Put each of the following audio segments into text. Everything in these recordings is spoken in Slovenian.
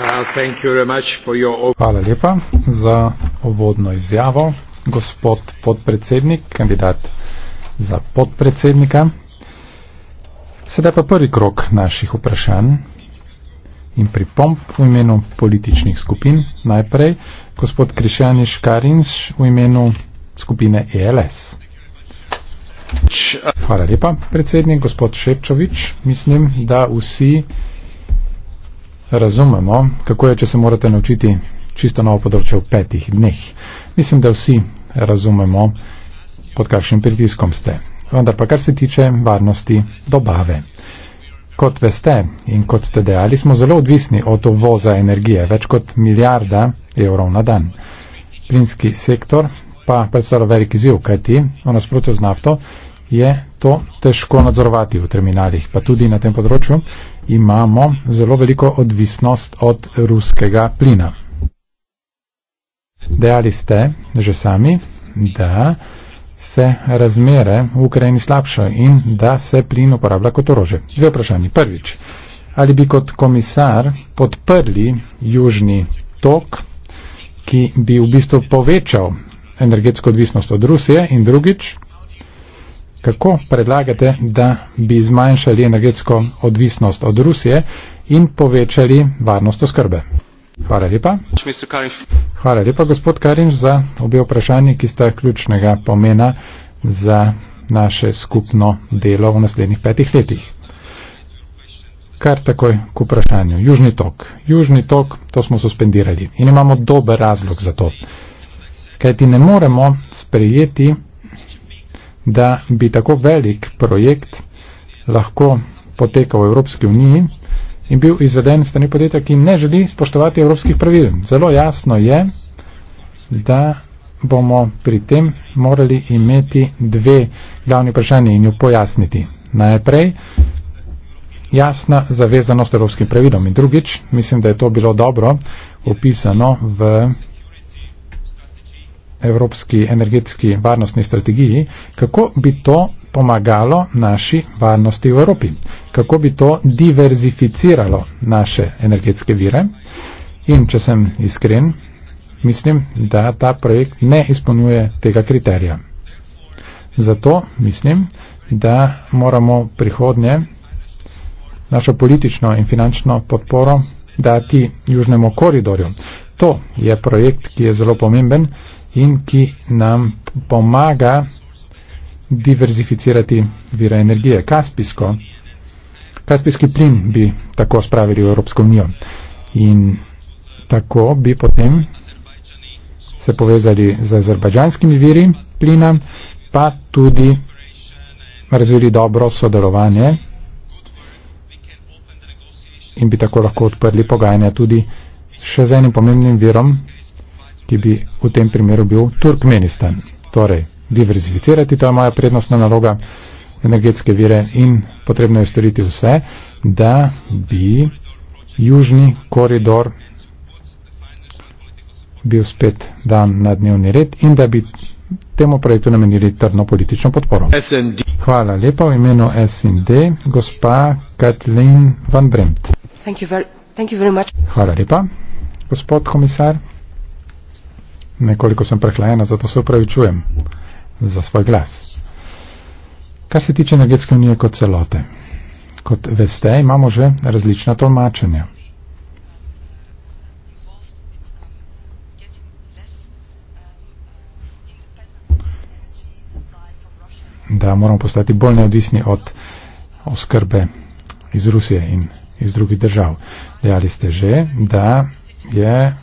Uh, Hvala lepa za uvodno izjavo, gospod podpredsednik, kandidat za podpredsednika. Sedaj pa prvi krok naših vprašanj in pripomp v imenu političnih skupin. Najprej gospod Krišjaniš Karinš v imenu skupine ELS. Hvala lepa, predsednik, gospod Šepčovič. Mislim, da vsi Razumemo, kako je, če se morate naučiti čisto novo področje v petih dneh. Mislim, da vsi razumemo, pod kakšnim pritiskom ste. Vendar pa kar se tiče varnosti dobave. Kot veste in kot ste dejali, smo zelo odvisni od uvoza energije, več kot milijarda evrov na dan. Plinski sektor pa predstavlja velik izziv, kajti v nasprotju z nafto je to težko nadzorovati v terminalih, pa tudi na tem področju imamo zelo veliko odvisnost od ruskega plina. Dejali ste že sami, da se razmere v Ukrajini slabšajo in da se plin uporablja kot orože. Dve vprašanje. Prvič, ali bi kot komisar podprli južni tok, ki bi v bistvu povečal energetsko odvisnost od Rusije in drugič, kako predlagate, da bi zmanjšali energetsko odvisnost od Rusije in povečali varnost oskrbe. Hvala lepa. Hvala lepa, gospod Karinš, za obe vprašanje, ki sta ključnega pomena za naše skupno delo v naslednjih petih letih. Kar takoj k vprašanju. Južni tok. Južni tok, to smo suspendirali in imamo dober razlog za to. Kajti ne moremo sprejeti da bi tako velik projekt lahko potekal v Evropski uniji in bil izveden strani podjetja, ki ne želi spoštovati evropskih pravil. Zelo jasno je, da bomo pri tem morali imeti dve glavni vprašanje in jo pojasniti. Najprej jasna zavezanost evropskim pravilom in drugič, mislim, da je to bilo dobro opisano v evropski energetski varnostni strategiji, kako bi to pomagalo naši varnosti v Evropi, kako bi to diverzificiralo naše energetske vire. In če sem iskren, mislim, da ta projekt ne izpolnjuje tega kriterija. Zato mislim, da moramo prihodnje našo politično in finančno podporo dati Južnemu koridorju. To je projekt, ki je zelo pomemben in ki nam pomaga diverzificirati vire energije. Kaspijsko, kaspijski plin bi tako spravili v Evropsko unijo in tako bi potem se povezali z azerbajdžanskimi viri plina, pa tudi razvili dobro sodelovanje in bi tako lahko odprli pogajanja tudi še z enim pomembnim virom ki bi v tem primeru bil Turkmenistan. Torej, diverzificirati, to je moja prednostna naloga, energetske vire in potrebno je storiti vse, da bi južni koridor bil spet dan na dnevni red in da bi temu projektu namenili trdno politično podporo. SND. Hvala lepa v imenu SND, gospa Kathleen Van Bremt. Thank you very, thank you very much. Hvala lepa, gospod komisar nekoliko sem prehlajena, zato se upravičujem za svoj glas. Kar se tiče energetske unije kot celote, kot veste, imamo že različna tolmačenja. Da moramo postati bolj neodvisni od oskrbe iz Rusije in iz drugih držav. Dejali ste že, da je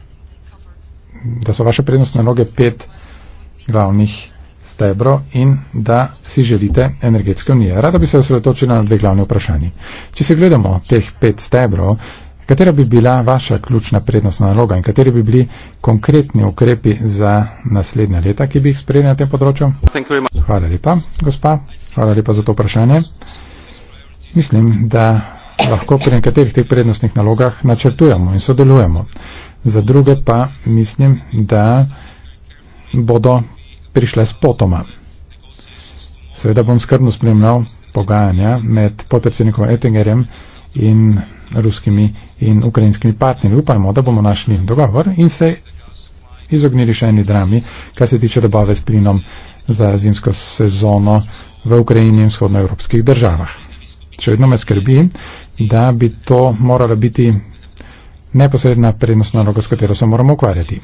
da so vaše prednostne noge pet glavnih stebrov in da si želite energetske unije. Rada bi se osredotočila na dve glavne vprašanje. Če se gledamo teh pet stebrov, katera bi bila vaša ključna prednostna naloga in kateri bi bili konkretni ukrepi za naslednja leta, ki bi jih sprejeli na tem področju? Hvala lepa, gospa. Hvala lepa za to vprašanje. Mislim, da lahko pri nekaterih teh prednostnih nalogah načrtujemo in sodelujemo za druge pa mislim, da bodo prišle spotoma. Seveda bom skrbno spremljal pogajanja med podpredsednikom Ettingerjem in ruskimi in ukrajinskimi partnerji. Upajmo, da bomo našli dogovor in se izognili še eni drami, kar se tiče dobave s plinom za zimsko sezono v Ukrajini in vzhodnoevropskih državah. Še vedno me skrbi, da bi to morala biti neposredna prednostna naloga, s katero se moramo ukvarjati.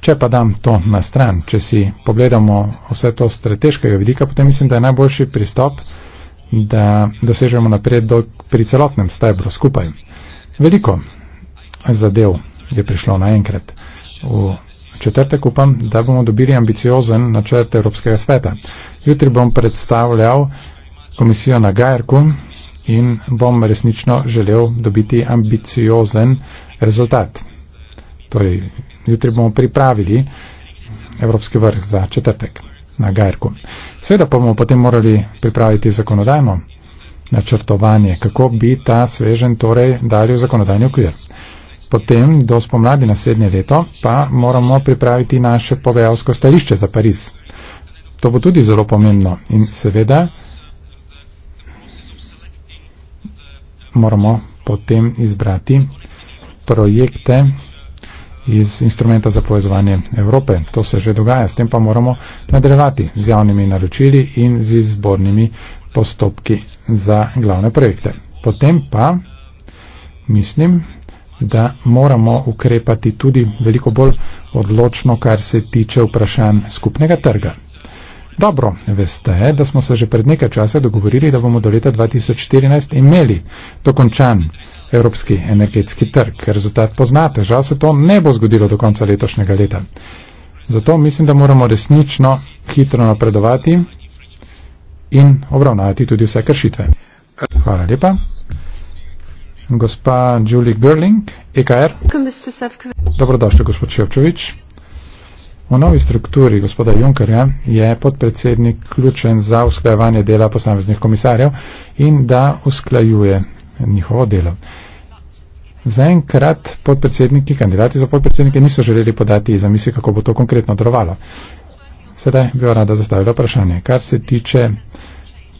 Če pa dam to na stran, če si pogledamo vse to strateškega vidika, potem mislim, da je najboljši pristop, da dosežemo napredek pri celotnem stebru skupaj. Veliko zadev je prišlo naenkrat. V četrtek upam, da bomo dobili ambiciozen načrt Evropskega sveta. Jutri bom predstavljal komisijo na Gajerku, in bom resnično želel dobiti ambiciozen rezultat. Torej, jutri bomo pripravili Evropski vrh za četrtek na Gajrku. Seveda pa bomo potem morali pripraviti zakonodajno načrtovanje, kako bi ta svežen torej dali v zakonodajni okvir. Potem do spomladi naslednje leto pa moramo pripraviti naše pogajalsko stališče za Pariz. To bo tudi zelo pomembno in seveda moramo potem izbrati projekte iz instrumenta za povezovanje Evrope. To se že dogaja, s tem pa moramo nadaljevati z javnimi naročili in z izbornimi postopki za glavne projekte. Potem pa mislim, da moramo ukrepati tudi veliko bolj odločno, kar se tiče vprašanj skupnega trga. Dobro, veste, da smo se že pred nekaj časa dogovorili, da bomo do leta 2014 imeli dokončan evropski energetski trg. Rezultat poznate, žal se to ne bo zgodilo do konca letošnjega leta. Zato mislim, da moramo resnično hitro napredovati in obravnavati tudi vse kršitve. Hvala lepa. Gospa Julie Gerling, EKR. Dobrodošli, gospod Čevčovič. V novi strukturi gospoda Junkerja je podpredsednik ključen za usklajevanje dela posameznih komisarjev in da usklajuje njihovo delo. Zaenkrat podpredsedniki, kandidati za podpredsednike niso želeli podati zamisli, kako bo to konkretno drovalo. Sedaj bi jo rada zastavila vprašanje. Kar se tiče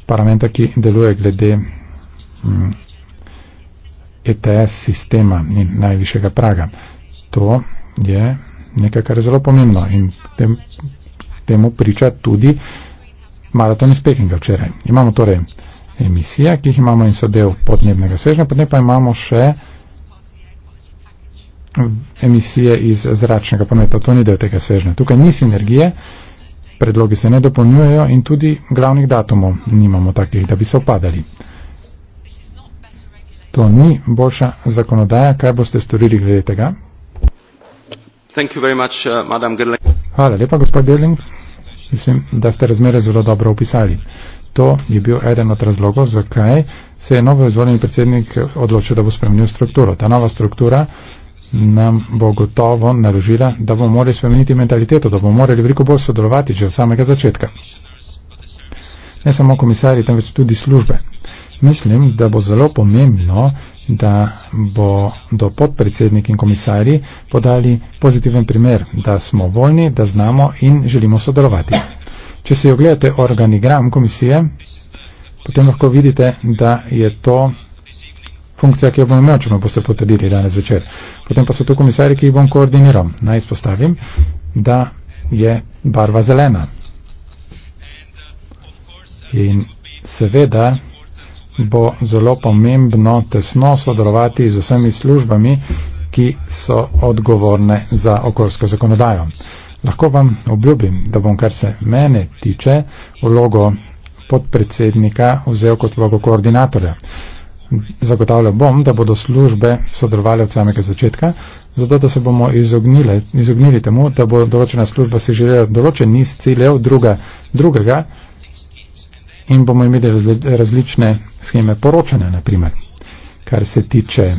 parlamenta, ki deluje glede mm, ETS sistema in najvišjega praga, to je nekaj, kar je zelo pomembno in tem, temu priča tudi maraton iz Pekinga včeraj. Imamo torej emisije, ki jih imamo in so del podnebnega svežnja, potem pa imamo še emisije iz zračnega prometa. To ni del tega svežnja. Tukaj ni sinergije, predlogi se ne dopolnjujejo in tudi glavnih datumov nimamo takih, da bi se opadali. To ni boljša zakonodaja, kaj boste storili glede tega, Uh, Hvala lepa, gospod Gerling. Mislim, da ste razmere zelo dobro opisali. To je bil eden od razlogov, zakaj se je novo izvoljeni predsednik odločil, da bo spremenil strukturo. Ta nova struktura nam bo gotovo naložila, da bomo morali spremeniti mentaliteto, da bomo morali veliko bolj sodelovati že od samega začetka. Ne samo komisarji, temveč tudi službe. Mislim, da bo zelo pomembno da bodo podpredsednik in komisarji podali pozitiven primer, da smo voljni, da znamo in želimo sodelovati. Če si ogledate organigram komisije, potem lahko vidite, da je to funkcija, ki jo bom imel, če me boste potrdili danes večer. Potem pa so tu komisarji, ki jih bom koordiniral. Naj izpostavim, da je barva zelena. In seveda bo zelo pomembno tesno sodelovati z vsemi službami, ki so odgovorne za okoljsko zakonodajo. Lahko vam obljubim, da bom, kar se mene tiče, vlogo podpredsednika vzel kot vlogo koordinatorja. Zagotavljal bom, da bodo službe sodelovali od samega začetka, zato da se bomo izognili, izognili temu, da bo določena služba si želela določen niz ciljev druga, drugega, in bomo imeli različne scheme poročanja, naprimer, kar se tiče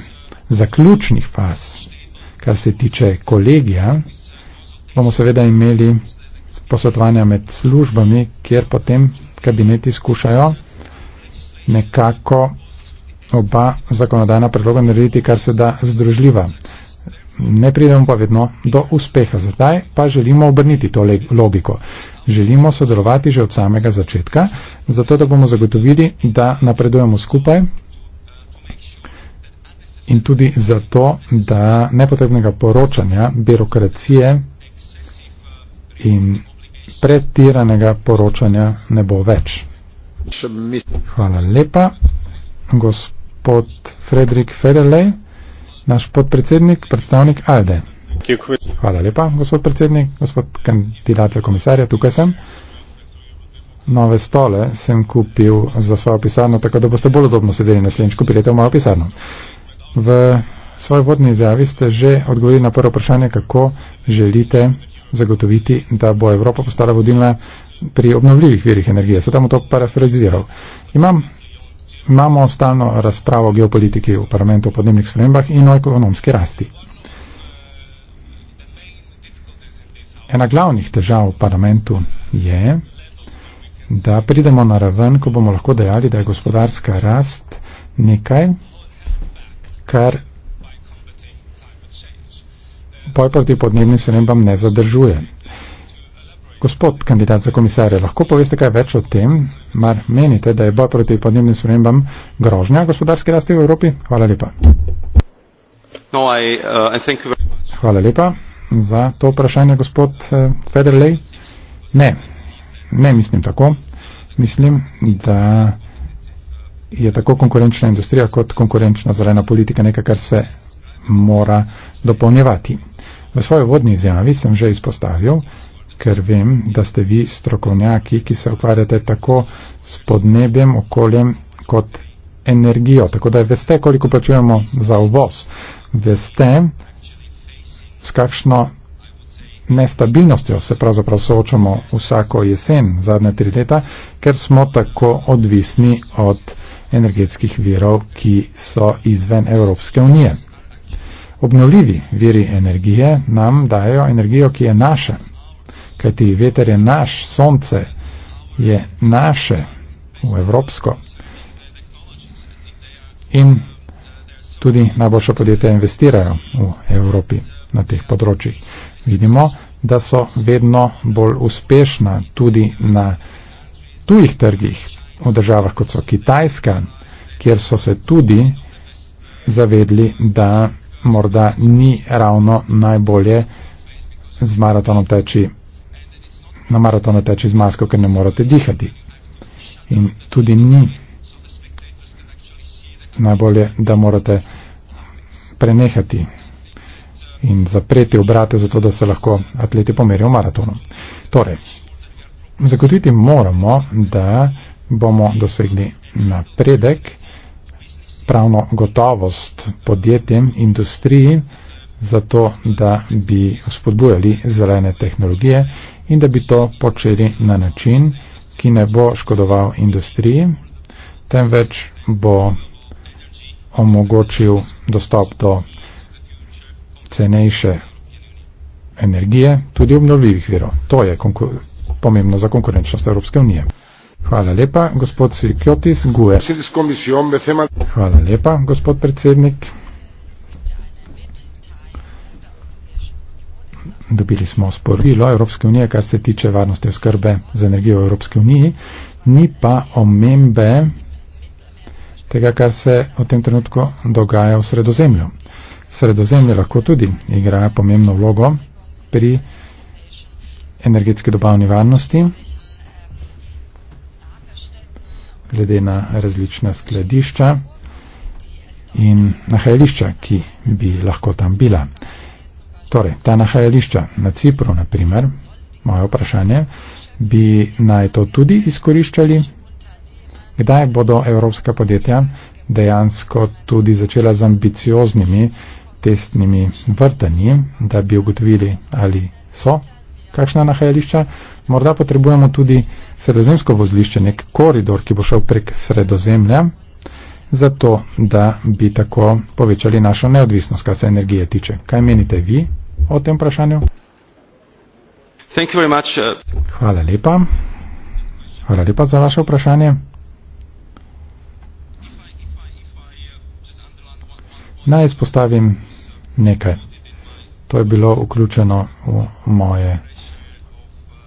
zaključnih faz, kar se tiče kolegija, bomo seveda imeli posvetovanja med službami, kjer potem kabineti skušajo nekako oba zakonodajna predloga narediti, kar se da združljiva. Ne pridemo pa vedno do uspeha, zdaj pa želimo obrniti to logiko želimo sodelovati že od samega začetka, zato da bomo zagotovili, da napredujemo skupaj in tudi zato, da nepotrebnega poročanja, birokracije in pretiranega poročanja ne bo več. Hvala lepa, gospod Fredrik Federlej, naš podpredsednik, predstavnik Alde. Hvala lepa, gospod predsednik, gospod kandidat za komisarja, tukaj sem. Nove stole sem kupil za svojo pisarno, tako da boste bolj udobno sedeli na slenčku, pridete v mojo pisarno. V svoji vodni izjavi ste že odgovorili na prvo vprašanje, kako želite zagotoviti, da bo Evropa postala vodilna pri obnovljivih virih energije. Sedaj bom to parafraziral. Imam, imamo stalno razpravo o geopolitiki v parlamentu o podnebnih spremembah in o ekonomski rasti. Ena glavnih težav v parlamentu je, da pridemo na raven, ko bomo lahko dejali, da je gospodarska rast nekaj, kar boj proti podnebnim spremembam ne zadržuje. Gospod kandidat za komisarje, lahko poveste kaj več o tem, mar menite, da je boj proti podnebnim spremembam grožnja gospodarske rasti v Evropi? Hvala lepa. No, I, uh, I Hvala lepa za to vprašanje, gospod eh, Federlej? Ne, ne mislim tako. Mislim, da je tako konkurenčna industrija kot konkurenčna zelena politika nekaj, kar se mora dopolnjevati. V svojo vodni izjavi sem že izpostavil, ker vem, da ste vi strokovnjaki, ki se ukvarjate tako s podnebjem, okoljem kot energijo. Tako da veste, koliko plačujemo za uvoz. Veste, s kakšno nestabilnostjo se pravzaprav soočamo vsako jesen zadnje tri leta, ker smo tako odvisni od energetskih virov, ki so izven Evropske unije. Obnovljivi viri energije nam dajo energijo, ki je naša, kajti veter je naš, sonce je naše v Evropsko. In tudi najboljša podjetja investirajo v Evropi na teh področjih. Vidimo, da so vedno bolj uspešna tudi na tujih trgih v državah, kot so Kitajska, kjer so se tudi zavedli, da morda ni ravno najbolje z maratonom teči, na maratonu teči z masko, ker ne morate dihati. In tudi ni najbolje, da morate prenehati in zapreti obrate, zato da se lahko atleti pomerijo v maratonu. Torej, zagotoviti moramo, da bomo dosegli napredek, pravno gotovost podjetjem, industriji, zato da bi spodbujali zelene tehnologije in da bi to počeli na način, ki ne bo škodoval industriji, temveč bo omogočil dostop do cenejše energije, tudi obnovljivih virov. To je konkur pomembno za konkurenčnost Evropske unije. Hvala lepa, gospod Sikjotis Gue. Hvala lepa, gospod predsednik. Dobili smo sporilo Evropske unije, kar se tiče varnosti oskrbe z energijo v Evropske uniji, ni pa omembe tega, kar se v tem trenutku dogaja v sredozemlju sredozemlje lahko tudi igra pomembno vlogo pri energetske dobavni varnosti, glede na različna skladišča in nahajališča, ki bi lahko tam bila. Torej, ta nahajališča na Cipru, na primer, moje vprašanje, bi naj to tudi izkoriščali? Kdaj bodo evropska podjetja dejansko tudi začela z ambicioznimi testnimi vrtanji, da bi ugotovili, ali so kakšna nahajališča. Morda potrebujemo tudi sredozemsko vozlišče, nek koridor, ki bo šel prek sredozemlja, zato da bi tako povečali našo neodvisnost, kar se energije tiče. Kaj menite vi o tem vprašanju? Uh, Hvala lepa. Hvala lepa za vaše vprašanje. Naj izpostavim nekaj. To je bilo vključeno v moje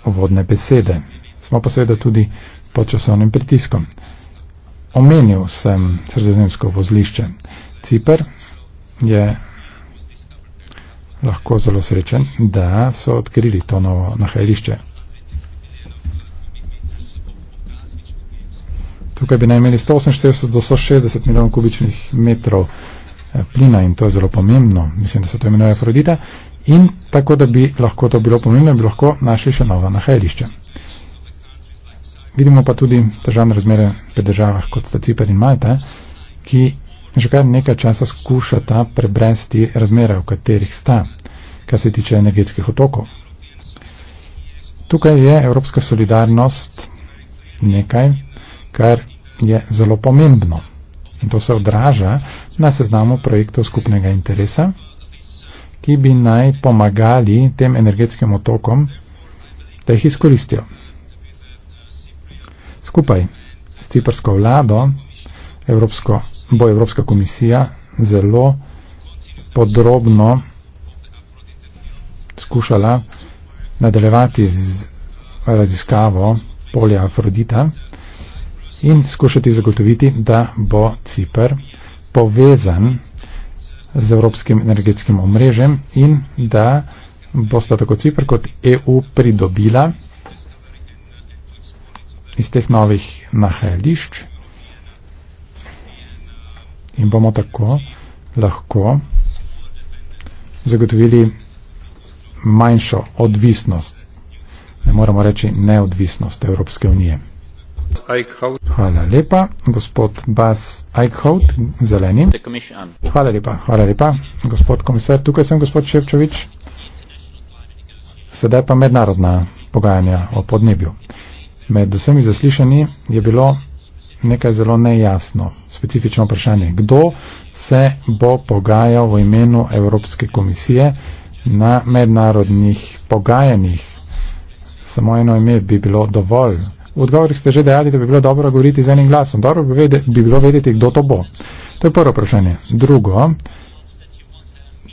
uvodne besede. Smo pa seveda tudi pod časovnim pritiskom. Omenil sem sredozemsko vozlišče. Cipr je lahko zelo srečen, da so odkrili to novo nahajališče. Tukaj bi naj imeli 148 do 160 milijonov kubičnih metrov Eh, plina in to je zelo pomembno, mislim, da se to imenuje Afrodita, in tako, da bi lahko to bilo pomembno, bi lahko našli še nova nahajališča. Vidimo pa tudi težavne razmere pri državah, kot sta Cipr in Malta, ki že kar nekaj časa skušata prebrezti razmere, v katerih sta, kar se tiče energetskih otokov. Tukaj je evropska solidarnost nekaj, kar je zelo pomembno in to se odraža na seznamu projektov skupnega interesa, ki bi naj pomagali tem energetskim otokom, da jih izkoristijo. Skupaj s ciprsko vlado Evropsko, bo Evropska komisija zelo podrobno skušala nadaljevati z raziskavo polja Afrodita in skušati zagotoviti, da bo Cipr povezan z evropskim energetskim omrežjem in da bosta tako Cipr kot EU pridobila iz teh novih nahajališč in bomo tako lahko zagotovili manjšo odvisnost, ne moramo reči neodvisnost Evropske unije. Hvala lepa, gospod Bas Eichhout, zeleni. Hvala lepa, hvala lepa, gospod komisar, tukaj sem gospod Ševčovič. Sedaj pa mednarodna pogajanja o podnebju. Med vsemi zaslišanji je bilo nekaj zelo nejasno, specifično vprašanje, kdo se bo pogajal v imenu Evropske komisije na mednarodnih pogajanjih. Samo eno ime bi bilo dovolj. V odgovorih ste že dejali, da bi bilo dobro govoriti z enim glasom. Dobro bi, vede, bi bilo vedeti, kdo to bo. To je prvo vprašanje. Drugo,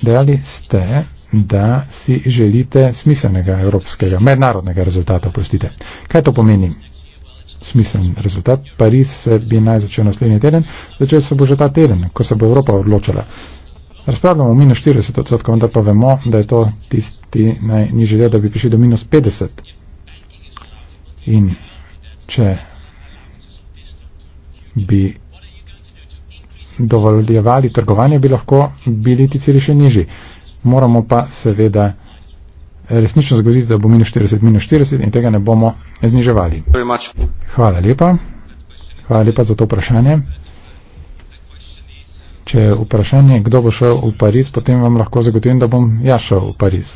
dejali ste, da si želite smiselnega evropskega, mednarodnega rezultata, prostite. Kaj to pomeni? Smislen rezultat. Pariz se bi naj začel naslednji teden, začel se bo že ta teden, ko se bo Evropa odločila. Razpravljamo o minus 40 odstotkov, vendar pa vemo, da je to tisti najnižji del, da bi prišli do minus 50. In če bi dovoljevali trgovanje, bi lahko bili ti cilji še nižji. Moramo pa seveda resnično zgoditi, da bo minus 40, minus 40 in tega ne bomo zniževali. Hvala lepa. Hvala lepa za to vprašanje. Če je vprašanje, kdo bo šel v Pariz, potem vam lahko zagotovim, da bom ja šel v Pariz.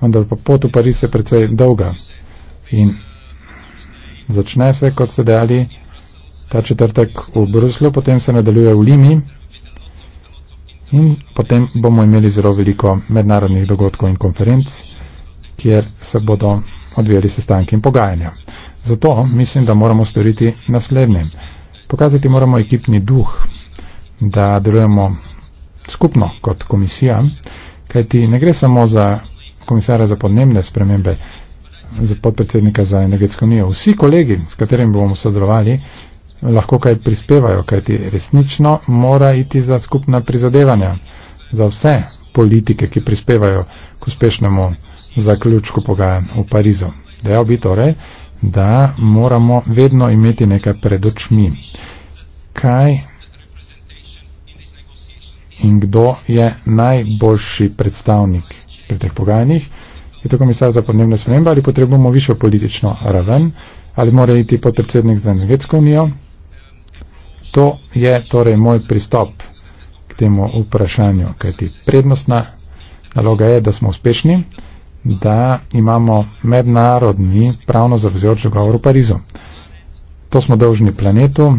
Vendar pa pot v Pariz je precej dolga. In začne se, kot ste dejali, ta četrtek v Bruslju, potem se nadaljuje v Limi in potem bomo imeli zelo veliko mednarodnih dogodkov in konferenc, kjer se bodo odvijali sestanki in pogajanja. Zato mislim, da moramo storiti naslednje. Pokazati moramo ekipni duh, da delujemo skupno kot komisija, kajti ne gre samo za komisarja za podnebne spremembe, za podpredsednika za energetsko unijo. Vsi kolegi, s katerimi bomo sodelovali, lahko kaj prispevajo, kajti resnično mora iti za skupna prizadevanja, za vse politike, ki prispevajo k uspešnemu zaključku pogajanj v Parizu. Dejal bi torej, da moramo vedno imeti nekaj pred očmi. Kaj in kdo je najboljši predstavnik pri teh pogajanjih? je to komisar za podnebne spremembe, ali potrebujemo višjo politično raven, ali mora iti podpredsednik za energetsko unijo. To je torej moj pristop k temu vprašanju, kajti prednostna naloga je, da smo uspešni, da imamo mednarodni pravno zavezujoč dogovor v Parizu. To smo dolžni planetu,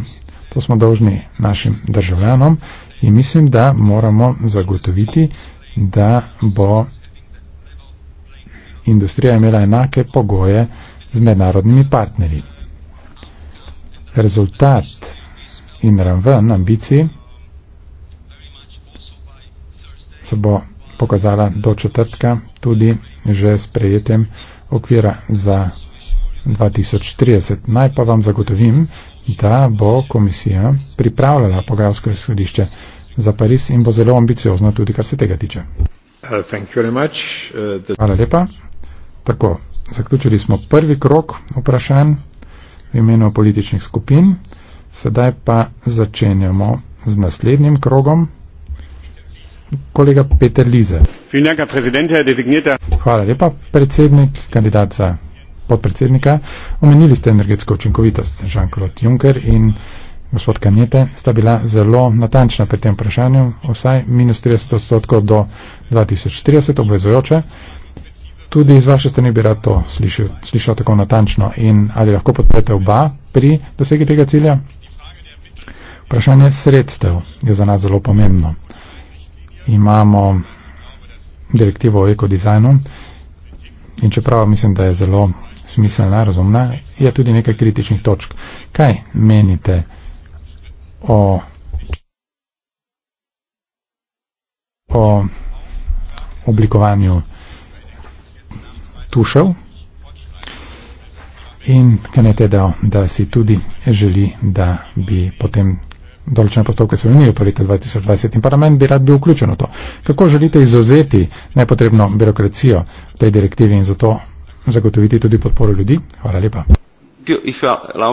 to smo dolžni našim državljanom in mislim, da moramo zagotoviti, da bo industrija imela enake pogoje z mednarodnimi partnerji. Rezultat in ranven ambicij se bo pokazala do četrtka tudi že s prejetjem okvira za 2030. Naj pa vam zagotovim, da bo komisija pripravljala pogajalsko izhodišče za Pariz in bo zelo ambiciozna tudi, kar se tega tiče. Uh, uh, Hvala lepa. Tako, zaključili smo prvi krok vprašanj v imenu političnih skupin, sedaj pa začenjamo z naslednjim krogom. Kolega Peter Lize. Hvala lepa, predsednik, kandidat za podpredsednika. Omenili ste energetsko učinkovitost, Jean-Claude Juncker in gospod Kanjete, sta bila zelo natančna pri tem vprašanju, vsaj minus 30 odstotkov do 2030, obvezujoče tudi iz vaše strani bi rad to slišal, slišal tako natančno in ali lahko podprete oba pri dosegi tega cilja? Vprašanje sredstev je za nas zelo pomembno. Imamo direktivo o ekodizajnu in čeprav mislim, da je zelo smiselna, razumna, je tudi nekaj kritičnih točk. Kaj menite o, o oblikovanju? Tušev in Kenneth je dal, da si tudi želi, da bi potem določene postopke se vrnili po leta 2020 in parlament bi rad bil vključen v to. Kako želite izuzeti nepotrebno birokracijo v tej direktivi in zato zagotoviti tudi podporo ljudi? Hvala lepa.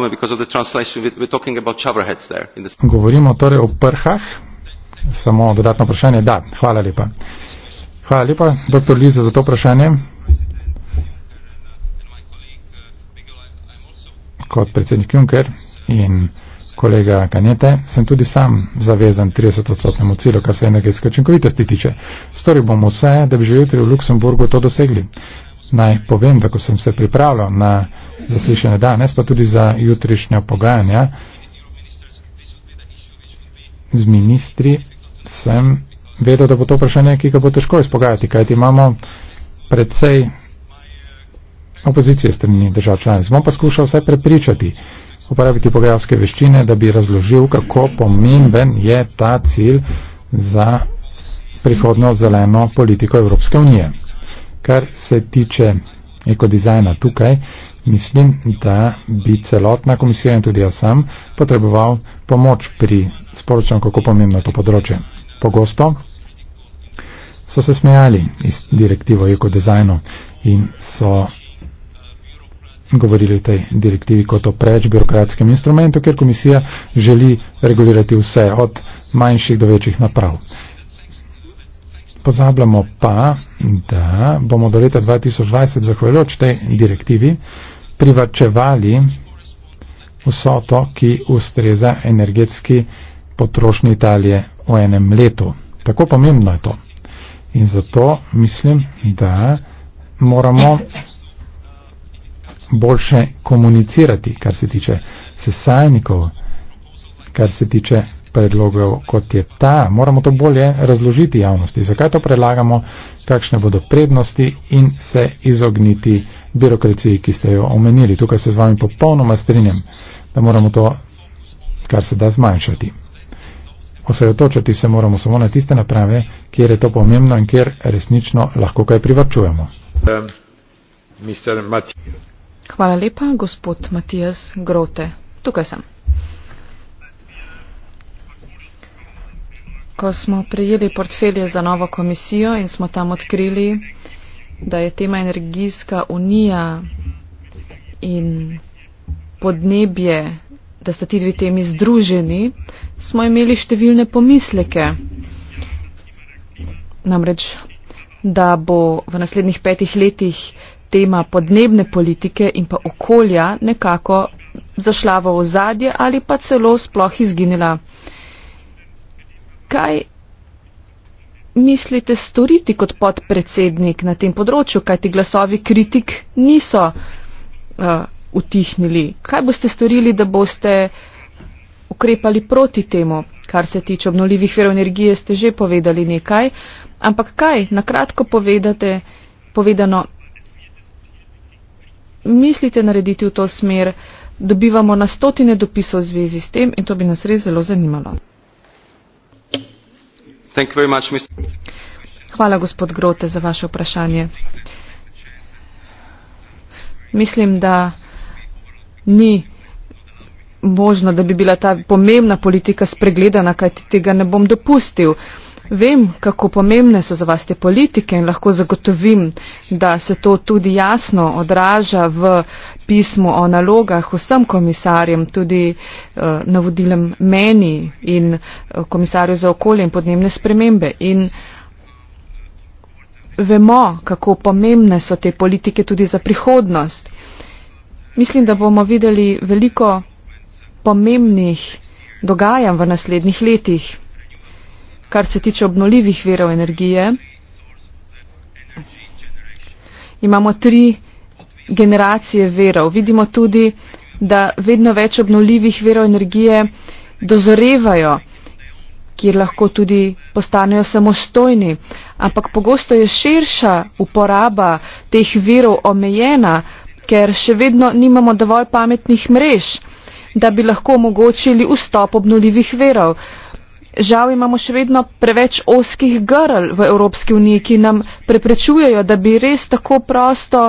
Me, Govorimo torej o prhah. Samo dodatno vprašanje. Da, hvala lepa. Hvala lepa, dr. Liza, za to vprašanje. kot predsednik Juncker in kolega Kanete, sem tudi sam zavezan 30-odstotnemu cilju, kar se energetske učinkovitosti tiče. Storil bom vse, da bi že jutri v Luksemburgu to dosegli. Naj povem, da ko sem se pripravljal na zaslišanje danes, pa tudi za jutrišnja pogajanja z ministri, sem vedel, da bo to vprašanje, ki ga bo težko izpogajati, kajti imamo predvsej opozicije strani držav članic. Bom poskušal vse prepričati, uporabiti pogajalske veščine, da bi razložil, kako pomemben je ta cilj za prihodno zeleno politiko Evropske unije. Kar se tiče ekodizajna tukaj, mislim, da bi celotna komisija in tudi jaz sam potreboval pomoč pri sporočanju, kako pomembno je to področje. Pogosto so se smejali iz direktivo ekodizajno in so govorili o tej direktivi kot o preč birokratskem instrumentu, ker komisija želi regulirati vse, od manjših do večjih naprav. Pozabljamo pa, da bomo do leta 2020 zahvaljujoč tej direktivi privačevali vsoto, ki ustreza energetski potrošnji Italije v enem letu. Tako pomembno je to. In zato mislim, da moramo boljše komunicirati, kar se tiče sesajnikov, kar se tiče predlogov, kot je ta. Moramo to bolje razložiti javnosti, zakaj to predlagamo, kakšne bodo prednosti in se izogniti birokraciji, ki ste jo omenili. Tukaj se z vami popolnoma strinjam, da moramo to, kar se da, zmanjšati. Osredotočati se moramo samo na tiste naprave, kjer je to pomembno in kjer resnično lahko kaj privrčujemo. Um, Hvala lepa, gospod Matijas Grote. Tukaj sem. Ko smo prijeli portfelje za novo komisijo in smo tam odkrili, da je tema energijska unija in podnebje, da sta ti dve temi združeni, smo imeli številne pomisleke. Namreč, da bo v naslednjih petih letih tema podnebne politike in pa okolja nekako zašla v ozadje ali pa celo sploh izginila. Kaj mislite storiti kot podpredsednik na tem področju, kaj ti glasovi kritik niso uh, utihnili? Kaj boste storili, da boste ukrepali proti temu, kar se tiče obnoljivih verov energije, ste že povedali nekaj, ampak kaj, na kratko povedate, povedano, mislite narediti v to smer? Dobivamo na stotine dopisov v zvezi s tem in to bi nas res zelo zanimalo. Much, Hvala, gospod Grote, za vaše vprašanje. Mislim, da ni možno, da bi bila ta pomembna politika spregledana, kajti tega ne bom dopustil. Uh, Vem, kako pomembne so za vas te politike in lahko zagotovim, da se to tudi jasno odraža v pismu o nalogah vsem komisarjem, tudi eh, navodilem meni in eh, komisarju za okolje in podnebne spremembe. In vemo, kako pomembne so te politike tudi za prihodnost. Mislim, da bomo videli veliko pomembnih dogajanj v naslednjih letih kar se tiče obnoljivih verov energije. Imamo tri generacije verov. Vidimo tudi, da vedno več obnoljivih verov energije dozorevajo, kjer lahko tudi postanejo samostojni. Ampak pogosto je širša uporaba teh verov omejena, ker še vedno nimamo dovolj pametnih mrež, da bi lahko omogočili vstop obnoljivih verov. Žal imamo še vedno preveč oskih grl v Evropski uniji, ki nam preprečujejo, da bi res tako prosto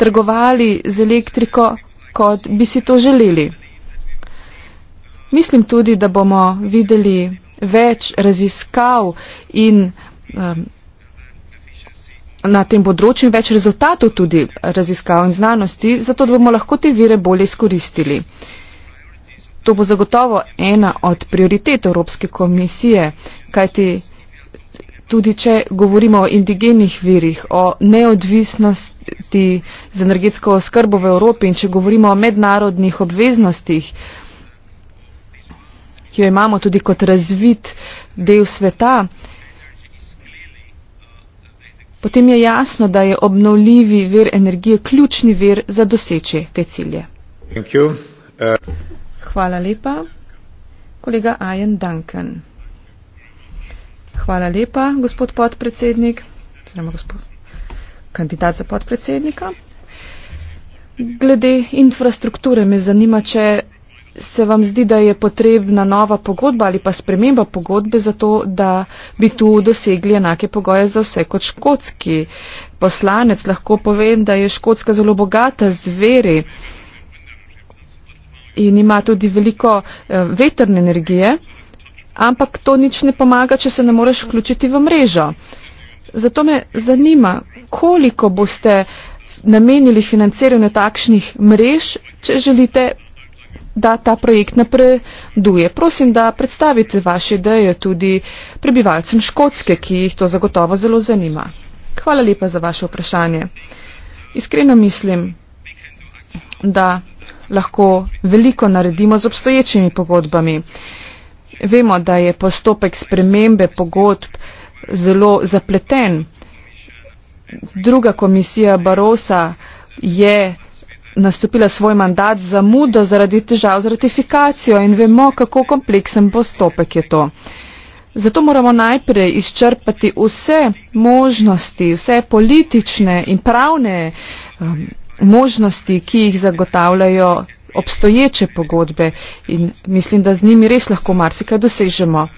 trgovali z elektriko, kot bi si to želeli. Mislim tudi, da bomo videli več raziskav in um, na tem področju več rezultatov tudi raziskav in znanosti, zato da bomo lahko te vire bolje izkoristili. Uh, To bo zagotovo ena od prioritet Evropske komisije, kajti tudi če govorimo o indigenih virih, o neodvisnosti z energetsko oskrbo v Evropi in če govorimo o mednarodnih obveznostih, ki jo imamo tudi kot razvit del sveta, potem je jasno, da je obnovljivi ver energije ključni ver za doseče te cilje. Uh, Hvala lepa. Kolega Ajen Duncan. Hvala lepa, gospod podpredsednik, oziroma gospod kandidat za podpredsednika. Glede infrastrukture me zanima, če se vam zdi, da je potrebna nova pogodba ali pa sprememba pogodbe za to, da bi tu dosegli enake pogoje za vse kot škotski poslanec. Lahko povem, da je škotska zelo bogata z veri in ima tudi veliko uh, vetrne energije, ampak to nič ne pomaga, če se ne moreš vključiti v mrežo. Zato me zanima, koliko boste namenili financiranju takšnih mrež, če želite, da ta projekt napreduje. Prosim, da predstavite vaše ideje tudi prebivalcem Škotske, ki jih to zagotovo zelo zanima. Hvala lepa za vaše vprašanje. Iskreno mislim, da lahko veliko naredimo z obstoječimi pogodbami. Vemo, da je postopek spremembe pogodb zelo zapleten. Druga komisija Barosa je nastopila svoj mandat za mudo zaradi težav z ratifikacijo in vemo, kako kompleksen postopek je to. Zato moramo najprej izčrpati vse možnosti, vse politične in pravne um, možnosti, ki jih zagotavljajo obstoječe pogodbe in mislim, da z njimi res lahko marsikaj dosežemo.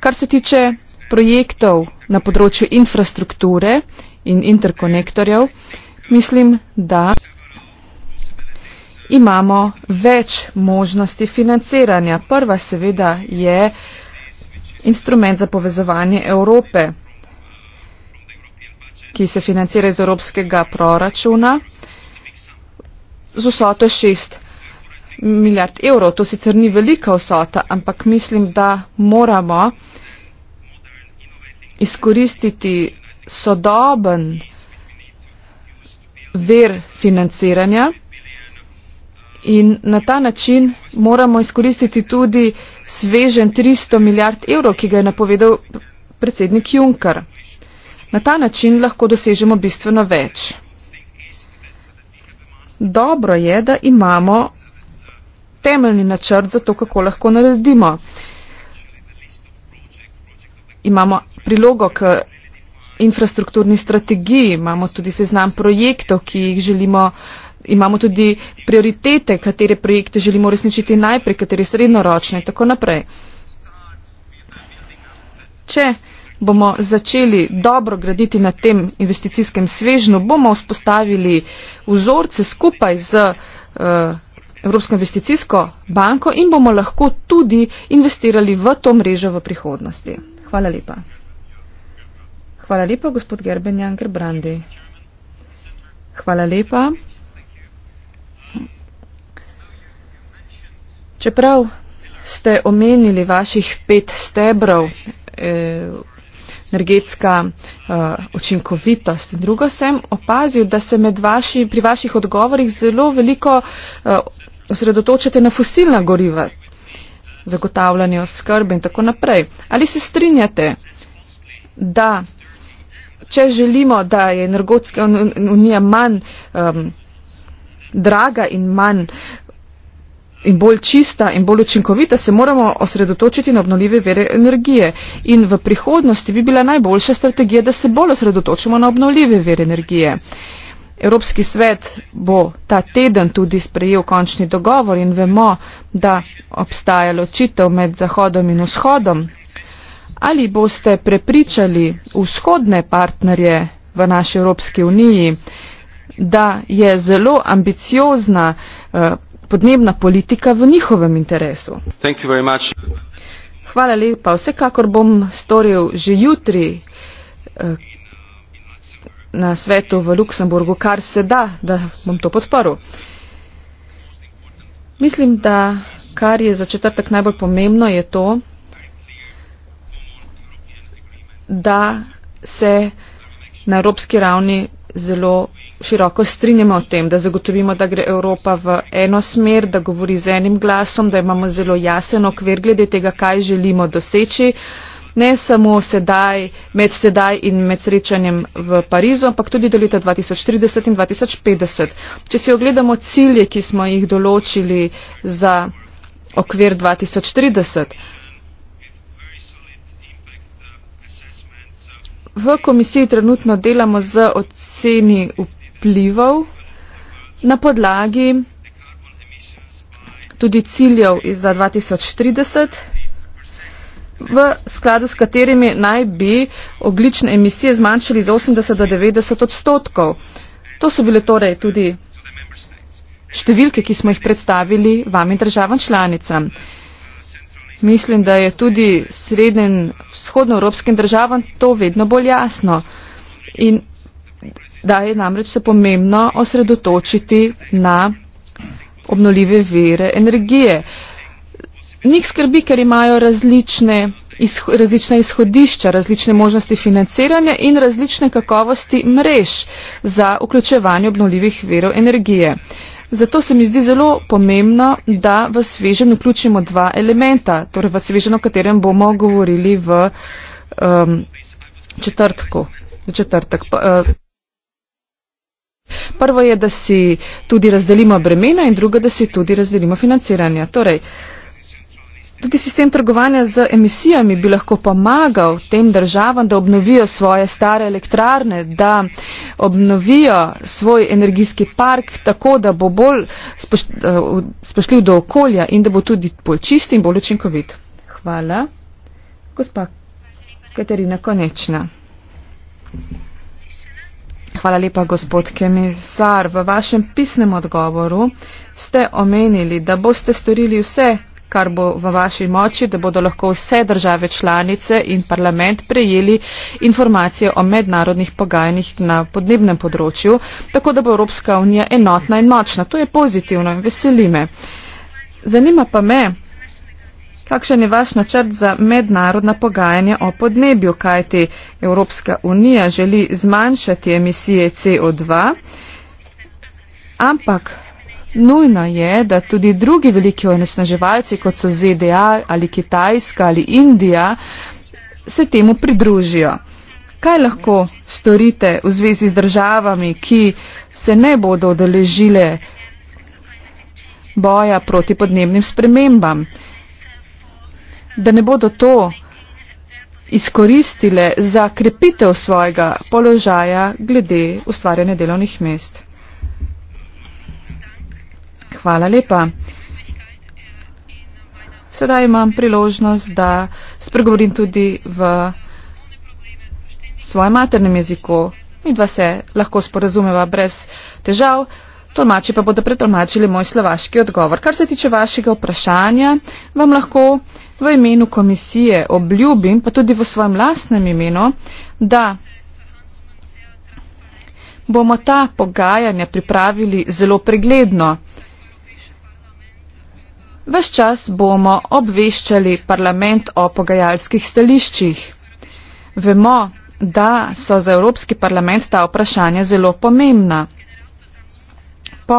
Kar se tiče projektov na področju infrastrukture in interkonektorjev, mislim, da imamo več možnosti financiranja. Prva seveda je instrument za povezovanje Evrope, ki se financira iz evropskega proračuna z vsoto 6 milijard evrov. To sicer ni velika vsota, ampak mislim, da moramo izkoristiti sodoben ver financiranja in na ta način moramo izkoristiti tudi svežen 300 milijard evrov, ki ga je napovedal predsednik Juncker. Na ta način lahko dosežemo bistveno več dobro je, da imamo temeljni načrt za to, kako lahko naredimo. Imamo prilogo k infrastrukturni strategiji, imamo tudi seznam projektov, ki jih želimo, imamo tudi prioritete, katere projekte želimo resničiti najprej, katere srednjeročne in tako naprej. Če bomo začeli dobro graditi na tem investicijskem svežnju, bomo vzpostavili vzorce skupaj z uh, Evropsko investicijsko banko in bomo lahko tudi investirali v to mrežo v prihodnosti. Hvala lepa. Hvala lepa, gospod Gerben Janker Brandi. Hvala lepa. Čeprav ste omenili vaših pet stebrov, eh, energetska uh, učinkovitost. In drugo sem opazil, da se med vaši, pri vaših odgovorih zelo veliko uh, osredotočate na fosilna goriva, zagotavljanje oskrbe in tako naprej. Ali se strinjate, da če želimo, da je energetska unija manj um, draga in manj in bolj čista in bolj učinkovita, se moramo osredotočiti na obnovljive vere energije. In v prihodnosti bi bila najboljša strategija, da se bolj osredotočimo na obnovljive vere energije. Evropski svet bo ta teden tudi sprejel končni dogovor in vemo, da obstaja ločitev med Zahodom in Vzhodom. Ali boste prepričali vzhodne partnerje v naši Evropski uniji, da je zelo ambiciozna eh, podnebna politika v njihovem interesu. Hvala lepa. Vsekakor bom storil že jutri eh, na svetu v Luksemburgu, kar se da, da bom to podporil. Mislim, da kar je za četrtek najbolj pomembno, je to, da se na evropski ravni zelo široko strinjamo o tem, da zagotovimo, da gre Evropa v eno smer, da govori z enim glasom, da imamo zelo jasen okvir glede tega, kaj želimo doseči. Ne samo sedaj, med sedaj in med srečanjem v Parizu, ampak tudi do leta 2030 in 2050. Če si ogledamo cilje, ki smo jih določili za okvir 2030, v komisiji trenutno delamo z oceni vplivov na podlagi tudi ciljev iz za 2030, v skladu s katerimi naj bi oglične emisije zmanjšali za 80 do 90 odstotkov. To so bile torej tudi številke, ki smo jih predstavili vam in državam članicam. Mislim, da je tudi srednjim vzhodnoevropskim državam to vedno bolj jasno. In da je namreč se pomembno osredotočiti na obnoljive vere energije. Njih skrbi, ker imajo različne, izho, različne izhodišča, različne možnosti financiranja in različne kakovosti mrež za vključevanje obnoljivih verov energije. Uh, Zato se mi zdi zelo pomembno, da v svežen vključimo dva elementa, torej v svežen, o katerem bomo govorili v um, četrtku. Četrtek. Uh, prvo je, da si tudi razdelimo bremena in drugo, da si tudi razdelimo financiranje. Torej, uh, Tudi sistem trgovanja z emisijami bi lahko pomagal tem državam, da obnovijo svoje stare elektrarne, da obnovijo svoj energijski park tako, da bo bolj eh, spoštljiv do okolja in da bo tudi bolj čist in bolj učinkovit. Hvala. Gospa Katerina Konečna. Hvala lepa, gospod Kemisar. V vašem pisnem odgovoru ste omenili, da boste storili vse, kar bo v vaši moči, da bodo lahko vse države članice in parlament prejeli informacije o mednarodnih pogajanjih na podnebnem področju, tako da bo Evropska unija enotna in močna. To je pozitivno in veseli me. Zanima pa me, kakšen je vaš načrt za mednarodna pogajanja o podnebju, kajti Evropska unija želi zmanjšati emisije CO2, ampak Nujno je, da tudi drugi veliki onesnaževalci, kot so ZDA ali Kitajska ali Indija, se temu pridružijo. Kaj lahko storite v zvezi z državami, ki se ne bodo odeležile boja proti podnebnim spremembam? Da ne bodo to izkoristile za krepitev svojega položaja glede ustvarjanja delovnih mest. Hvala lepa. Sedaj imam priložnost, da spregovorim tudi v svojem maternem jeziku. Mi dva se lahko sporazumeva brez težav, tolmači pa bodo pretolmačili moj slovaški odgovor. Kar se tiče vašega vprašanja, vam lahko v imenu komisije obljubim, pa tudi v svojem lastnem imenu, da bomo ta pogajanja pripravili zelo pregledno. Ves čas bomo obveščali parlament o pogajalskih stališčih. Vemo, da so za Evropski parlament ta vprašanja zelo pomembna. Po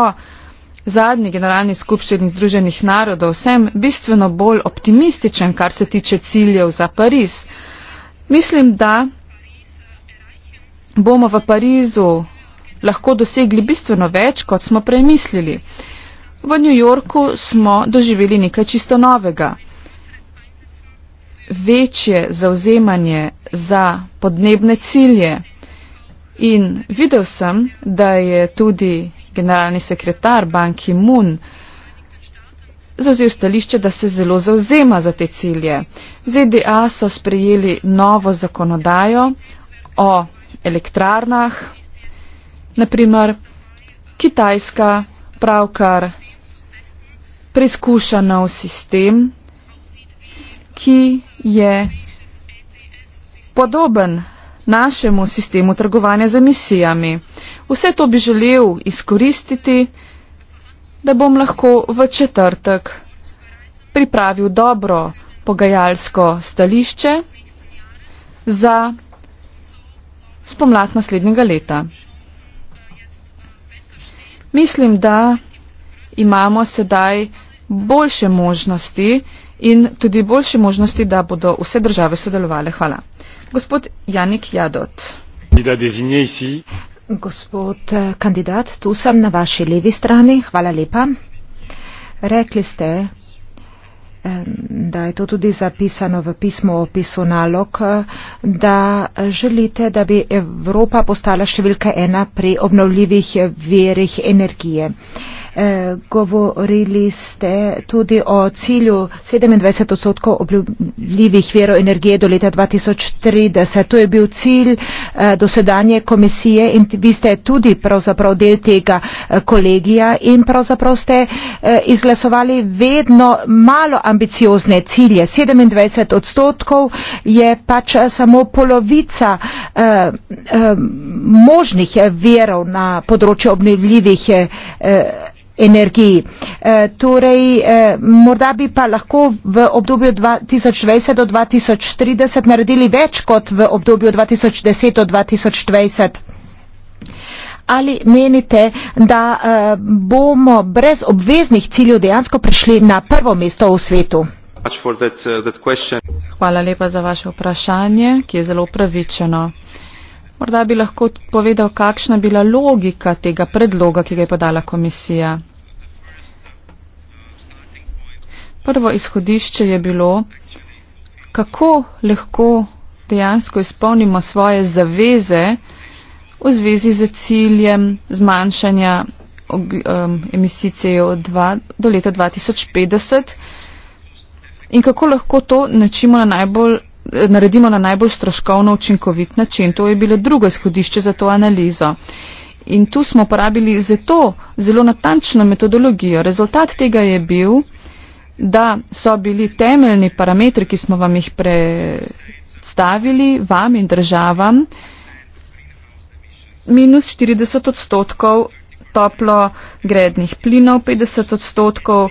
zadnji generalni skupščini Združenih narodov sem bistveno bolj optimističen, kar se tiče ciljev za Pariz. Mislim, da bomo v Parizu lahko dosegli bistveno več, kot smo premislili. V New Yorku smo doživeli nekaj čisto novega. Večje zauzemanje za podnebne cilje. In videl sem, da je tudi generalni sekretar banki Moon zauzel stališče, da se zelo zauzema za te cilje. ZDA so sprejeli novo zakonodajo o elektrarnah. Naprimer, Kitajska pravkar preizkuša nov sistem, ki je podoben našemu sistemu trgovanja z emisijami. Vse to bi želel izkoristiti, da bom lahko v četrtek pripravil dobro pogajalsko stališče za spomlad naslednjega leta. Mislim, da imamo sedaj boljše možnosti in tudi boljše možnosti, da bodo vse države sodelovale. Hvala. Gospod Janik Jadot. Gospod eh, kandidat, tu sem na vaši levi strani. Hvala lepa. Rekli ste, da je to tudi zapisano v pismo opisu nalog, da želite, da bi Evropa postala številka ena pri obnovljivih verih energije. Eh, govorili ste tudi o cilju 27 odstotkov obljubljivih vero energije do leta 2030. To je bil cilj eh, dosedanje komisije in vi ste tudi pravzaprav del tega eh, kolegija in pravzaprav ste izglasovali vedno malo ambiciozne cilje. 27 odstotkov je pač samo polovica možnih verov na področju obljubljivih energije energiji. E, torej, e, morda bi pa lahko v obdobju 2020 do 2030 naredili več kot v obdobju 2010 do 2020. Ali menite, da e, bomo brez obveznih ciljev dejansko prišli na prvo mesto v svetu? Uh, Hvala lepa za vaše vprašanje, ki je zelo upravičeno. Morda bi lahko povedal, kakšna je bila logika tega predloga, ki ga je podala komisija. Prvo izhodišče je bilo, kako lahko dejansko izpolnimo svoje zaveze v zvezi z ciljem zmanjšanja um, emisij CO2 do leta 2050 in kako lahko to načimo na najbolj naredimo na najbolj stroškovno učinkovit način. To je bilo drugo izhodišče za to analizo. In tu smo uporabili zato zelo natančno metodologijo. Rezultat tega je bil, da so bili temeljni parametri, ki smo vam jih predstavili, vam in državam, minus 40 odstotkov toplo grednih plinov, 50 odstotkov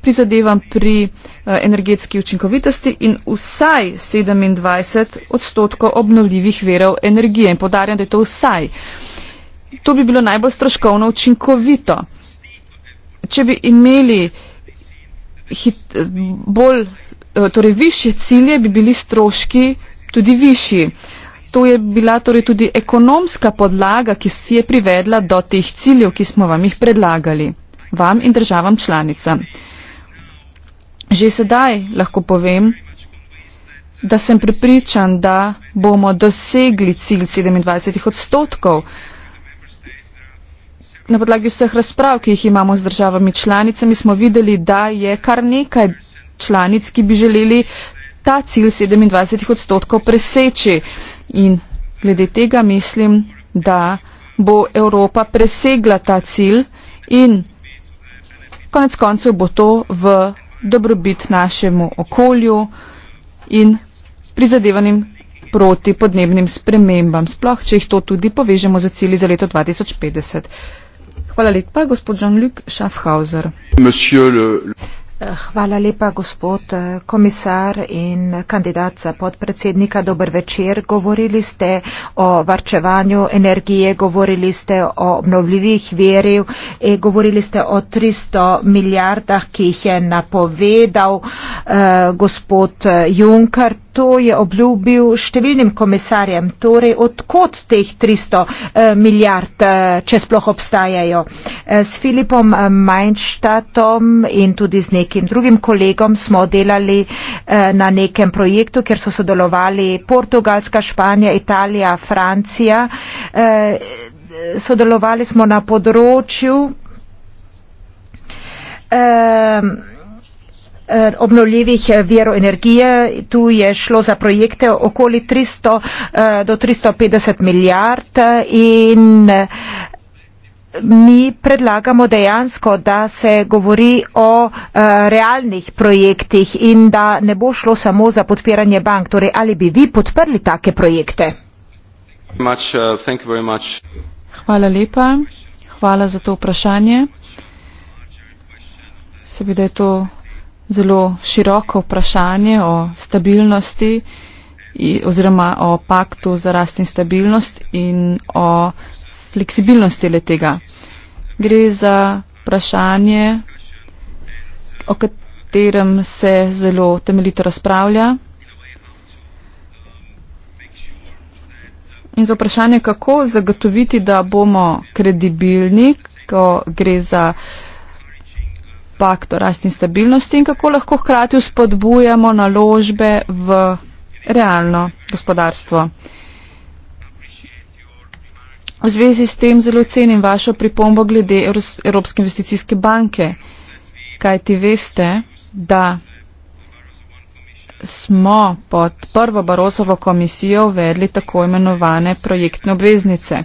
prizadevam pri eh, energetski učinkovitosti in vsaj 27 odstotkov obnovljivih verov energije. In podarjam, da je to vsaj. To bi bilo najbolj stroškovno učinkovito. Če bi imeli hit, bolj, eh, torej više cilje, bi bili stroški tudi višji. To je bila torej tudi ekonomska podlaga, ki si je privedla do teh ciljev, ki smo vam jih predlagali, vam in državam članicam. Že sedaj lahko povem, da sem pripričan, da bomo dosegli cilj 27 odstotkov. Na podlagi vseh razprav, ki jih imamo z državami članicami, smo videli, da je kar nekaj članic, ki bi želeli ta cilj 27 odstotkov preseči. In glede tega mislim, da bo Evropa presegla ta cilj in konec koncev bo to v dobrobit našemu okolju in prizadevanim proti podnebnim spremembam, sploh če jih to tudi povežemo za cilji za leto 2050. Hvala lepa, gospod Jean-Luc Schaffhauser. Hvala lepa, gospod eh, komisar in kandidat za podpredsednika. Dobr večer. Govorili ste o varčevanju energije, govorili ste o obnovljivih verjev, eh, govorili ste o 300 milijardah, ki jih je napovedal eh, gospod eh, Junkart to je obljubil številnim komisarjem. Torej, odkot teh 300 eh, milijard, eh, če sploh obstajajo? Eh, s Filipom Meinštatom in tudi z nekim drugim kolegom smo delali na nekem projektu, kjer so sodelovali Portugalska, Španija, Italija, Francija. Sodelovali smo na področju. Eh, obnovljivih eh, virov energije. Tu je šlo za projekte okoli 300 eh, do 350 milijard in mi predlagamo dejansko, da se govori o realnih projektih in da ne bo šlo samo za podpiranje bank. Torej, ali bi vi podprli take projekte? Uh, Hvala lepa. Hvala za to vprašanje. Seveda je to zelo široko vprašanje o stabilnosti oziroma o paktu za rast in stabilnost in o fleksibilnosti le tega. Gre za vprašanje, o katerem se zelo temeljito razpravlja in za vprašanje, kako zagotoviti, da bomo kredibilni, ko gre za uh, pakt o rasti in stabilnosti in kako lahko hkrati uspodbujamo naložbe v realno gospodarstvo. V zvezi s tem zelo cenim vašo pripombo glede Evropske investicijske banke, kajti veste, da smo pod prvo Barosovo komisijo uvedli tako imenovane projektne obveznice.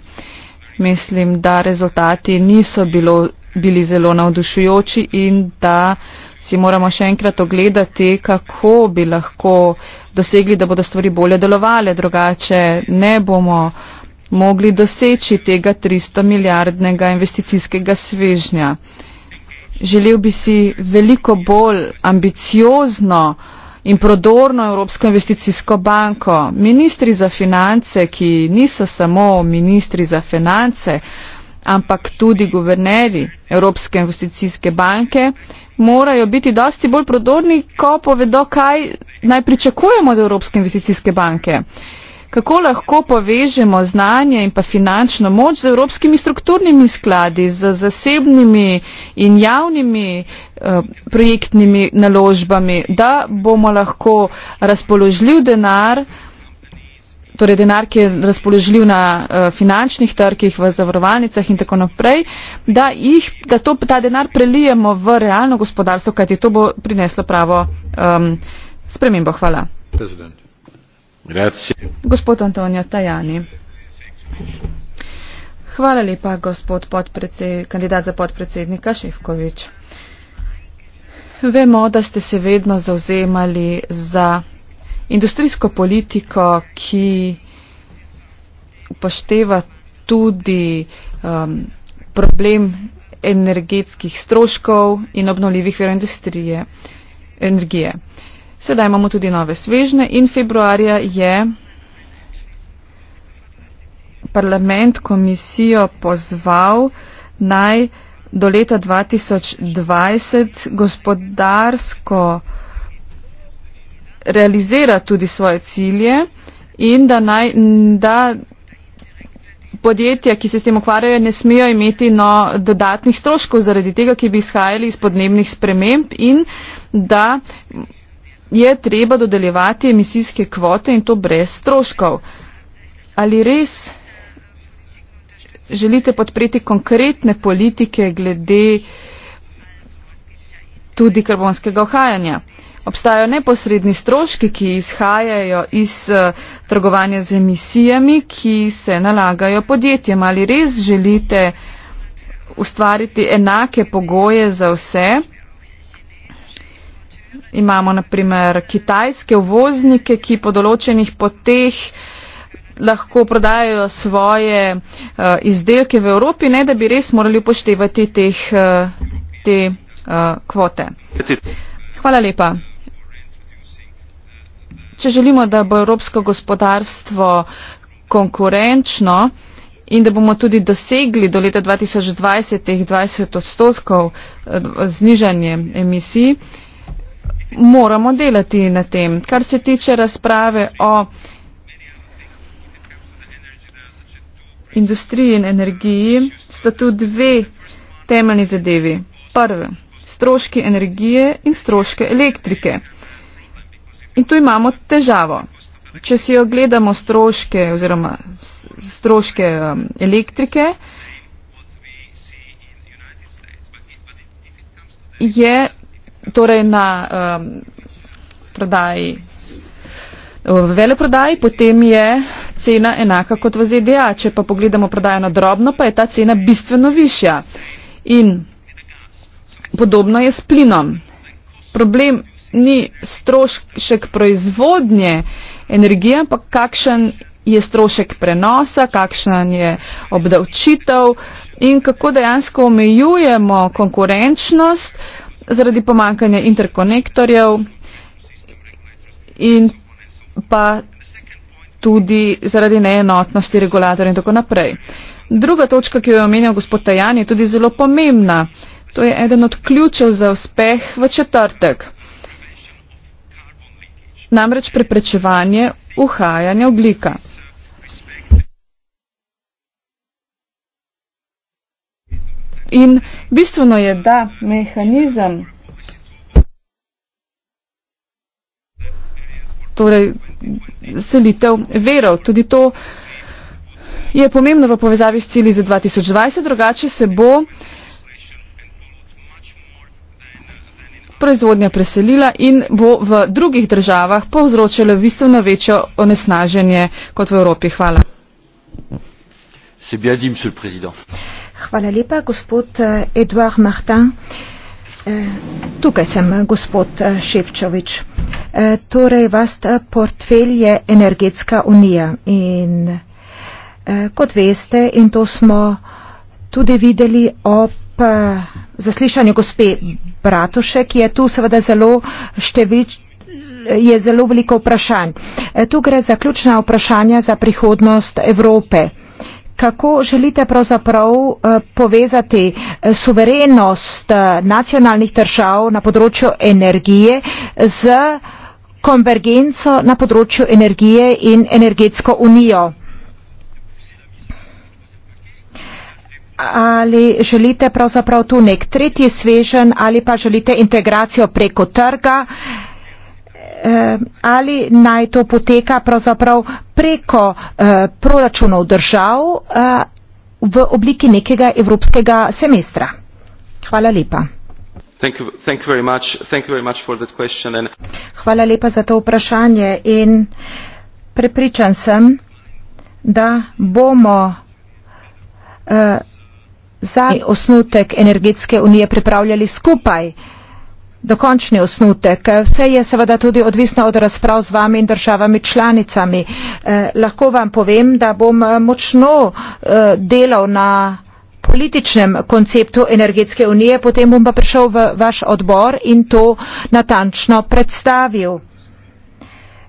Mislim, da rezultati niso bilo, bili zelo navdušujoči in da si moramo še enkrat ogledati, kako bi lahko dosegli, da bodo stvari bolje delovale, drugače ne bomo mogli doseči tega 300 milijardnega investicijskega svežnja. Želel bi si veliko bolj ambiciozno in prodorno Evropsko investicijsko banko. Ministri za finance, ki niso samo ministri za finance, ampak tudi guvernerji Evropske investicijske banke morajo biti dosti bolj prodorni, ko povedo, kaj naj pričakujemo od Evropske investicijske banke. Kako lahko povežemo znanje in pa finančno moč z evropskimi strukturnimi skladi, z zasebnimi in javnimi eh, projektnimi naložbami, da bomo lahko razpoložljiv denar eh, torej denar, ki je razpoložljiv na uh, finančnih trgih, v zavarovalnicah in tako naprej, da, jih, da to, ta denar prelijemo v realno gospodarstvo, kajti to bo prineslo pravo um, spremembo. Hvala. Gospod Antonijo Tajani. Hvala lepa, gospod kandidat za podpredsednika Šefkovič. Vemo, da ste se vedno zauzemali za industrijsko politiko, ki upošteva tudi um, problem energetskih stroškov in obnovljivih verov industrije energije. Sedaj imamo tudi nove svežne in februarja je parlament komisijo pozval naj do leta 2020 gospodarsko realizira tudi svoje cilje in da, naj, da podjetja, ki se s tem ukvarjajo, ne smejo imeti no, dodatnih stroškov zaradi tega, ki bi izhajali iz podnebnih sprememb in da je treba dodeljevati emisijske kvote in to brez stroškov. Ali res želite podpreti konkretne politike glede tudi karbonskega ohajanja? Uh, obstajajo neposredni stroški, ki izhajajo iz eh, trgovanja z emisijami, ki se nalagajo podjetjem. Ali res želite ustvariti enake pogoje za vse? Imamo naprimer kitajske uvoznike, ki po določenih poteh lahko prodajajo svoje uh, izdelke v Evropi, ne da bi res morali upoštevati teh, uh, te uh, kvote. Hvala lepa če želimo, da bo evropsko gospodarstvo konkurenčno in da bomo tudi dosegli do leta 2020 teh 20 odstotkov eh, znižanje emisij, moramo delati na tem. Kar se tiče razprave o industriji in energiji, sta tu dve temeljni zadevi. Prve, stroški energije in stroške elektrike. In tu imamo težavo. Če si ogledamo stroške oziroma stroške um, elektrike, je torej na um, prodaji, v veleprodaji, potem je cena enaka kot v ZDA. Če pa pogledamo prodajo na drobno, pa je ta cena bistveno višja. In podobno je s plinom. Problem ni strošek proizvodnje energije, ampak kakšen je strošek prenosa, kakšen je obdavčitev in kako dejansko omejujemo konkurenčnost zaradi pomankanja interkonektorjev in pa tudi zaradi neenotnosti regulatorjev in tako naprej. Druga točka, ki jo je omenjal gospod Tajan, je tudi zelo pomembna. To je eden od ključev za uspeh v četrtek namreč preprečevanje uhajanja oglika. In bistveno je, da mehanizem, torej selitev verov, tudi to je pomembno v povezavi s cilji za 2020, drugače se bo eh, proizvodnja preselila in bo v drugih državah povzročila bistveno večjo onesnaženje kot v Evropi. Hvala. Hvala lepa, gospod eh, Eduard Martin. Eh, tukaj sem, eh, gospod Ševčovič. Torej, vas portfelj je Energetska unija in kot veste, in to smo tudi videli ob ob eh, zaslišanju gospe Bratuše, ki je tu seveda zelo števič, je zelo veliko vprašanj. Eh, tu gre za ključna vprašanja za prihodnost Evrope. Kako želite pravzaprav eh, povezati suverenost nacionalnih držav na področju energije z konvergenco na področju energije in energetsko unijo? ali želite pravzaprav tu nek tretji svežen ali pa želite integracijo preko trga eh, ali naj to poteka pravzaprav preko eh, proračunov držav eh, v obliki nekega evropskega semestra. Hvala lepa. Thank you, thank you much, Hvala lepa za to vprašanje in prepričan sem, da bomo uh, zadnji osnutek energetske unije pripravljali skupaj, dokončni osnutek. Vse je seveda tudi odvisno od razprav z vami in državami članicami. Eh, lahko vam povem, da bom eh, močno eh, delal na političnem konceptu energetske unije, potem bom pa prišel v vaš odbor in to natančno predstavil.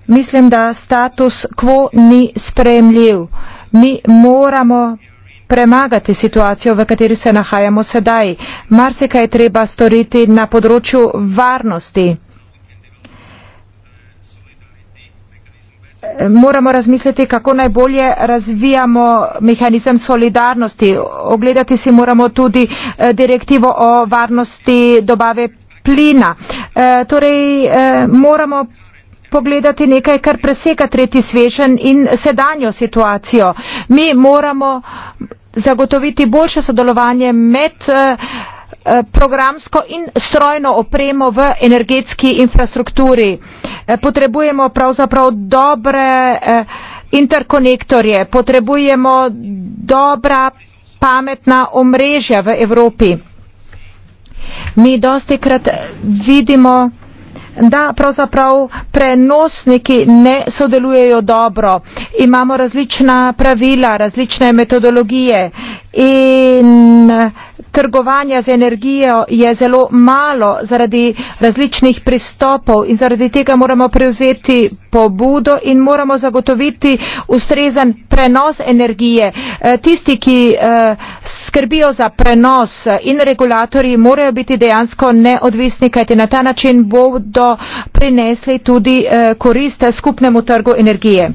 Mislim, da status quo ni sprejemljiv. Mi moramo premagati situacijo, v kateri se nahajamo sedaj. Marsikaj je treba storiti na področju varnosti. Moramo razmisliti, kako najbolje razvijamo mehanizem solidarnosti. Ogledati si moramo tudi eh, direktivo o varnosti dobave plina. Eh, torej, eh, moramo pogledati nekaj, kar preseka tretji svežen in sedanjo situacijo. Mi moramo zagotoviti boljše sodelovanje med eh, eh, programsko in strojno opremo v energetski infrastrukturi. Eh, potrebujemo pravzaprav dobre interkonektorje, potrebujemo dobra pametna omrežja v Evropi. Mi dosti krat vidimo, da pravzaprav prenosniki ne sodelujejo dobro. Imamo različna pravila, različne metodologije in eh, trgovanja z energijo je zelo malo zaradi različnih pristopov in zaradi tega moramo prevzeti pobudo in moramo zagotoviti ustrezen prenos energije. Eh, tisti, ki eh, skrbijo za prenos in regulatori, morajo biti dejansko neodvisni, kajti na ta način bodo prinesli tudi korist skupnemu trgu energije.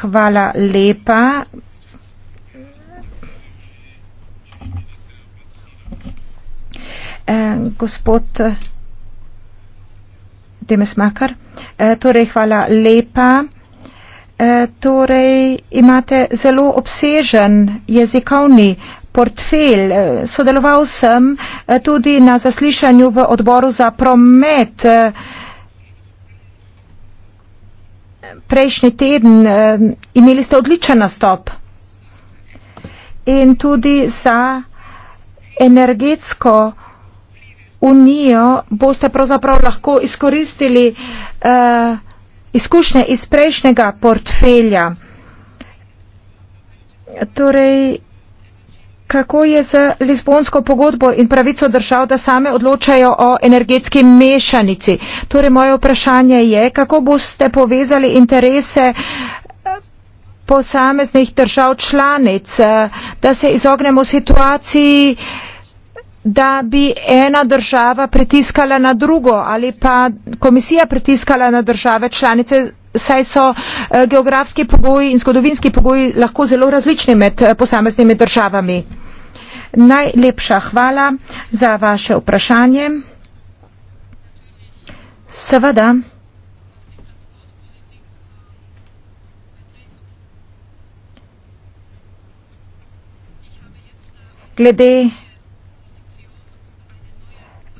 Hvala lepa. Eh, gospod eh, Demes Makar, eh, torej hvala lepa. Eh, torej imate zelo obsežen jezikovni portfel. Eh, sodeloval sem eh, tudi na zaslišanju v odboru za promet. Eh, Prejšnji teden eh, imeli ste odličen nastop in tudi za energetsko eh, unijo boste pravzaprav lahko izkoristili uh, izkušnje iz prejšnjega portfelja. Torej, kako je z Lizbonsko pogodbo in pravico držav, da same odločajo o energetski mešanici? Torej, moje vprašanje je, kako boste povezali interese eh, posameznih držav članic, eh, da se izognemo situaciji, da bi ena država pritiskala na drugo ali pa komisija pritiskala na države članice, saj so eh, geografski pogoji in zgodovinski pogoji lahko zelo različni med eh, posameznimi državami. Najlepša hvala za vaše vprašanje. Seveda. Glede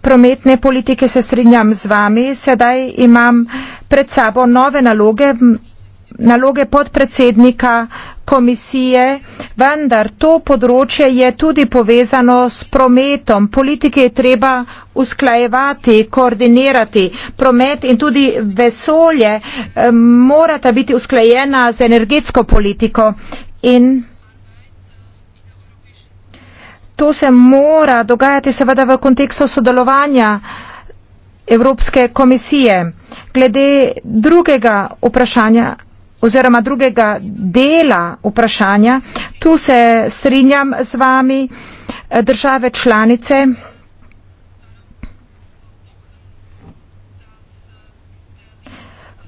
prometne politike se strinjam z vami. Sedaj imam pred sabo nove naloge, naloge podpredsednika komisije, vendar to področje je tudi povezano s prometom. Politike je treba usklajevati, koordinirati. Promet in tudi vesolje eh, morata biti usklajena z energetsko politiko. In to se mora dogajati seveda v kontekstu sodelovanja Evropske komisije. Glede drugega vprašanja oziroma drugega dela vprašanja, tu se strinjam z vami eh, države članice.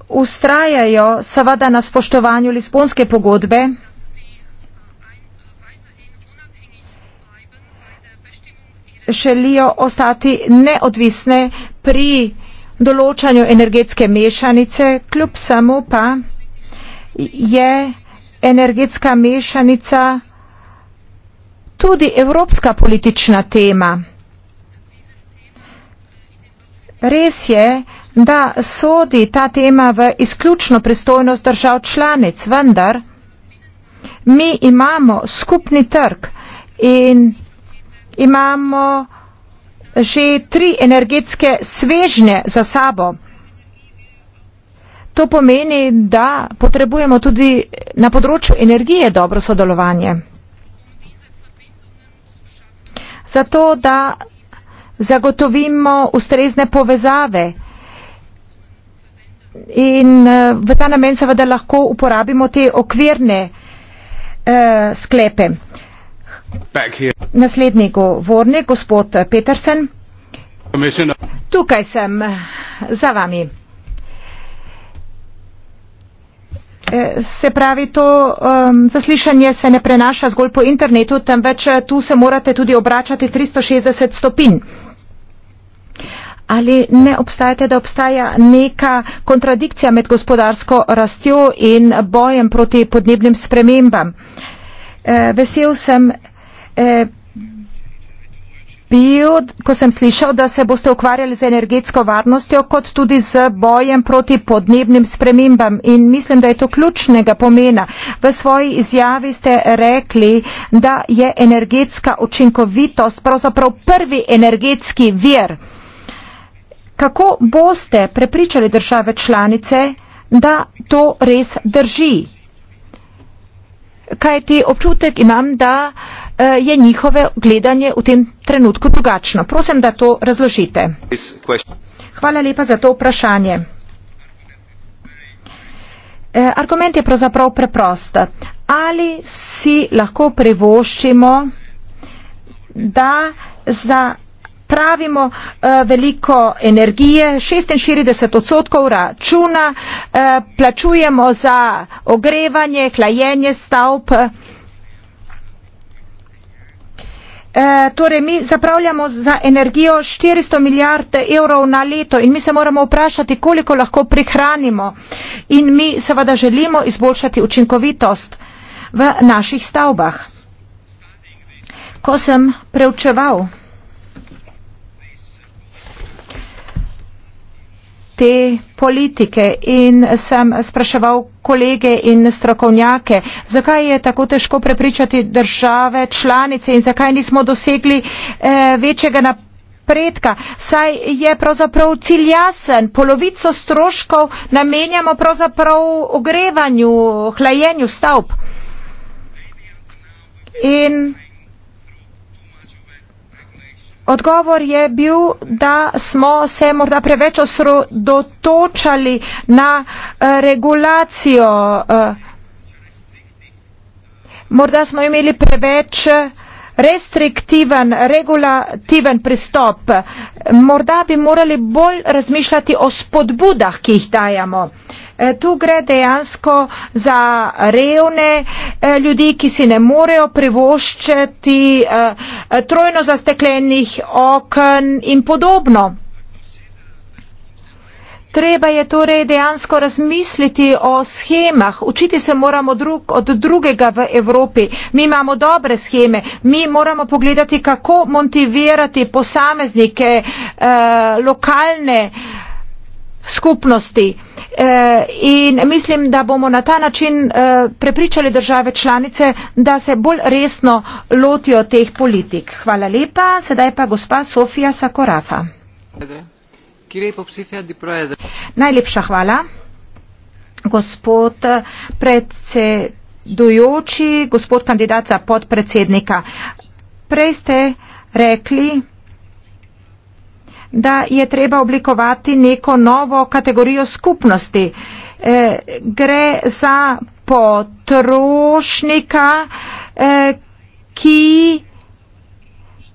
Ustrajajo seveda na spoštovanju Lisbonske pogodbe. želijo ostati neodvisne pri določanju energetske mešanice, kljub samo pa je energetska mešanica tudi evropska politična tema. Res je, da sodi ta tema v izključno pristojnost držav članic, vendar mi imamo skupni trg in imamo že tri energetske svežnje za sabo. To pomeni, da potrebujemo tudi na področju energije dobro sodelovanje. Zato, da zagotovimo ustrezne povezave in eh, v ta namen seveda lahko uporabimo te okvirne eh, sklepe. Naslednji govornik, gospod Petersen. Tukaj sem za vami. E, se pravi, to um, zaslišanje se ne prenaša zgolj po internetu, temveč e, tu se morate tudi obračati 360 stopinj. Ali ne obstajate, da obstaja neka kontradikcija med gospodarsko rastjo in bojem proti podnebnim spremembam? E, vesel sem, Eh, bil, ko sem slišal, da se boste ukvarjali z energetsko varnostjo, kot tudi z bojem proti podnebnim spremembam. In mislim, da je to ključnega pomena. V svoji izjavi ste rekli, da je energetska učinkovitost pravzaprav prvi energetski vir. Kako boste prepričali države članice, da to res drži? Kaj ti občutek imam, da. Uh, Eh, je njihove gledanje v tem trenutku drugačno. Prosim, da to razložite. Hvala lepa za to vprašanje. Eh, argument je pravzaprav preprost. Ali si lahko privoščimo, da zapravimo eh, veliko energije, 46 odstotkov računa, plačujemo za ogrevanje, hlajenje stavb, Eh, torej mi zapravljamo za energijo 400 milijard evrov na leto in mi se moramo vprašati, koliko lahko prihranimo in mi seveda želimo izboljšati učinkovitost v naših stavbah. Ko sem preučeval te politike in sem spraševal kolege in strokovnjake, zakaj je tako težko prepričati države, članice in zakaj nismo dosegli eh, večjega napredka. Saj je pravzaprav cilj jasen, polovico stroškov namenjamo pravzaprav ogrevanju, hlajenju stavb. In Odgovor je bil, da smo se morda preveč osredotočali na eh, regulacijo. Eh. Morda smo imeli preveč restriktiven, regulativen pristop. Morda bi morali bolj razmišljati o spodbudah, ki jih dajamo. Uh, E, tu gre dejansko za revne e, ljudi, ki si ne morejo privoščiti e, trojno zasteklenih okn in podobno. Treba je torej dejansko razmisliti o schemah. Učiti se moramo drug, od drugega v Evropi. Mi imamo dobre scheme. Mi moramo pogledati, kako motivirati posameznike, eh, lokalne eh, skupnosti. Eh, in mislim, da bomo na ta način eh, prepričali države članice, da se bolj resno lotijo teh politik. Hvala lepa. Sedaj pa gospa Sofija Sakorafa. Najlepša hvala. Gospod eh, predsedujoči, gospod kandidat za podpredsednika. Prej ste rekli, da je treba oblikovati neko novo kategorijo skupnosti. E, gre za potrošnika, e, ki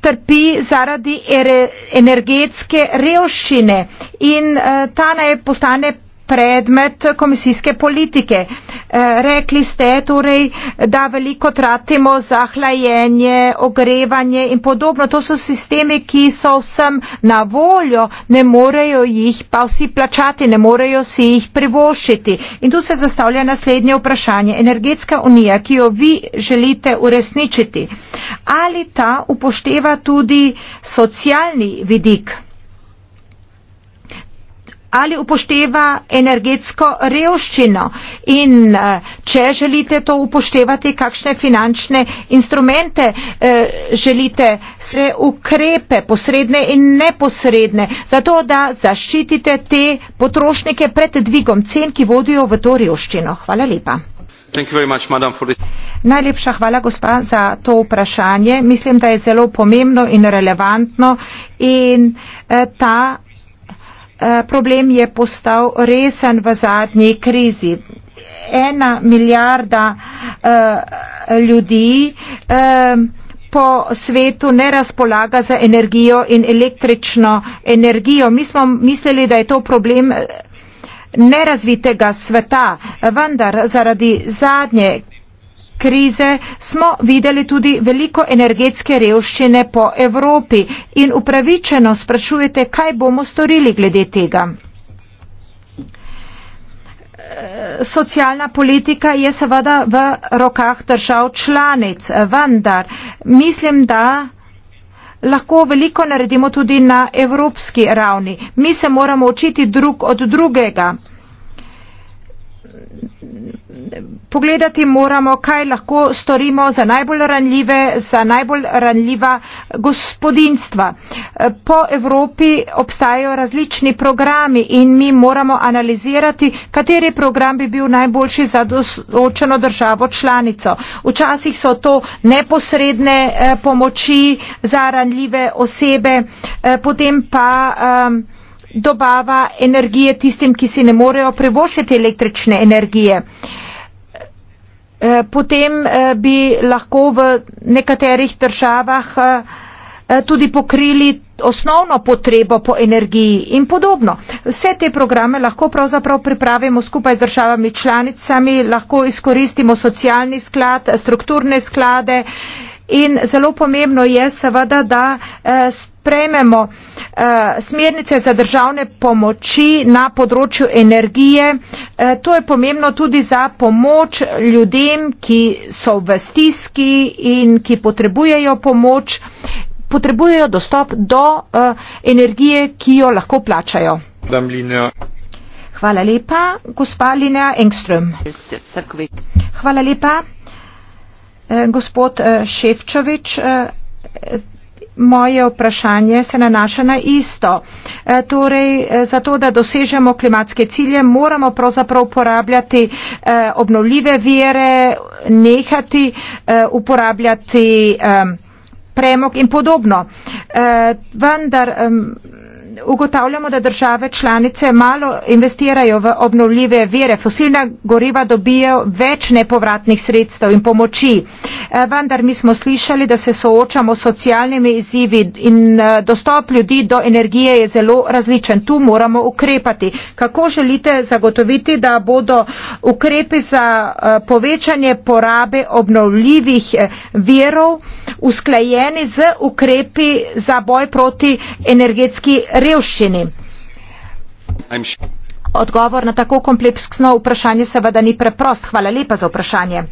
trpi zaradi ere, energetske revščine in e, ta naj postane predmet komisijske politike. Eh, rekli ste torej, da veliko tratimo za hlajenje, ogrevanje in podobno. To so sistemi, ki so vsem na voljo, ne morejo jih pa vsi plačati, ne morejo si jih privoščiti. In tu se zastavlja naslednje vprašanje. Energetska unija, ki jo vi želite uresničiti, ali ta upošteva tudi socialni vidik? ali upošteva energetsko revščino in eh, če želite to upoštevati, kakšne finančne instrumente eh, želite, vse ukrepe posredne in neposredne, zato da zaščitite te potrošnike pred dvigom cen, ki vodijo v to revščino. Hvala lepa. Much, Najlepša hvala, gospa, za to vprašanje. Mislim, da je zelo pomembno in relevantno in eh, ta Eh, problem je postal resen v zadnji krizi. Ena milijarda uh, ljudi um, po svetu ne razpolaga za energijo in električno energijo. Mi smo mislili, da je to problem nerazvitega sveta, vendar zaradi zadnje krize smo videli tudi veliko energetske revščine po Evropi in upravičeno sprašujete, kaj bomo storili glede tega. Socialna politika je seveda v rokah držav članic, vendar mislim, da lahko veliko naredimo tudi na evropski ravni. Mi se moramo učiti drug od drugega pogledati moramo, kaj lahko storimo za najbolj ranljive, za najbolj ranljiva gospodinstva. Po Evropi obstajajo različni programi in mi moramo analizirati, kateri program bi bil najboljši za določeno državo članico. Včasih so to neposredne eh, pomoči za ranljive osebe, eh, potem pa um, dobava energije tistim, ki si ne morejo privošiti električne energije. Eh, potem eh, bi lahko v nekaterih državah eh, tudi pokrili osnovno potrebo po energiji in podobno. Vse te programe lahko pravzaprav pripravimo skupaj z državami članicami, lahko izkoristimo socialni sklad, strukturne sklade, eh, In zelo pomembno je seveda, da eh, sprememo eh, smernice za državne pomoči na področju energije. Eh, to je pomembno tudi za pomoč ljudem, ki so v stiski in ki potrebujejo pomoč, potrebujejo dostop do energije, ki jo lahko plačajo. Hvala lepa, gospa Linja Engström. Hvala lepa. Eh, gospod eh, Ševčovič, eh, moje vprašanje se nanaša na isto. Torej, zato, da dosežemo klimatske cilje, moramo pravzaprav uporabljati obnovljive vire, nehati uporabljati premog in podobno. Vendar ugotavljamo, da države članice malo investirajo v obnovljive vire. Fosilna goriva dobijo več nepovratnih sredstev in pomoči. Eh, vendar mi smo slišali, da se soočamo s socialnimi izzivi in eh, dostop ljudi do energije je zelo različen. Tu moramo ukrepati. Kako želite zagotoviti, da bodo ukrepi za eh, povečanje porabe obnovljivih virov usklajeni z ukrepi za boj proti energetski revščini. Odgovor na tako kompleksno vprašanje seveda ni preprost. Hvala lepa za vprašanje.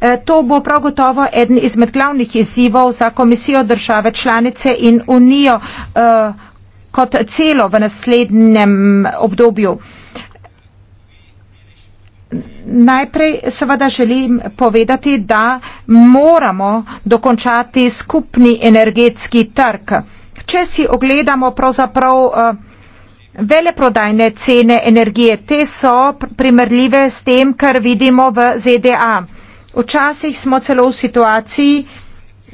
E, to bo prav gotovo eden izmed glavnih izzivov za komisijo države članice in unijo e, kot celo v naslednjem obdobju. Najprej seveda želim povedati, da moramo dokončati skupni energetski trg če si ogledamo pravzaprav eh, veleprodajne cene energije, te so primerljive s tem, kar vidimo v ZDA. Včasih smo celo v situaciji,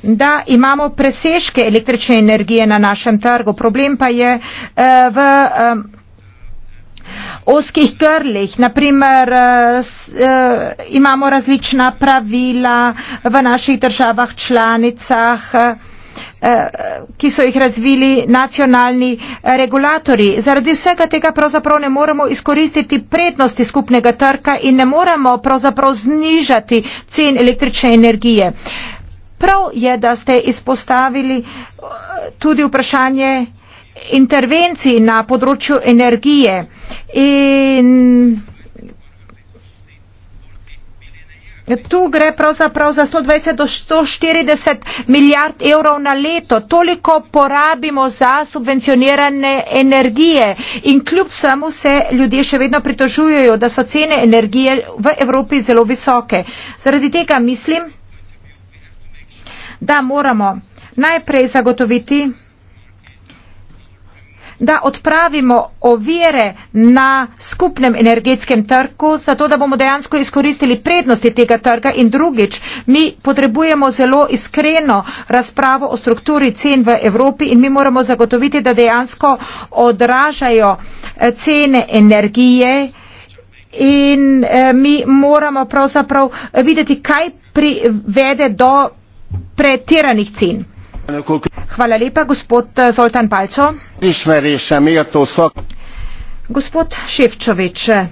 da imamo presežke električne energije na našem trgu. Problem pa je eh, v eh, oskih grlih. Naprimer, imamo različna pravila v naših državah članicah Eh, ki so jih razvili nacionalni eh, regulatori. Zaradi vsega tega pravzaprav ne moremo izkoristiti prednosti skupnega trga in ne moremo pravzaprav znižati cen električne energije. Prav je, da ste izpostavili eh, tudi vprašanje intervencij na področju energije in Tu gre pravzaprav za 120 do 140 milijard evrov na leto. Toliko porabimo za subvencionirane energije in kljub samo se ljudje še vedno pritožujejo, da so cene energije v Evropi zelo visoke. Zaradi tega mislim, da moramo najprej zagotoviti da odpravimo ovire na skupnem energetskem trgu, zato da bomo dejansko izkoristili prednosti tega trga in drugič, mi potrebujemo zelo iskreno razpravo o strukturi cen v Evropi in mi moramo zagotoviti, da dejansko odražajo eh, cene energije in eh, mi moramo pravzaprav eh, videti, kaj privede do pretiranih cen. Hvala lepa, gospod eh, Zoltan Palco. Ismerése méltó szak. Gospod Šefčovič, eh,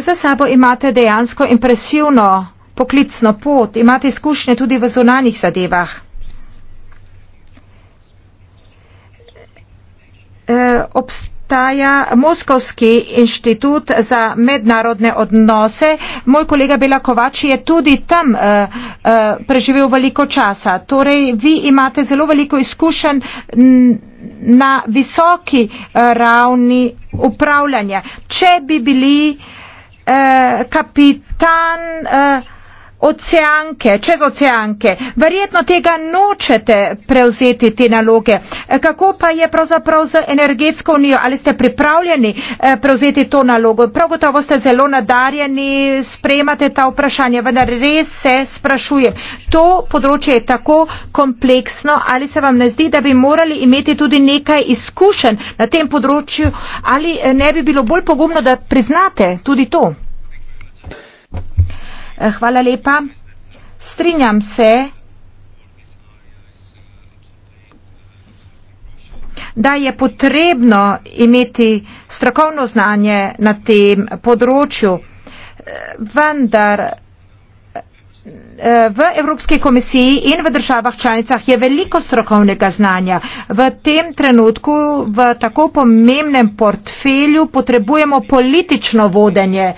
za sabo imate dejansko impresivno poklicno pot, imate izkušnje tudi v zunanjih zadevah. Eh, obst Taja, Moskovski inštitut za mednarodne odnose. Moj kolega Bela Kovač je tudi tam uh, uh, preživel veliko časa. Torej, vi imate zelo veliko izkušenj na visoki uh, ravni upravljanja. Če bi bili uh, kapitan. Uh, oceanke, čez oceanke. Verjetno tega nočete prevzeti te naloge. E, kako pa je pravzaprav z energetsko unijo? Ali ste pripravljeni e, prevzeti to nalogo? Prav gotovo ste zelo nadarjeni, spremate ta vprašanja, vendar res se sprašujem. To področje je tako kompleksno, ali se vam ne zdi, da bi morali imeti tudi nekaj izkušenj na tem področju, ali e, ne bi bilo bolj pogumno, da priznate tudi to? Eh, hvala lepa. Strinjam se, da je potrebno imeti strokovno znanje na tem področju, eh, vendar eh, v Evropski komisiji in v državah članicah je veliko strokovnega znanja. V tem trenutku v tako pomembnem portfelju potrebujemo politično vodenje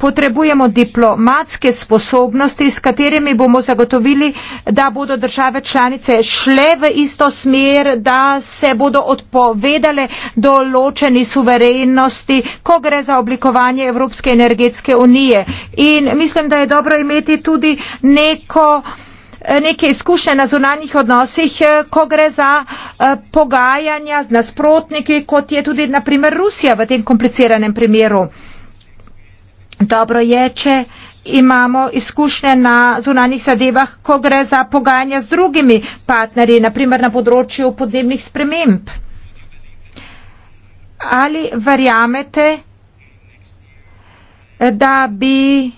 potrebujemo diplomatske sposobnosti, s katerimi bomo zagotovili, da bodo države članice šle v isto smer, da se bodo odpovedale določeni suverenosti, ko gre za oblikovanje Evropske energetske unije. In mislim, da je dobro imeti tudi neko neke izkušnje na zunanjih odnosih, ko gre za eh, pogajanja z nasprotniki, kot je tudi naprimer Rusija v tem kompliciranem primeru dobro ječe, imamo izkušnje na zunanjih zadevah, ko gre za pogajanja z drugimi partnerji, naprimer na področju podnebnih sprememb. Ali verjamete, da, bi,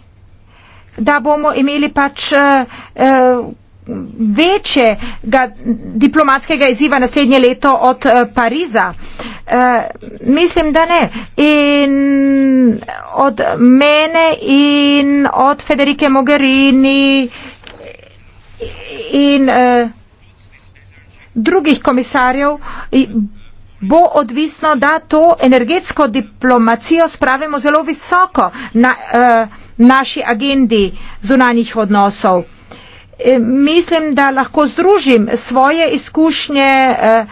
da bomo imeli pač eh, večjega diplomatskega izziva naslednje leto od eh, Pariza? E, mislim, da ne. In od mene in od Federike Mogherini in e, drugih komisarjev bo odvisno, da to energetsko diplomacijo spravimo zelo visoko na e, naši agendi zunanjih odnosov. Eh, mislim, da lahko združim svoje izkušnje eh,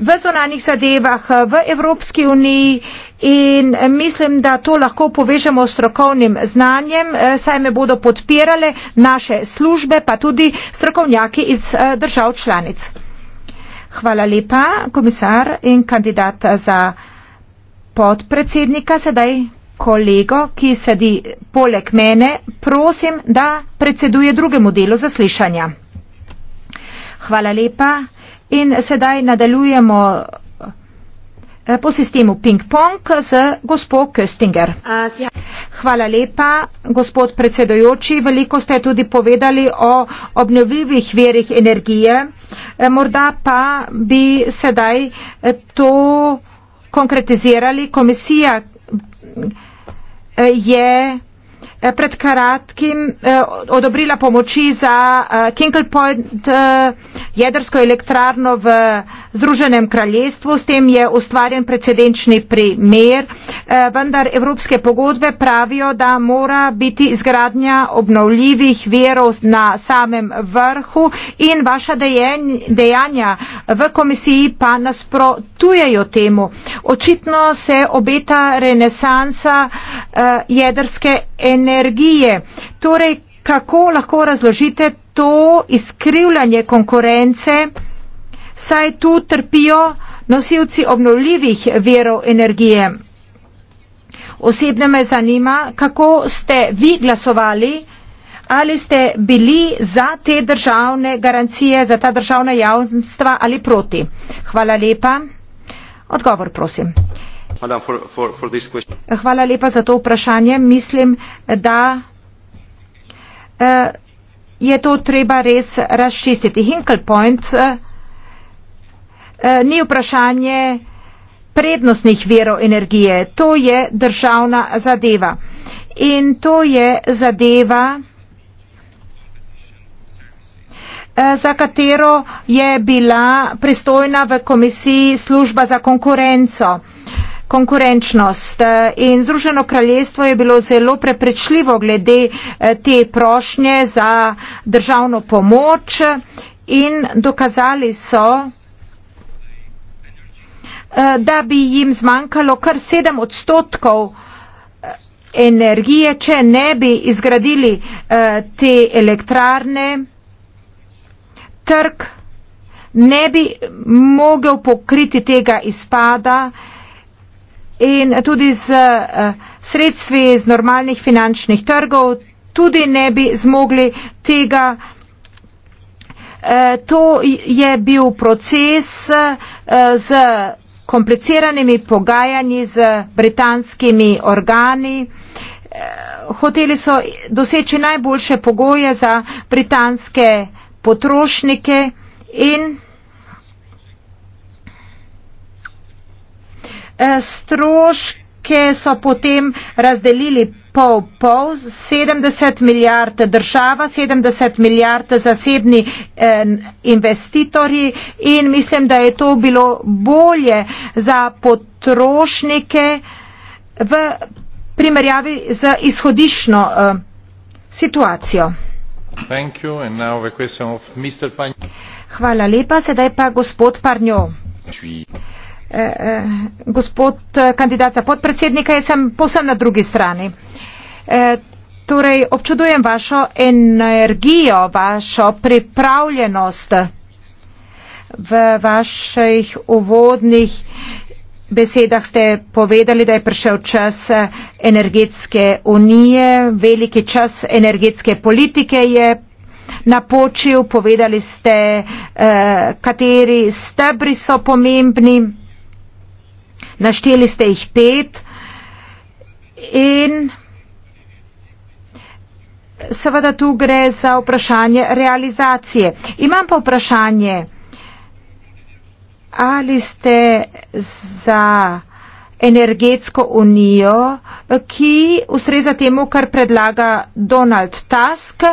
v zonanih zadevah eh, v Evropski uniji in mislim, da to lahko povežemo s strokovnim znanjem, saj me bodo podpirale naše službe, pa tudi strokovnjaki iz držav članic. Hvala lepa, komisar in kandidat za podpredsednika. Sedaj kolego, ki sedi poleg mene, prosim, da predseduje drugemu delu zaslišanja. Hvala lepa. In sedaj nadaljujemo eh, po sistemu ping-pong z gospod Köstinger. Hvala lepa, gospod predsedojoči. Veliko ste tudi povedali o obnovljivih verih energije. Eh, morda pa bi sedaj eh, to konkretizirali. Komisija je Eh, pred kratkim eh, odobrila pomoči za eh, Kinkle Point eh, jedrsko elektrarno v Združenem kraljestvu. S tem je ustvarjen precedenčni primer, eh, vendar evropske pogodbe pravijo, da mora biti izgradnja obnovljivih verov na samem vrhu in vaša dejen, dejanja v komisiji pa nasprotujejo temu. Očitno se obeta renesansa eh, jedrske energije energije. Torej, kako lahko razložite to izkrivljanje konkurence, saj tu trpijo nosilci obnovljivih verov energije? Osebno me zanima, kako ste vi glasovali, ali ste bili za te državne garancije, za ta državna javnstva ali proti. Hvala lepa. Odgovor, prosim. Hvala lepa za to vprašanje. Mislim, da eh, je to treba res razčistiti. Hinkle Point eh, eh, ni vprašanje prednostnih verov energije. To je državna zadeva. In to je zadeva, za katero je bila pristojna v komisiji služba za konkurenco konkurenčnost. Eh, in Združeno kraljestvo je bilo zelo prepričljivo glede eh, te prošnje za državno pomoč in dokazali so, eh, da bi jim zmanjkalo kar sedem odstotkov energije, če ne bi izgradili te elektrarne. Trg ne bi mogel pokriti tega izpada in tudi z eh, sredstvi iz normalnih finančnih trgov tudi ne bi zmogli tega. Eh, to je bil proces eh, z kompliciranimi pogajanji z britanskimi organi. Hoteli so doseči najboljše pogoje za britanske potrošnike in Eh, stroške so potem razdelili pol pol, 70 milijard država, 70 milijard zasebni eh, investitorji in mislim, da je to bilo bolje za potrošnike v primerjavi z izhodišno eh, situacijo. Thank you. And now the question of Mr. Hvala lepa, sedaj pa gospod Parnjo. Three. Eh, eh, gospod eh, kandidat za podpredsednika, jaz sem povsem na drugi strani. Eh, torej, občudujem vašo energijo, vašo pripravljenost v vaših uvodnih besedah ste povedali, da je prišel čas eh, energetske unije, veliki čas energetske politike je napočil, povedali ste, eh, kateri stebri so pomembni našteli ste jih pet in seveda tu gre za vprašanje realizacije. Imam pa vprašanje, ali ste za energetsko unijo, ki ustreza temu, kar predlaga Donald Tusk,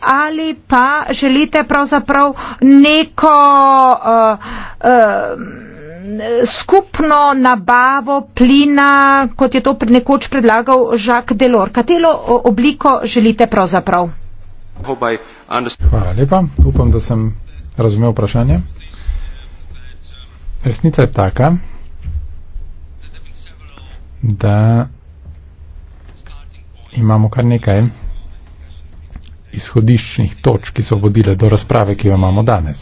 ali pa želite pravzaprav neko uh, uh, skupno nabavo plina, kot je to pred nekoč predlagal Jacques Delor. Katero obliko želite pravzaprav? Hvala lepa. Upam, da sem razumel vprašanje. Resnica je taka, da imamo kar nekaj izhodiščnih točk, ki so vodile do razprave, ki jo imamo danes.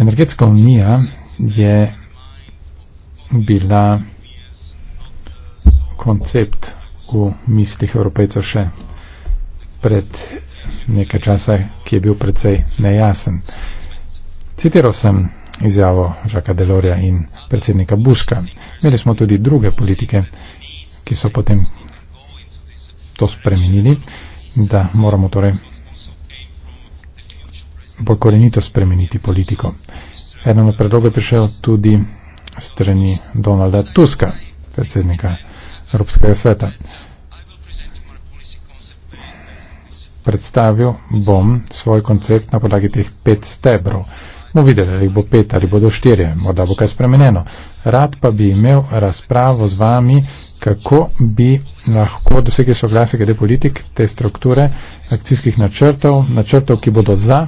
Energetska unija je bila koncept v mislih Evropejcev še pred nekaj časa, ki je bil precej nejasen. Citiral sem izjavo Žaka Delorja in predsednika Buska. Imeli smo tudi druge politike, ki so potem to spremenili, da moramo torej bolj korenito spremeniti politiko. Eden od predlogov je prišel tudi strani Donalda Tuska, predsednika Evropskega sveta. Predstavil bom svoj koncept na podlagi teh pet stebrov. Bomo videli, ali bo pet ali bodo štirje, morda bo kaj spremenjeno. Rad pa bi imel razpravo z vami, kako bi lahko dosegli soglasje glede politik, te strukture, akcijskih načrtov, načrtov, ki bodo za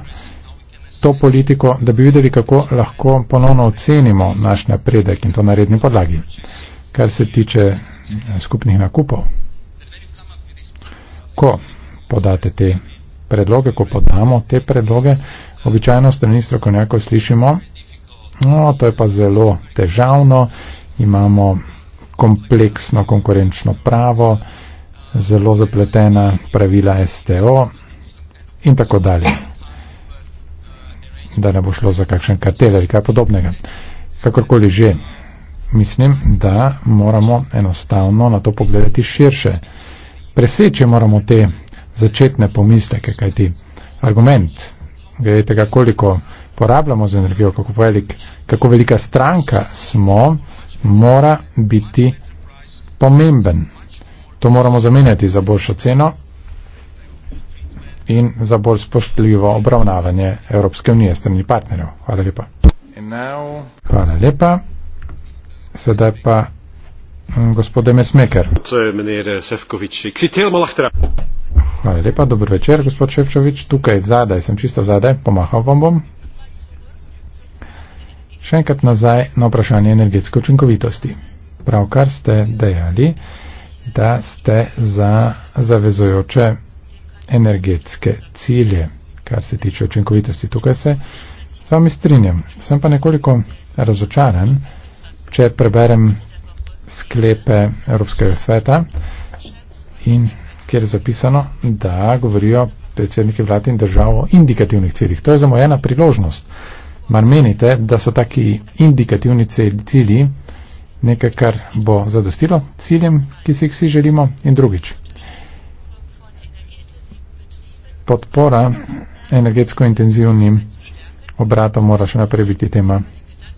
to politiko, da bi videli, kako lahko ponovno ocenimo naš napredek in to na redni podlagi, kar se tiče eh, skupnih nakupov. Ko podate te predloge, ko podamo te predloge, običajno strani strokovnjako slišimo, no, to je pa zelo težavno, imamo kompleksno konkurenčno pravo, zelo zapletena pravila STO in tako dalje da ne bo šlo za kakšen kartel ali kaj podobnega. Kakorkoli že, mislim, da moramo enostavno na to pogledati širše. Preseče moramo te začetne pomisleke, kajti argument, gledajte, koliko porabljamo za energijo, kako, velik, kako velika stranka smo, mora biti pomemben. To moramo zamenjati za boljšo ceno in za bolj spoštljivo obravnavanje Evropske unije strani partnerjev. Hvala lepa. Now... Hvala lepa. Sedaj pa mm, gospod Demesmeker. Hvala lepa, dober večer, gospod Ševčovič. Tukaj zadaj, sem čisto zadaj, pomahal vam bom. Še enkrat nazaj na vprašanje energetske učinkovitosti. Pravkar ste dejali, da ste za zavezojoče energetske cilje, kar se tiče učinkovitosti. Tukaj se z vami strinjam. Sem pa nekoliko razočaran, če preberem sklepe Evropskega sveta, in, kjer je zapisano, da govorijo predsedniki vlad in držav o indikativnih ciljih. To je za mojena priložnost. Mar menite, da so taki indikativni cilji nekaj, kar bo zadostilo ciljem, ki si jih vsi želimo in drugič? podpora energetsko intenzivnim obratom mora še naprej biti tema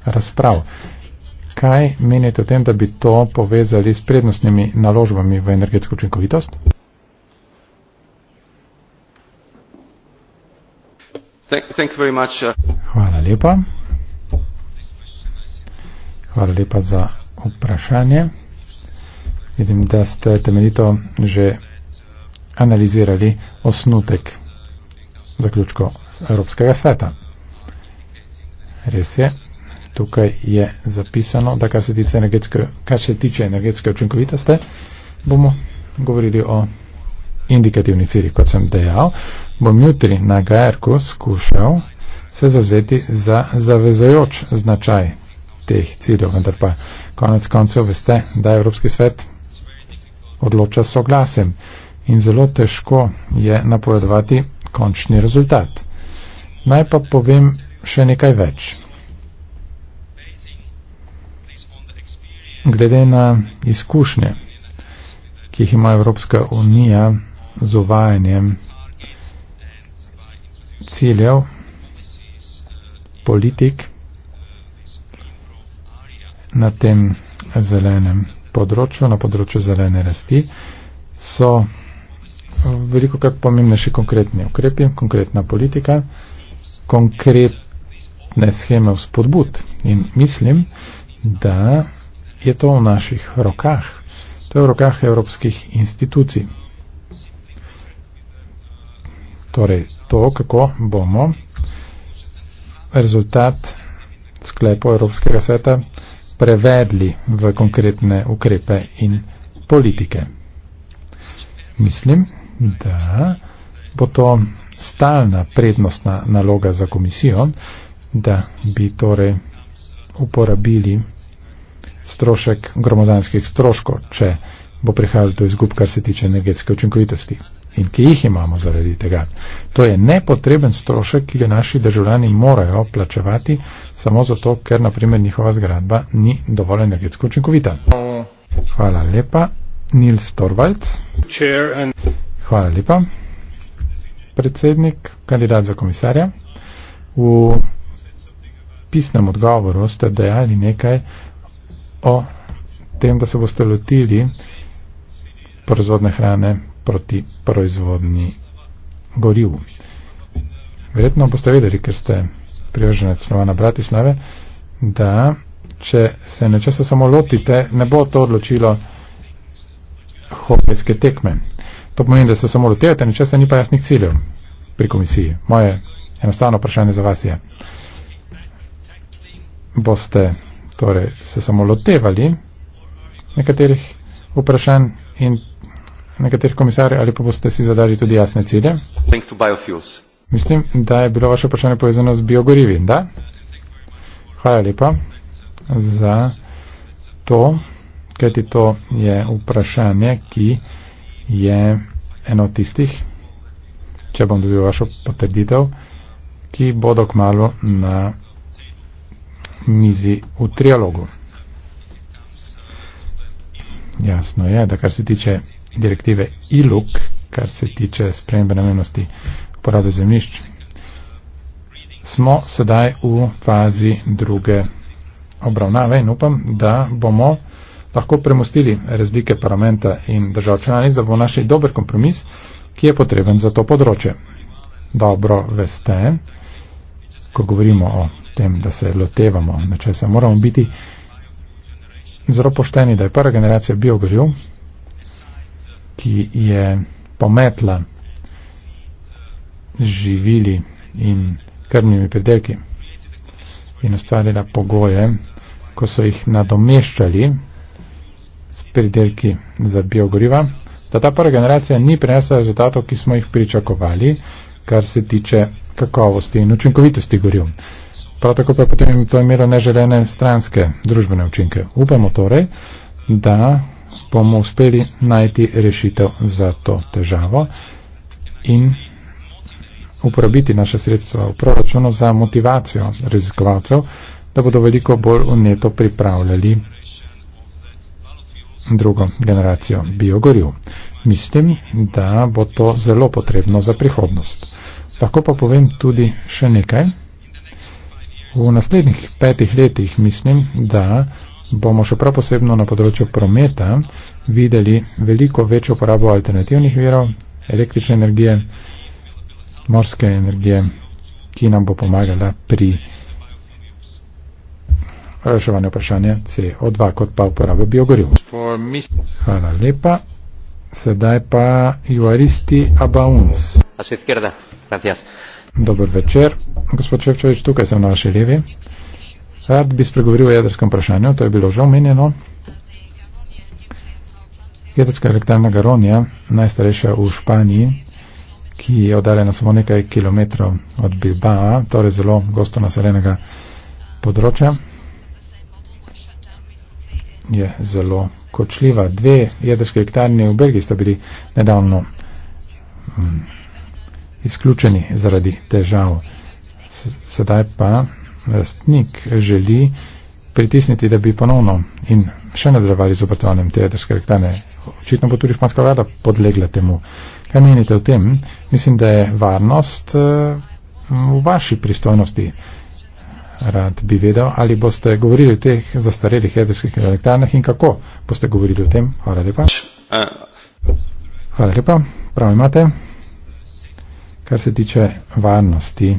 razprav. Kaj menite o tem, da bi to povezali s prednostnimi naložbami v energetsko učinkovitost? Thank you very much. Uh. Hvala lepa. Hvala lepa za vprašanje. Vidim, da ste temeljito že analizirali osnutek zaključkov Evropskega sveta. Res je, tukaj je zapisano, da kar se tiče energetske, kar se tiče energetske učinkovitosti, bomo govorili o indikativni ciljih, kot sem dejal, bom jutri na GRK skušal se zavzeti za zavezojoč značaj teh ciljev, vendar pa konec koncev veste, da Evropski svet odloča soglasem in zelo težko je napovedovati končni rezultat. Naj pa povem še nekaj več. Glede na izkušnje, ki jih ima Evropska unija z uvajanjem ciljev, politik na tem zelenem področju, na področju zelene rasti, so veliko krat pomembnejši konkretni ukrepi, konkretna politika, konkretne scheme vzpodbud. In mislim, da je to v naših rokah, to je v rokah evropskih institucij. Torej, to, kako bomo rezultat sklepov Evropskega sveta prevedli v konkretne ukrepe in politike. Mislim, da bo to stalna prednostna naloga za komisijo, da bi torej uporabili strošek gromozanskih stroškov, če bo prihajalo do izgub, kar se tiče energetske učinkovitosti in ki jih imamo zaradi tega. To je nepotreben strošek, ki ga naši državljani morajo plačevati samo zato, ker naprimer njihova zgradba ni dovolj energetsko učinkovita. Hvala lepa. Nils Torvalds. Hvala lepa. Predsednik, kandidat za komisarja, v pisnem odgovoru ste dejali nekaj o tem, da se boste lotili proizvodne hrane proti proizvodni goriv. Verjetno boste vedeli, ker ste privrženec Slovana Bratislave, da če se nečesa samo lotite, ne bo to odločilo hokejske tekme. To pomeni, da se samo lotevate, ničesar ni pa jasnih ciljev pri komisiji. Moje enostavno vprašanje za vas je, boste torej, se samo lotevali nekaterih vprašanj in nekaterih komisarjev ali pa boste si zadali tudi jasne cilje? Mislim, da je bilo vaše vprašanje povezano z biogorivi. Da? Hvala lepa za to, kajti to je vprašanje, ki je eno tistih, če bom dobil vašo potrditev, ki bodo kmalo na mizi v trialogu. Jasno je, da kar se tiče direktive ILUK, kar se tiče spremembe namenosti uporabe zemljišč, smo sedaj v fazi druge obravnave in upam, da bomo lahko premostili razlike parlamenta in držav članic, da bo našli dober kompromis, ki je potreben za to področje. Dobro veste, ko govorimo o tem, da se lotevamo nečesa, moramo biti zelo pošteni, da je prva generacija biogoriv, ki je pometla živili in krmnimi predelki in ustvarila pogoje, ko so jih nadomeščali s pridelki za biogoriva, da ta prva generacija ni prinesla rezultatov, ki smo jih pričakovali, kar se tiče kakovosti in učinkovitosti goriv. Prav tako pa potem to imelo neželene stranske družbene učinke. Upamo torej, da bomo uspeli najti rešitev za to težavo in uporabiti naše sredstva v proračunu za motivacijo raziskovalcev, da bodo veliko bolj uneto pripravljali drugo generacijo biogoriv. Mislim, da bo to zelo potrebno za prihodnost. Lahko pa povem tudi še nekaj. V naslednjih petih letih mislim, da bomo še prav posebno na področju prometa videli veliko večjo uporabo alternativnih virov, električne energije, morske energije, ki nam bo pomagala pri reševanju vprašanja CO2 kot pa uporabo biogoriv. Hvala lepa. Sedaj pa Juaristi Abauns. A su izquierda. Gracias. Dobar večer. Gospod Čevčevič, tukaj sem na vaši levi. Rad bi spregovoril o jedrskem vprašanju, to je bilo že omenjeno. Jedrska elektrarna Garonija, najstarejša v Španiji, ki je oddaljena samo nekaj kilometrov od Bilbao, torej zelo gosto naseljenega področja, je zelo kočljiva. Dve jedrske elektrarne v Belgiji sta bili nedavno um, izključeni zaradi težav. S sedaj pa lastnik želi pritisniti, da bi ponovno in še nadaljevali z obratovanjem te jedrske elektrarne. Očitno bo tudi španska vlada podlegla temu. Kaj menite o tem? Mislim, da je varnost uh, v vaši pristojnosti rad bi vedel, ali boste govorili o teh zastarelih jedrskih elektrarnah in kako boste govorili o tem. Hvala lepa. Hvala lepa, prav imate. Kar se tiče varnosti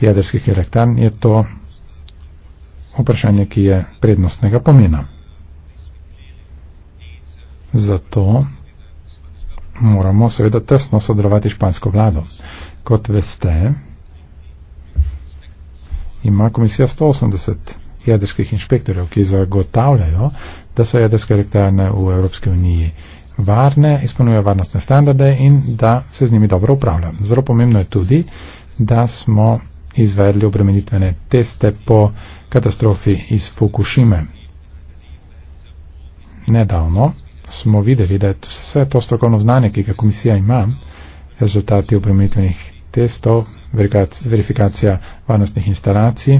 jedrskih elektrarn, je to vprašanje, ki je prednostnega pomena. Zato moramo seveda tesno sodelovati špansko vlado. Kot veste, ima komisija 180 jedrskih inšpektorjev, ki zagotavljajo, da so jedrske elektrarne v Evropski uniji varne, izpolnjujejo varnostne standarde in da se z njimi dobro upravlja. Zelo pomembno je tudi, da smo izvedli obremenitvene teste po katastrofi iz Fukushime. Nedavno smo videli, da je vse to strokovno znanje, ki ga komisija ima, rezultati obremenitvenih testov, verifikacija varnostnih instalacij,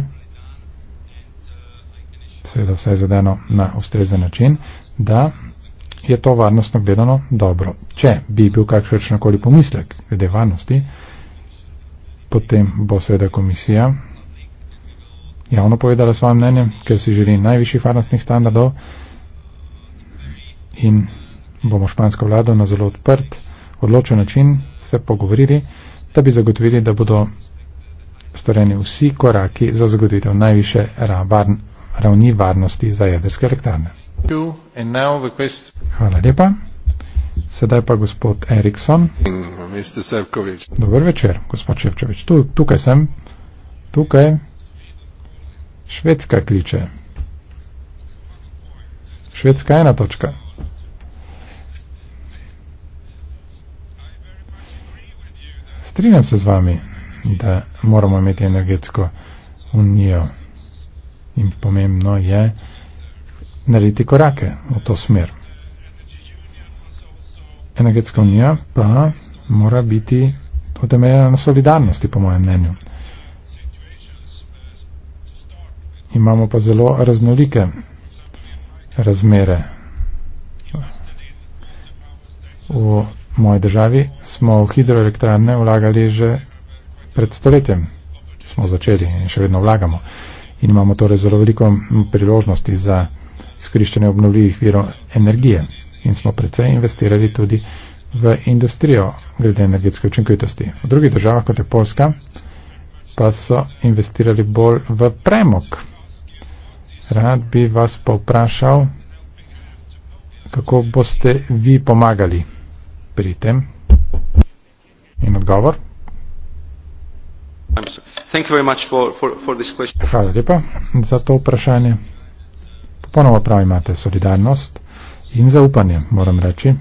seveda vse je zadeno na ustrezen način, da je to varnostno gledano dobro. Če bi bil kakšen koli pomislek glede varnosti, potem bo seveda komisija javno povedala svoje mnenje, ker si želi najvišjih varnostnih standardov in bomo špansko vlado na zelo odprt, odločen način se pogovorili da bi zagotovili, da bodo storjeni vsi koraki za zagotovitev najviše ravni varnosti za jedrske elektrarne. Hvala lepa. Sedaj pa gospod Erikson. Dobar večer, gospod Ševčevič. Tu, tukaj sem. Tukaj. Švedska kliče. Švedska ena točka. strinjam se z vami, da moramo imeti energetsko unijo in pomembno je narediti korake v to smer. Energetska unija pa mora biti potemeljena na solidarnosti, po mojem mnenju. Imamo pa zelo raznolike razmere. V moji državi smo v hidroelektrane vlagali že pred stoletjem. Smo začeli in še vedno vlagamo. In imamo torej zelo veliko priložnosti za izkoriščanje obnovljivih virov energije. In smo predvsej investirali tudi v industrijo glede energetske učinkovitosti. V drugih državah, kot je Polska, pa so investirali bolj v premog. Rad bi vas pa vprašal, kako boste vi pomagali pri tem? In odgovor? Hvala lepa za to vprašanje. Ponovo prav imate solidarnost in zaupanje, moram reči,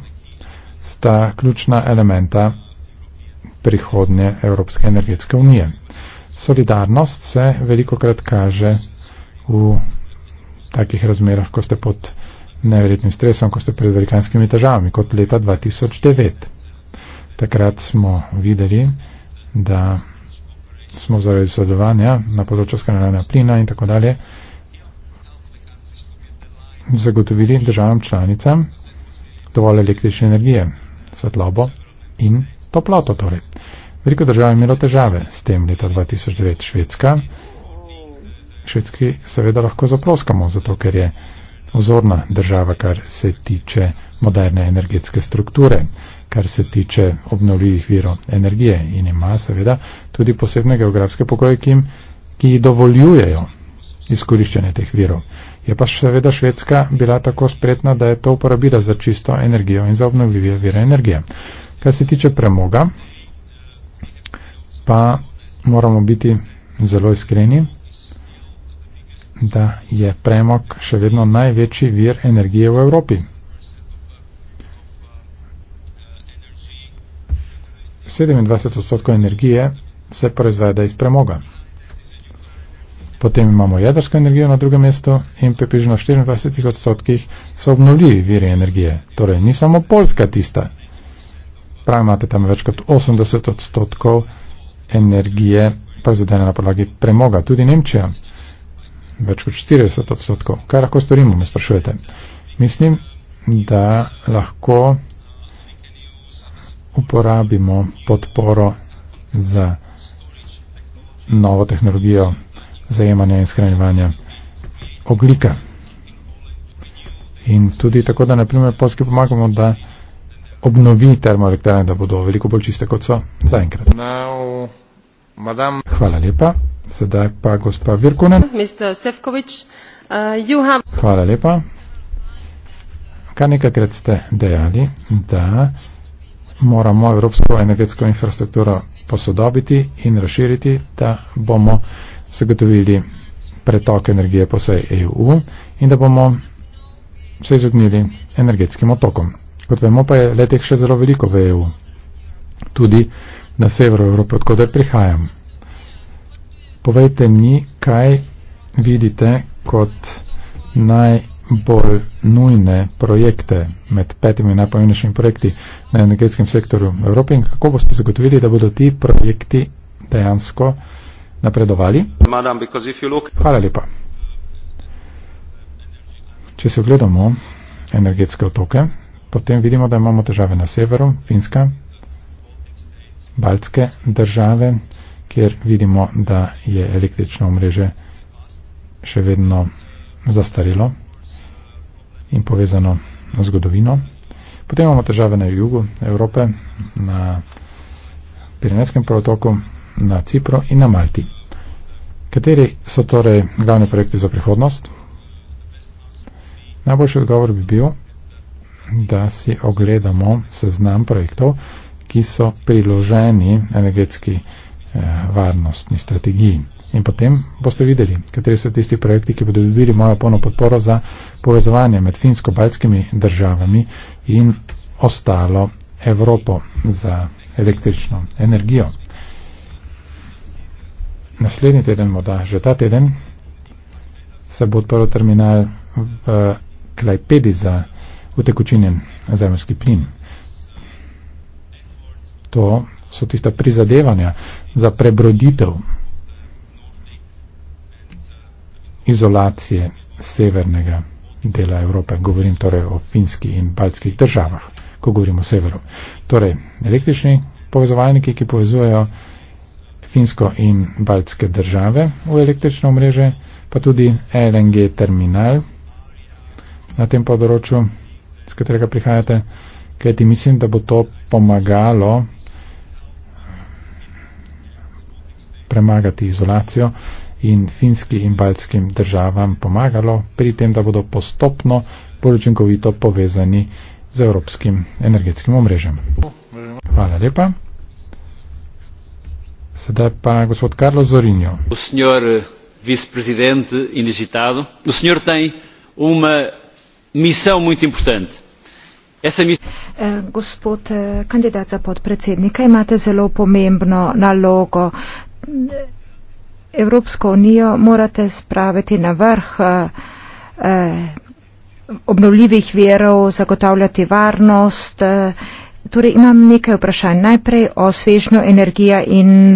sta ključna elementa prihodnje Evropske energetske unije. Solidarnost se veliko krat kaže v takih razmerah, ko ste pod neverjetnim stresom, ko ste pred velikanskimi težavami, kot leta 2009. Takrat smo videli, da smo zaradi sodelovanja na področju skrajnega plina in tako dalje zagotovili državam članicam dovolj električne energije, svetlobo in toploto. Torej. Veliko držav je imelo težave s tem leta 2009 Švedska. Švedski seveda lahko zaproskamo, zato ker je ozorna država, kar se tiče moderne energetske strukture, kar se tiče obnovljivih virov energije in ima seveda tudi posebne geografske pokoje, ki, jim, ki jih dovoljujejo izkoriščanje teh virov. Je pa seveda Švedska bila tako spretna, da je to uporabila za čisto energijo in za obnovljive vire energije. Kar se tiče premoga, pa moramo biti zelo iskreni, da je premog še vedno največji vir energije v Evropi. Sedemindvajset odstotkov energije se proizvede iz premoga. Potem imamo jedrsko energijo na drugem mestu in približno 24 odstotkih so obnovljivi viri energije. Torej, ni samo Poljska tista. Prav imate tam več kot 80 odstotkov energije proizvedene na podlagi premoga. Tudi Nemčija več kot 40 odstotkov. Kaj lahko storimo, me sprašujete? Mislim, da lahko uporabimo podporo za novo tehnologijo zajemanja in skranjevanja oglika. In tudi tako, da naprimer polski pomagamo, da obnovi termoelektrane, da bodo veliko bolj čiste, kot so zaenkrat. Now. Madame... Hvala lepa. Sedaj pa gospa Virkunen. Mr. Sefkovič, uh, you have... Hvala lepa. Kaj nekakrat ste dejali, da moramo evropsko energetsko infrastrukturo posodobiti in razširiti, da bomo zagotovili pretok energije po vsej EU in da bomo se izognili energetskim otokom. Kot vemo, pa je letih še zelo veliko v EU. Tudi na severu Evrope, odkudar prihajam. Povejte mi, kaj vidite kot najbolj nujne projekte med petimi najpomembnejšimi projekti na energetskem sektorju Evrope in kako boste zagotovili, da bodo ti projekti dejansko napredovali. Madam, look... Hvala lepa. Če se ogledamo energetske otoke, potem vidimo, da imamo težave na severu, Finska, baltske države, kjer vidimo, da je električno omrežje še vedno zastarilo in povezano z zgodovino. Potem imamo težave na jugu Evrope, na Pirineskem protoku, na Cipru in na Malti. Kateri so torej glavni projekti za prihodnost? Najboljši odgovor bi bil, da si ogledamo seznam projektov, ki so priloženi energetski eh, varnostni strategiji. In potem boste videli, kateri so tisti projekti, ki bodo dobili mojo polno podporo za povezovanje med finsko-baljskimi državami in ostalo Evropo za električno energijo. Naslednji teden, morda že ta teden, se bo odprl terminal v Klajpedi za utekočinjen zemljski plin to so tista prizadevanja za prebroditev izolacije severnega dela Evrope. Govorim torej o finski in baltskih državah, ko govorimo o severu. Torej, električni povezovalniki, ki povezujejo finsko in baltske države v električno mreže, pa tudi LNG terminal na tem področju, z katerega prihajate, kajti mislim, da bo to pomagalo premagati izolacijo in finskim in baltskim državam pomagalo pri tem, da bodo postopno bolj učinkovito povezani z evropskim energetskim omrežjem. Hvala lepa. Sedaj pa gospod Karlo Zorinjo. Eh, gospod eh, kandidat za podpredsednika, imate zelo pomembno nalogo. Evropsko unijo morate spraviti na vrh eh, eh, obnovljivih verov, zagotavljati varnost. Eh, torej imam nekaj vprašanj. Najprej o svežno energija in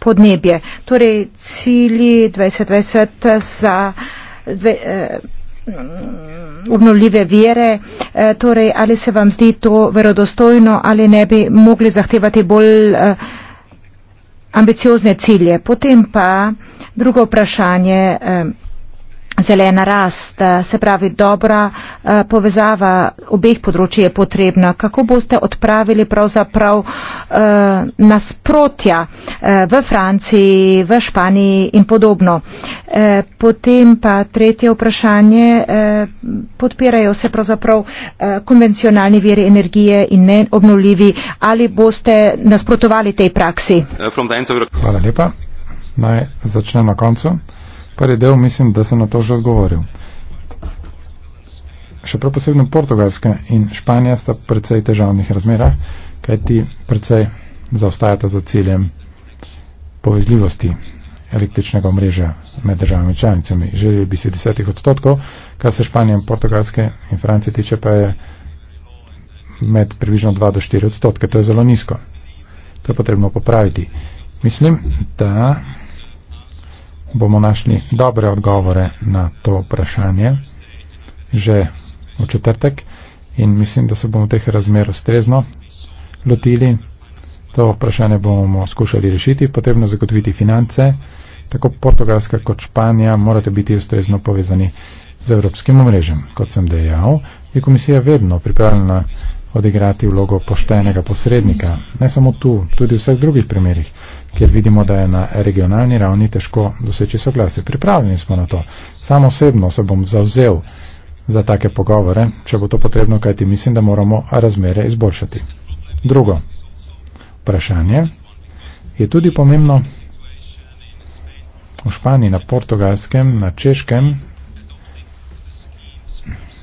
podnebje. Torej cilji 2020 za dve, eh, obnovljive vere, eh, torej ali se vam zdi to verodostojno ali ne bi mogli zahtevati bolj. Eh, ambiciozne cilje. Potem pa drugo vprašanje. Eh, zelena rast, eh, se pravi dobra eh, povezava obeh področji je potrebna. Kako boste odpravili pravzaprav eh, nasprotja v Franciji, v Španiji in podobno? Potem pa tretje vprašanje, podpirajo se pravzaprav konvencionalni viri energije in ne obnovljivi, ali boste nasprotovali tej praksi? Hvala lepa. Naj začnem na koncu. Prvi del mislim, da sem na to že odgovoril. Še prav posebno Portugalska in Španija sta precej težavnih razmerah, kaj ti precej zaostajata za ciljem povezljivosti električnega omrežja med državami članicami. Želeli bi si desetih odstotkov, kar se Španije in Portugalske in Francije tiče, pa je med približno 2 do 4 odstotke. To je zelo nizko. To je potrebno popraviti. Mislim, da bomo našli dobre odgovore na to vprašanje že v četrtek in mislim, da se bomo teh razmer ustrezno lotili. To vprašanje bomo skušali rešiti. Potrebno je zagotoviti finance. Tako Portugalska kot Španija morate biti ustrezno povezani z evropskim omrežjem. Kot sem dejal, je komisija vedno pripravljena odigrati vlogo poštenega posrednika. Ne samo tu, tudi v vseh drugih primerjih ker vidimo, da je na regionalni ravni težko doseči soglasje. Pripravljeni smo na to. Samo osebno se bom zauzel za take pogovore, če bo to potrebno, kajti mislim, da moramo razmere izboljšati. Drugo vprašanje je tudi pomembno v Španiji, na portugalskem, na češkem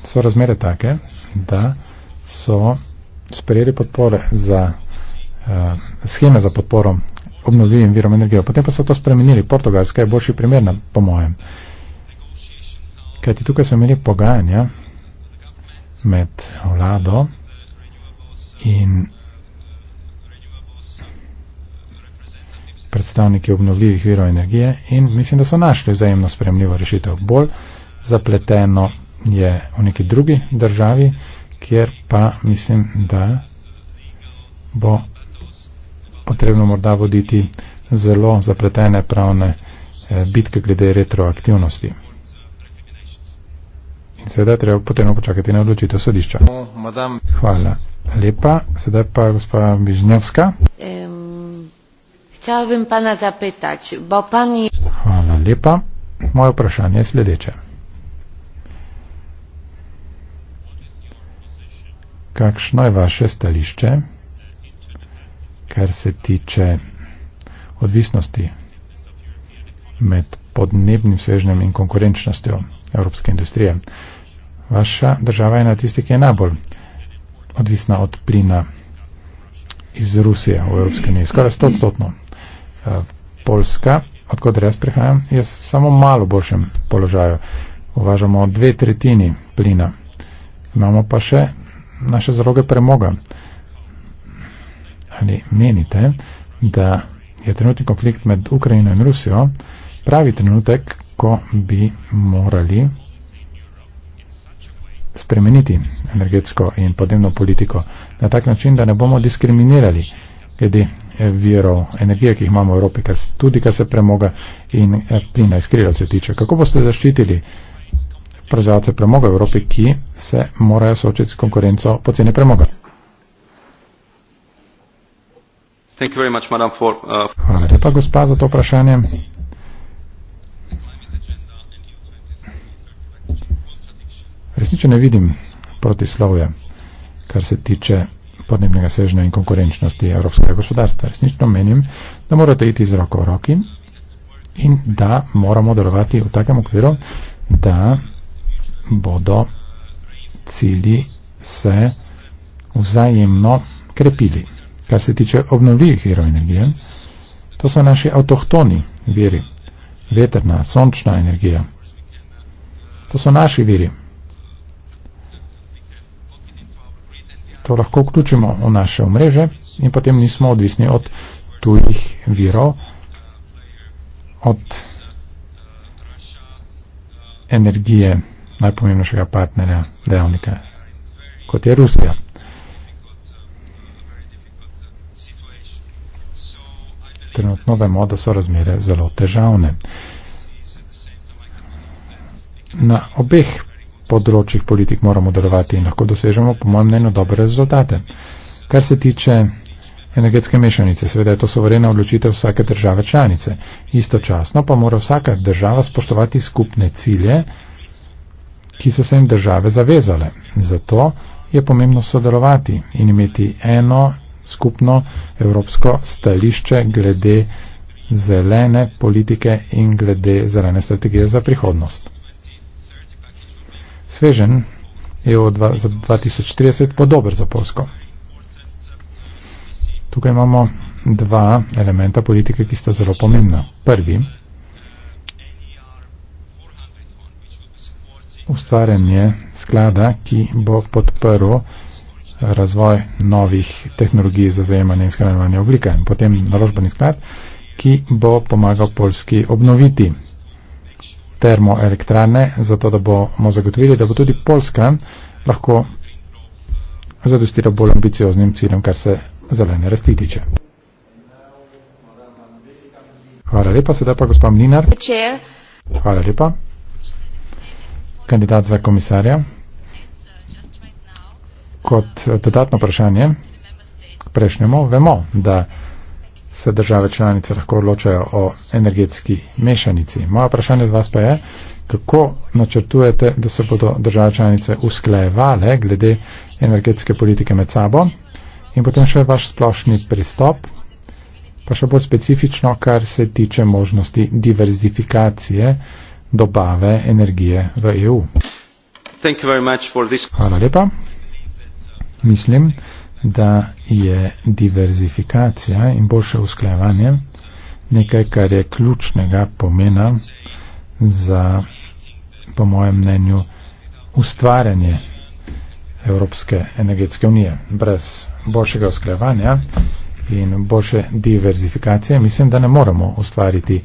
so razmere take, da so sprejeli podpore za uh, scheme za podporo obnovljivim virom energije. Potem pa so to spremenili. Portugalska je boljši primer, na, po mojem. Kajti tukaj so imeli pogajanja med vlado in predstavniki obnovljivih virov energije in mislim, da so našli vzajemno spremljivo rešitev. Bolj zapleteno je v neki drugi državi, kjer pa mislim, da bo potrebno morda voditi zelo zapletene pravne eh, bitke glede retroaktivnosti. In seveda treba potem počakati na odločitev sodišča. Hvala. Lepa. Sedaj pa gospa Bižnjevska. Hvala lepa. Moje vprašanje je sledeče. Kakšno je vaše stališče? kar se tiče odvisnosti med podnebnim svežnjem in konkurenčnostjo evropske industrije. Vaša država je na tisti, ki je najbolj odvisna od plina iz Rusije v Evropske unije. Skoraj stotstotno. Eh, Polska, odkudar jaz prihajam, je v samo malo boljšem položaju. Uvažamo dve tretjini plina. Imamo pa še naše zaloge premoga ali menite, da je trenutni konflikt med Ukrajino in Rusijo pravi trenutek, ko bi morali spremeniti energetsko in podnebno politiko na tak način, da ne bomo diskriminirali glede eh, virov energije, ki jih imamo v Evropi, tudi kar se premoga in eh, plina iz krilce tiče. Kako boste zaščitili proizvajalce premoga v Evropi, ki se morajo soočiti s konkurenco poceni premoga? Uh, Hvala lepa, gospa, za to vprašanje. Resnično ne vidim protislovja, kar se tiče podnebnega svežnja in konkurenčnosti evropskega gospodarstva. Resnično menim, da morate iti z roko v roki in da moramo delovati v takem okviru, da bodo cilji se vzajemno krepili kar se tiče obnovljivih virov energije, to so naši avtohtoni viri, veterna, sončna energija. To so naši viri. To lahko vključimo v naše omreže in potem nismo odvisni od tujih virov, od energije najpomembnejšega partnerja, dejavnika, kot je Rusija. trenutno vemo, da so razmere zelo težavne. Na obeh področjih politik moramo delovati in lahko dosežemo, po mojem mnenju, dobre rezultate. Kar se tiče energetske mešanice, seveda je to soverena odločitev vsake države članice. Istočasno pa mora vsaka država spoštovati skupne cilje, ki so se jim države zavezale. Zato je pomembno sodelovati in imeti eno skupno evropsko stališče glede zelene politike in glede zelene strategije za prihodnost. Svežen EU za 2030 bo dober za Polsko. Tukaj imamo dva elementa politike, ki sta zelo pomembna. Prvi, ustvarjanje sklada, ki bo podprl razvoj novih tehnologij za zajemanje in skrajevanje oglika in potem naložbeni sklad, ki bo pomagal Polski obnoviti termoelektrane, zato da bomo zagotovili, da bo tudi Polska lahko zadostila bolj ambicioznim ciljem, kar se zelene rasti tiče. Hvala lepa, sedaj pa gospod Mlinar. Hvala lepa. Kandidat za komisarja kot dodatno vprašanje prejšnjemu, vemo, da se države članice lahko odločajo o energetski mešanici. Moje vprašanje z vas pa je, kako načrtujete, da se bodo države članice usklajevale glede energetske politike med sabo in potem še vaš splošni pristop, pa še bolj specifično, kar se tiče možnosti diverzifikacije dobave energije v EU. Hvala lepa mislim, da je diverzifikacija in boljše usklajevanje nekaj, kar je ključnega pomena za, po mojem mnenju, ustvarjanje Evropske energetske unije. Brez boljšega usklajevanja in boljše diverzifikacije mislim, da ne moremo ustvariti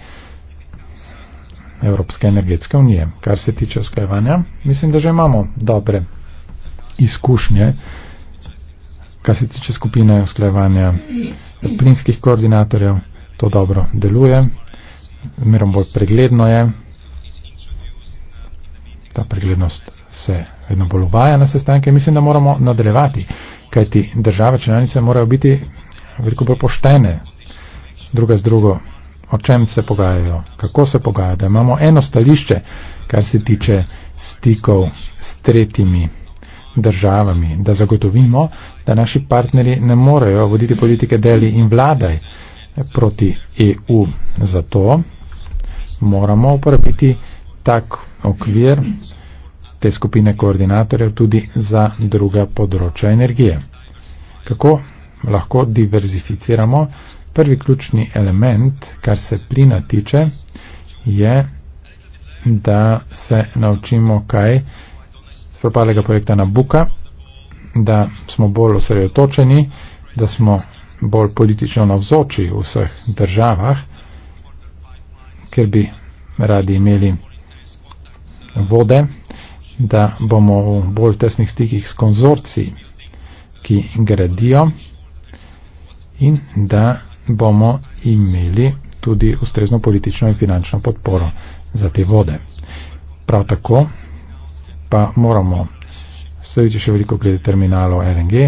Evropske energetske unije. Kar se tiče usklajevanja, mislim, da že imamo dobre izkušnje kar se tiče skupine usklajevanja plinskih koordinatorjev, to dobro deluje, merom bolj pregledno je, ta preglednost se vedno bolj uvaja na sestanke, mislim, da moramo nadaljevati, kajti države članice morajo biti veliko bolj poštene, druga z drugo, o čem se pogajajo, kako se pogajajo, da imamo eno stališče, kar se tiče stikov s tretjimi državami, da zagotovimo, da naši partnerji ne morejo voditi politike deli in vladaj proti EU. Zato moramo uporabiti tak okvir te skupine koordinatorjev tudi za druga področja energije. Kako lahko diverzificiramo? Prvi ključni element, kar se plina tiče, je, da se naučimo, kaj propadlega projekta Nabuka, da smo bolj osredotočeni, da smo bolj politično navzoči v vseh državah, ker bi radi imeli vode, da bomo v bolj tesnih stikih s konzorci, ki gradijo in da bomo imeli tudi ustrezno politično in finančno podporo za te vode. Prav tako pa moramo storiti še veliko glede terminalov LNG,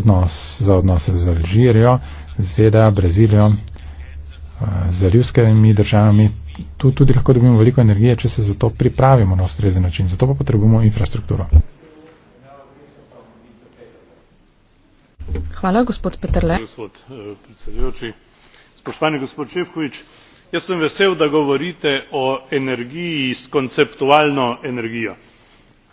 odnos, za odnose z Alžirijo, ZDA, Brazilijo, eh, z ruskimi državami. Tu tudi lahko dobimo veliko energije, če se za to pripravimo na ustrezen način. Zato pa potrebujemo infrastrukturo. Hvala, gospod Petrle. Gospod eh, predsedujoči, spoštovani gospod Čevkovič, jaz sem vesel, da govorite o energiji s konceptualno energijo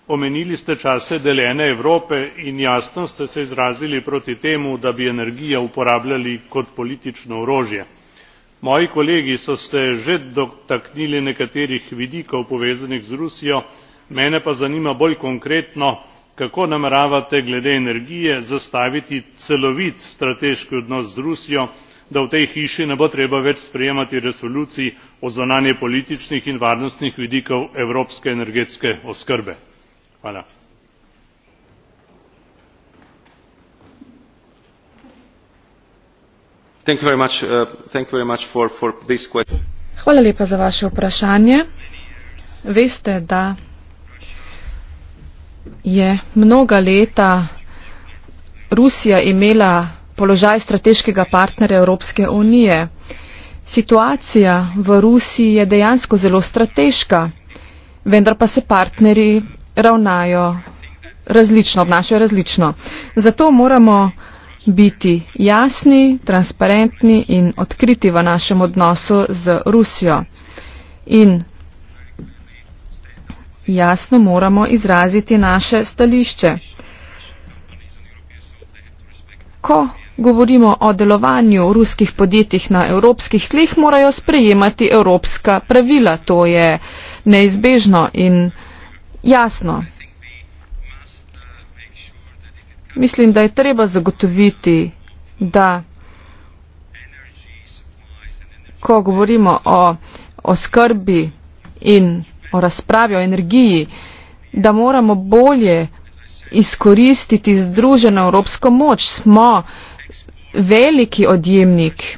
omenili ste čase deljene evrope in jasno ste se izrazili proti temu da bi energijo uporabljali kot politično orožje. moji kolegi so se že dotaknili nekaterih vidikov povezanih z rusijo mene pa zanima bolj konkretno kako nameravate glede energije zastaviti celovit strateški odnos z rusijo da v tej hiši ne bo treba več sprejemati resolucij o zunanjepolitičnih in varnostnih vidikih evropske energetske oskrbe hvala. Uh, hvala lepa za vaše vprašanje. Veste, da je mnoga leta Rusija imela položaj strateškega partnera Evropske unije. Situacija v Rusiji je dejansko zelo strateška, vendar pa se partneri ravnajo različno, obnašajo različno. Zato moramo biti jasni, transparentni in odkriti v našem odnosu z Rusijo. In jasno moramo izraziti naše stališče. Ko govorimo o delovanju ruskih podjetij na evropskih tleh, morajo sprejemati evropska pravila. To je neizbežno in neizbežno jasno. Mislim, da je treba zagotoviti, da ko govorimo o oskrbi in o razpravi o energiji, da moramo bolje izkoristiti združeno evropsko moč. Smo veliki odjemnik.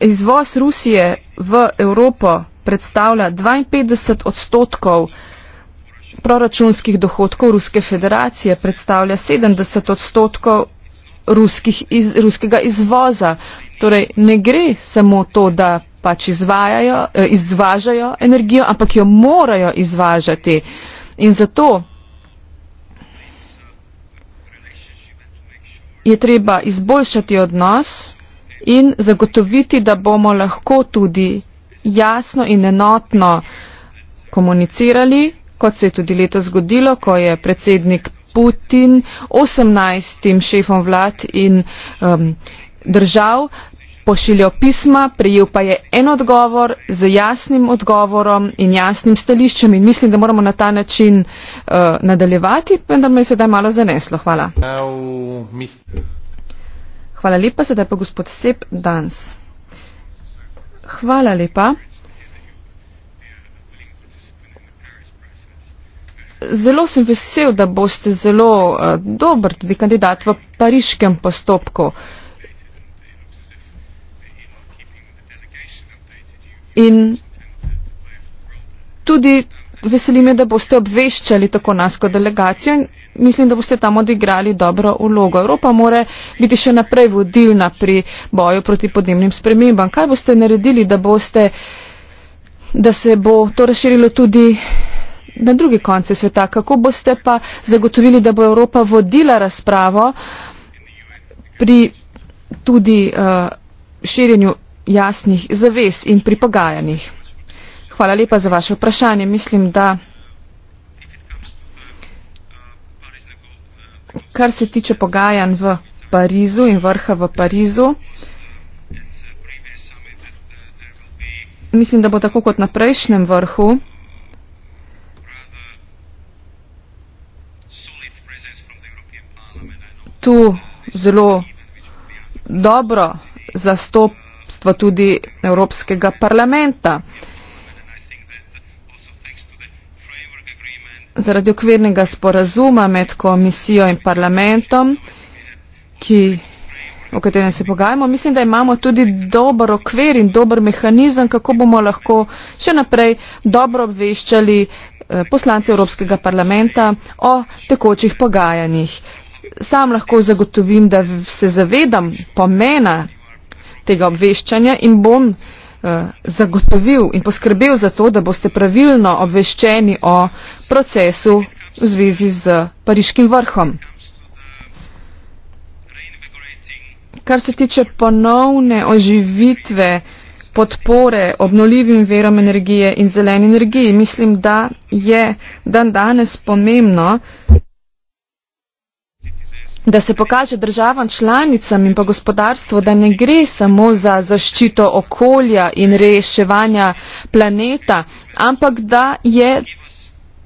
Izvoz Rusije v Evropo predstavlja 52 odstotkov proračunskih dohodkov Ruske federacije, predstavlja 70 odstotkov iz, ruskega izvoza. Torej ne gre samo to, da pač izvajajo, eh, izvažajo energijo, ampak jo morajo izvažati. In zato je treba izboljšati odnos in zagotoviti, da bomo lahko tudi jasno in enotno komunicirali, kot se je tudi leto zgodilo, ko je predsednik Putin 18 šefom vlad in um, držav pošiljal pisma, prejel pa je en odgovor z jasnim odgovorom in jasnim stališčem in mislim, da moramo na ta način uh, nadaljevati, vendar me je sedaj malo zaneslo. Hvala. Hvala lepa, sedaj pa gospod Sep Dans. Hvala lepa. Zelo sem vesel, da boste zelo eh, dober tudi kandidat v pariškem postopku. In tudi veseli me, da boste obveščali tako nas kot delegacijo in mislim, da boste tam odigrali dobro vlogo. Evropa mora biti še naprej vodilna pri boju proti podnebnim spremembam. Kaj boste naredili, da, boste, da se bo to razširilo tudi na druge konce sveta? Kako boste pa zagotovili, da bo Evropa vodila razpravo pri tudi uh, širjenju jasnih zaves in pri pogajanjih? hvala lepa za vaše vprašanje. Mislim, da kar se tiče pogajanj v Parizu in vrha v Parizu, mislim, da bo tako kot na prejšnjem vrhu. Tu zelo dobro zastopstvo tudi Evropskega parlamenta. Uh, zaradi okvirnega sporazuma med komisijo in parlamentom, ki, o katerem se pogajamo, mislim, da imamo tudi dober okvir in dober mehanizem, kako bomo lahko še naprej dobro obveščali eh, poslance Evropskega parlamenta o tekočih pogajanjih. Sam lahko zagotovim, da se zavedam pomena tega obveščanja in bom Eh, zagotovil in poskrbel za to, da boste pravilno obveščeni o procesu v zvezi z pariškim vrhom. Kar se tiče ponovne oživitve podpore obnoljivim verom energije in zeleni energiji, mislim, da je dan danes pomembno, da se pokaže državam članicam in pa gospodarstvu, da ne gre samo za zaščito okolja in reševanja planeta, ampak da je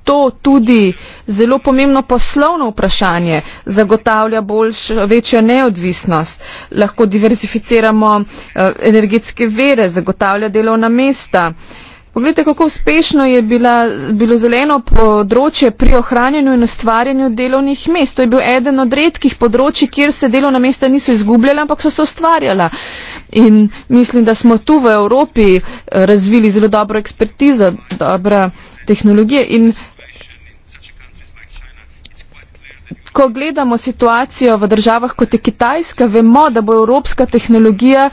to tudi zelo pomembno poslovno vprašanje, zagotavlja boljš, večjo neodvisnost, lahko diverzificiramo eh, energetske vere, zagotavlja delovna mesta. Uh, Poglejte, kako uspešno je bila, bilo zeleno področje pri ohranjanju in ustvarjanju delovnih mest. To je bil eden od redkih področji, kjer se delovna mesta niso izgubljala, ampak so se ustvarjala. In mislim, da smo tu v Evropi eh, razvili zelo dobro ekspertizo, dobra tehnologija. In ko gledamo situacijo v državah kot je Kitajska, vemo, da bo evropska tehnologija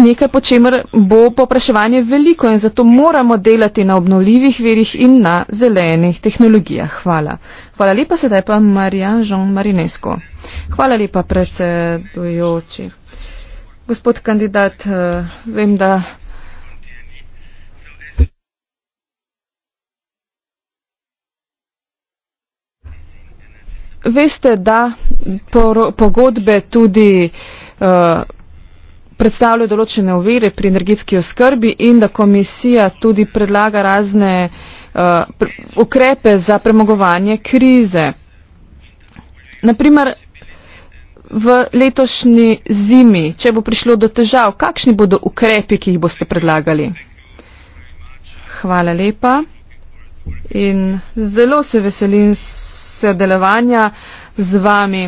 nekaj, po čemer bo popraševanje veliko in zato moramo delati na obnovljivih verjih in na zelenih tehnologijah. Hvala. Hvala lepa sedaj pa Marijan Žon Marinesko. Hvala lepa predsedujoči. Gospod kandidat, eh, vem, da. Veste, da pogodbe tudi uh, predstavljajo določene uvire pri energetski oskrbi in da komisija tudi predlaga razne uh, pr ukrepe za premagovanje krize. Naprimer, v letošnji zimi, če bo prišlo do težav, kakšni bodo ukrepi, ki jih boste predlagali? Hvala lepa. In zelo se veselim sodelovanja z vami,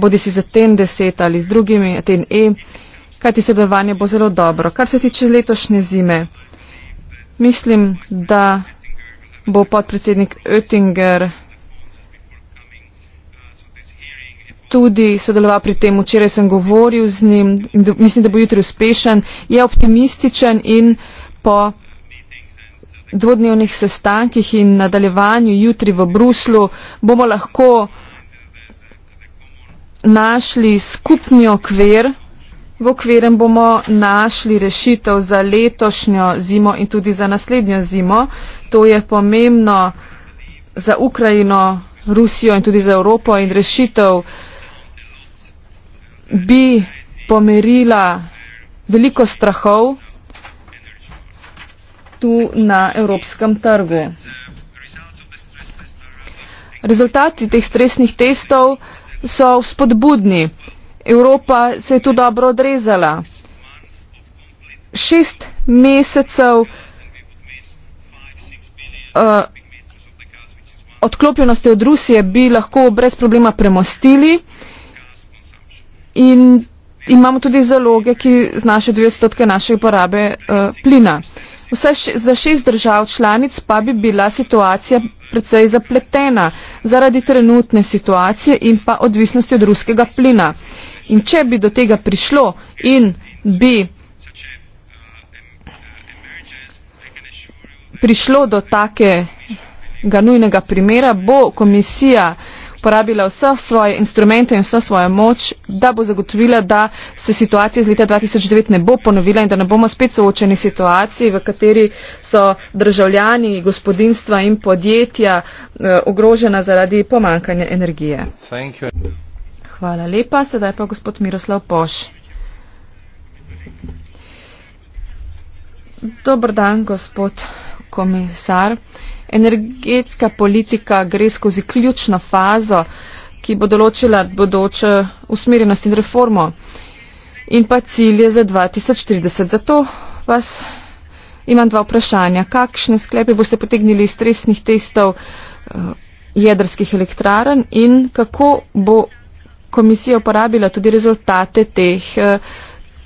bodi si za TEN10 ali z drugimi, TEN-E. Uh, kajti sodelovanje bo zelo dobro. Kar se tiče letošnje zime, mislim, da bo podpredsednik Oettinger tudi sodeloval pri tem. Včeraj sem govoril z njim, mislim, da bo jutri uspešen, je optimističen in po dvodnevnih sestankih in nadaljevanju jutri v Bruslu bomo lahko našli skupni okvir, v okverem bomo našli rešitev za letošnjo zimo in tudi za naslednjo zimo. To je pomembno za Ukrajino, Rusijo in tudi za Evropo in rešitev bi pomerila veliko strahov tu na evropskem trgu. Rezultati teh stresnih testov so spodbudni. Evropa se je tu dobro odrezala. Šest mesecev uh, odklopljenosti od Rusije bi lahko brez problema premostili in imamo tudi zaloge, ki znašajo dve odstotke naše uporabe uh, plina. Vse za šest držav članic pa bi bila situacija predvsej zapletena zaradi trenutne situacije in pa odvisnosti od ruskega plina. Uh, In če bi do tega prišlo in bi prišlo do takega nujnega primera, bo komisija uporabila vse svoje instrumente in vso svojo moč, da bo zagotovila, da se situacija iz leta 2009 ne bo ponovila in da ne bomo spet soočeni situaciji, v kateri so državljani, gospodinstva in podjetja eh, ogrožena zaradi pomankanja energije. Thank you. Hvala lepa. Sedaj pa gospod Miroslav Poš. Dobr dan, gospod komisar. Energetska politika gre skozi ključno fazo, ki bo določila bodoče usmerjenost in reformo in pa cilje za 2030. Zato vas imam dva vprašanja. Kakšne sklepe boste potegnili iz stresnih testov eh, jedrskih elektraren in kako bo komisija uporabila tudi rezultate teh eh,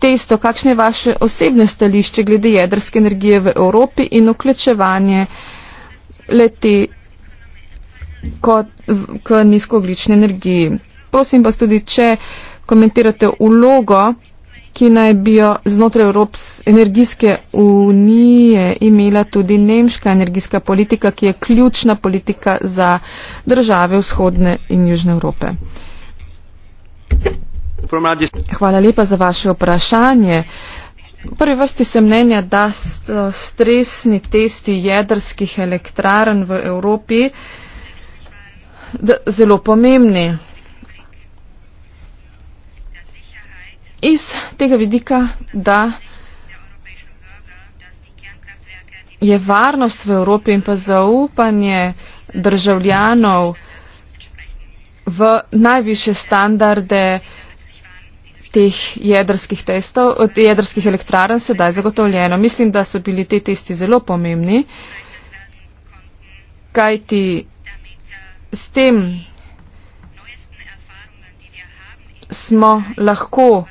testov. Kakšno je vaše osebne stališče glede jedrske energije v Evropi in vključevanje leti k nizkooglični energiji? Prosim vas tudi, če komentirate ulogo, ki naj bi jo znotraj Evropske energijske unije imela tudi nemška energijska politika, ki je ključna politika za države vzhodne in južne Evrope. Hvala lepa za vaše vprašanje. V prvi vrsti sem mnenja, da so stresni testi jedrskih elektrarn v Evropi zelo pomembni. Iz tega vidika, da je varnost v Evropi in pa zaupanje državljanov v najviše standarde teh jedrskih testov, od jedrskih elektrarn sedaj zagotovljeno. Mislim, da so bili te testi zelo pomembni, kajti s tem smo lahko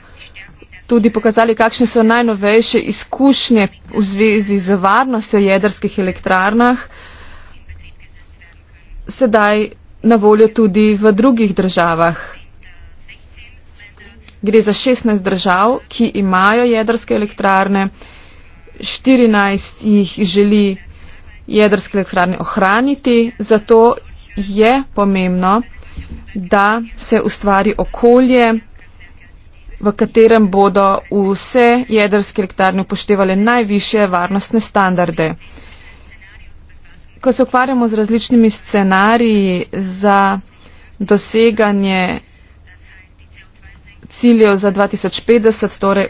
tudi pokazali, kakšne so najnovejše izkušnje v zvezi z varnostjo jedrskih elektrarnah. Sedaj na voljo tudi v drugih državah. Gre za 16 držav, ki imajo jedrske elektrarne, 14 jih želi jedrske elektrarne ohraniti, zato je pomembno, da se ustvari okolje, v katerem bodo vse jedrske elektrarne upoštevale najviše varnostne standarde ko se ukvarjamo z različnimi scenariji za doseganje ciljev za 2050, torej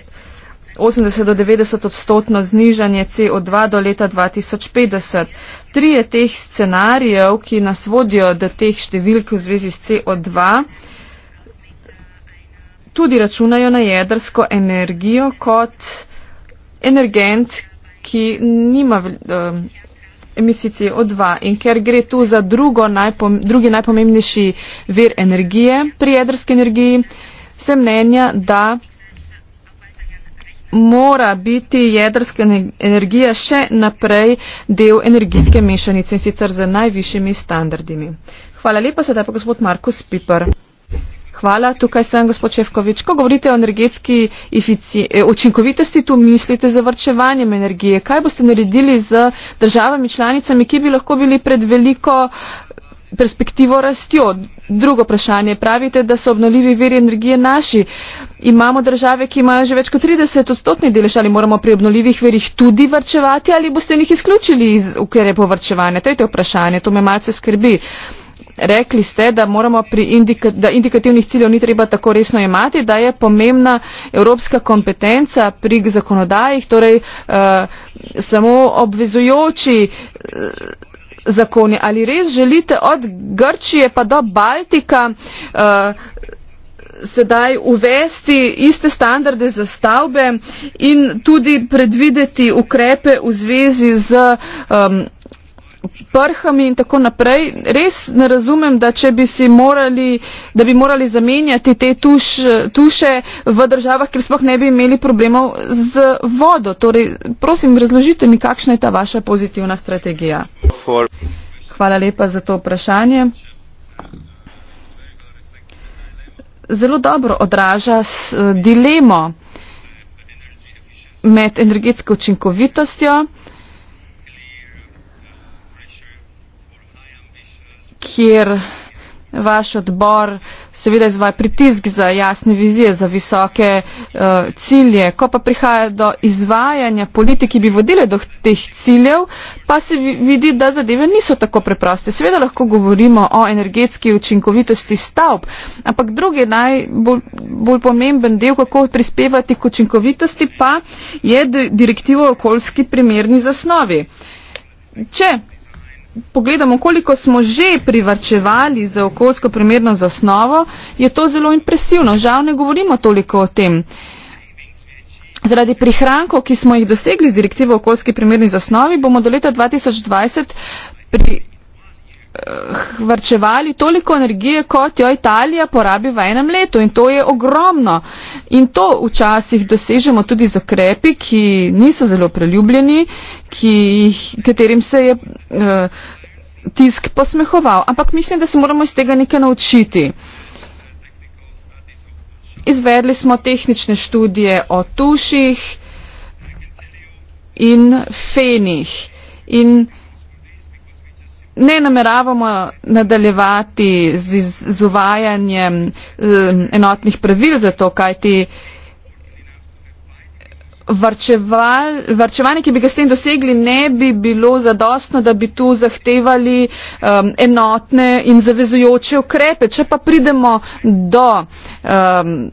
80 do 90 odstotno znižanje CO2 do leta 2050. Trije teh scenarijev, ki nas vodijo do teh številk v zvezi s CO2, tudi računajo na jedrsko energijo kot energent, ki nima ehm, emisiji CO2 in ker gre tu za najpom, drugi najpomembnejši vir energije pri jedrski energiji, sem mnenja, da mora biti jedrska energija še naprej del energijske mešanice in sicer z najvišjimi standardimi. Hvala lepa, sedaj pa gospod Markus Piper hvala. Tukaj sem gospod Čevkovič. Ko govorite o energetski e, učinkovitosti, tu mislite za vrčevanjem energije. Kaj boste naredili z državami članicami, ki bi lahko bili pred veliko e, perspektivo rastjo? Drugo vprašanje. Pravite, da so obnoljivi veri energije naši. Imamo države, ki imajo že več kot 30 odstotni delež, ali moramo pri obnoljivih verih tudi vrčevati, ali boste njih izključili iz ukrepov vrčevanja? Tretje vprašanje. To me malce skrbi. Uh, rekli ste, da, indika da indikativnih ciljev ni treba tako resno imati, da je pomembna evropska kompetenca pri zakonodajih, torej uh, samo obvezujoči. Uh, Zakoni. Ali res želite od Grčije pa do Baltika uh, sedaj uvesti iste standarde za stavbe in tudi predvideti ukrepe v zvezi z um, prhami in tako naprej. Res ne razumem, da če bi si morali, da bi morali zamenjati te tuš, tuše v državah, ker sploh ne bi imeli problemov z vodo. Torej, prosim, razložite mi, kakšna je ta vaša pozitivna strategija. Hvala lepa za to vprašanje. Zelo dobro odraža eh, dilemo med energetsko učinkovitostjo, kjer vaš odbor seveda izvaja pritisk za jasne vizije, za visoke uh, cilje. Ko pa prihaja do izvajanja politik, ki bi vodile do teh ciljev, pa se vidi, da zadeve niso tako preproste. Seveda lahko govorimo o energetski učinkovitosti stavb, ampak drugi najbolj bolj pomemben del, kako prispevati k učinkovitosti, pa je direktivo o okoljski primerni zasnovi. Če pogledamo, koliko smo že privrčevali za okoljsko primerno zasnovo, je to zelo impresivno. Žal ne govorimo toliko o tem. Zaradi prihrankov, ki smo jih dosegli z direktivo okoljski primerni zasnovi, bomo do leta 2020 pri Eh, varčevali toliko energije, kot jo Italija porabi v enem letu in to je ogromno. In to včasih dosežemo tudi z okrepi, ki niso zelo preljubljeni, ki, katerim se je uh, tisk posmehoval. Ampak mislim, da se moramo iz tega nekaj naučiti. Izvedli smo tehnične študije o tuših in fenih. In Ne nameravamo nadaljevati z, z uvajanjem um, enotnih pravil za to, kaj ti varčeval, varčevanje, ki bi ga s tem dosegli, ne bi bilo zadostno, da bi tu zahtevali um, enotne in zavezujoče ukrepe. Če pa pridemo do. Um,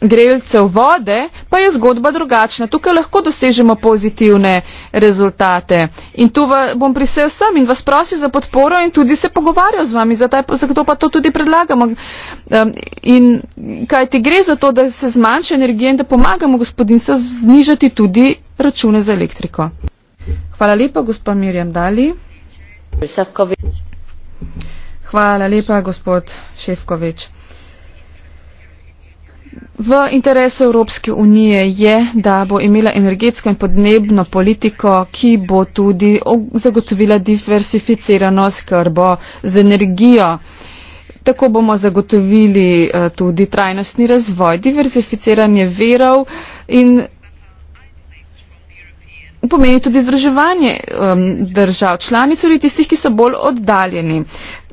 grelcev vode, pa je zgodba drugačna. Tukaj lahko dosežemo pozitivne rezultate. In tu bom prisel sem in vas prosil za podporo in tudi se pogovarjal z vami, zato pa to tudi predlagamo. In kaj ti gre za to, da se zmanjša energija in da pomagamo gospodinstvu znižati tudi račune za elektriko. Hvala lepa, gospod Mirjam Dali. Hvala lepa, gospod Šefkovič. V interesu Evropske unije je, da bo imela energetsko in podnebno politiko, ki bo tudi zagotovila diversificirano skrbo z energijo. Tako bomo zagotovili eh, tudi trajnostni razvoj, diversificiranje verov in pomeni tudi združevanje um, držav članic ali tistih, ki so bolj oddaljeni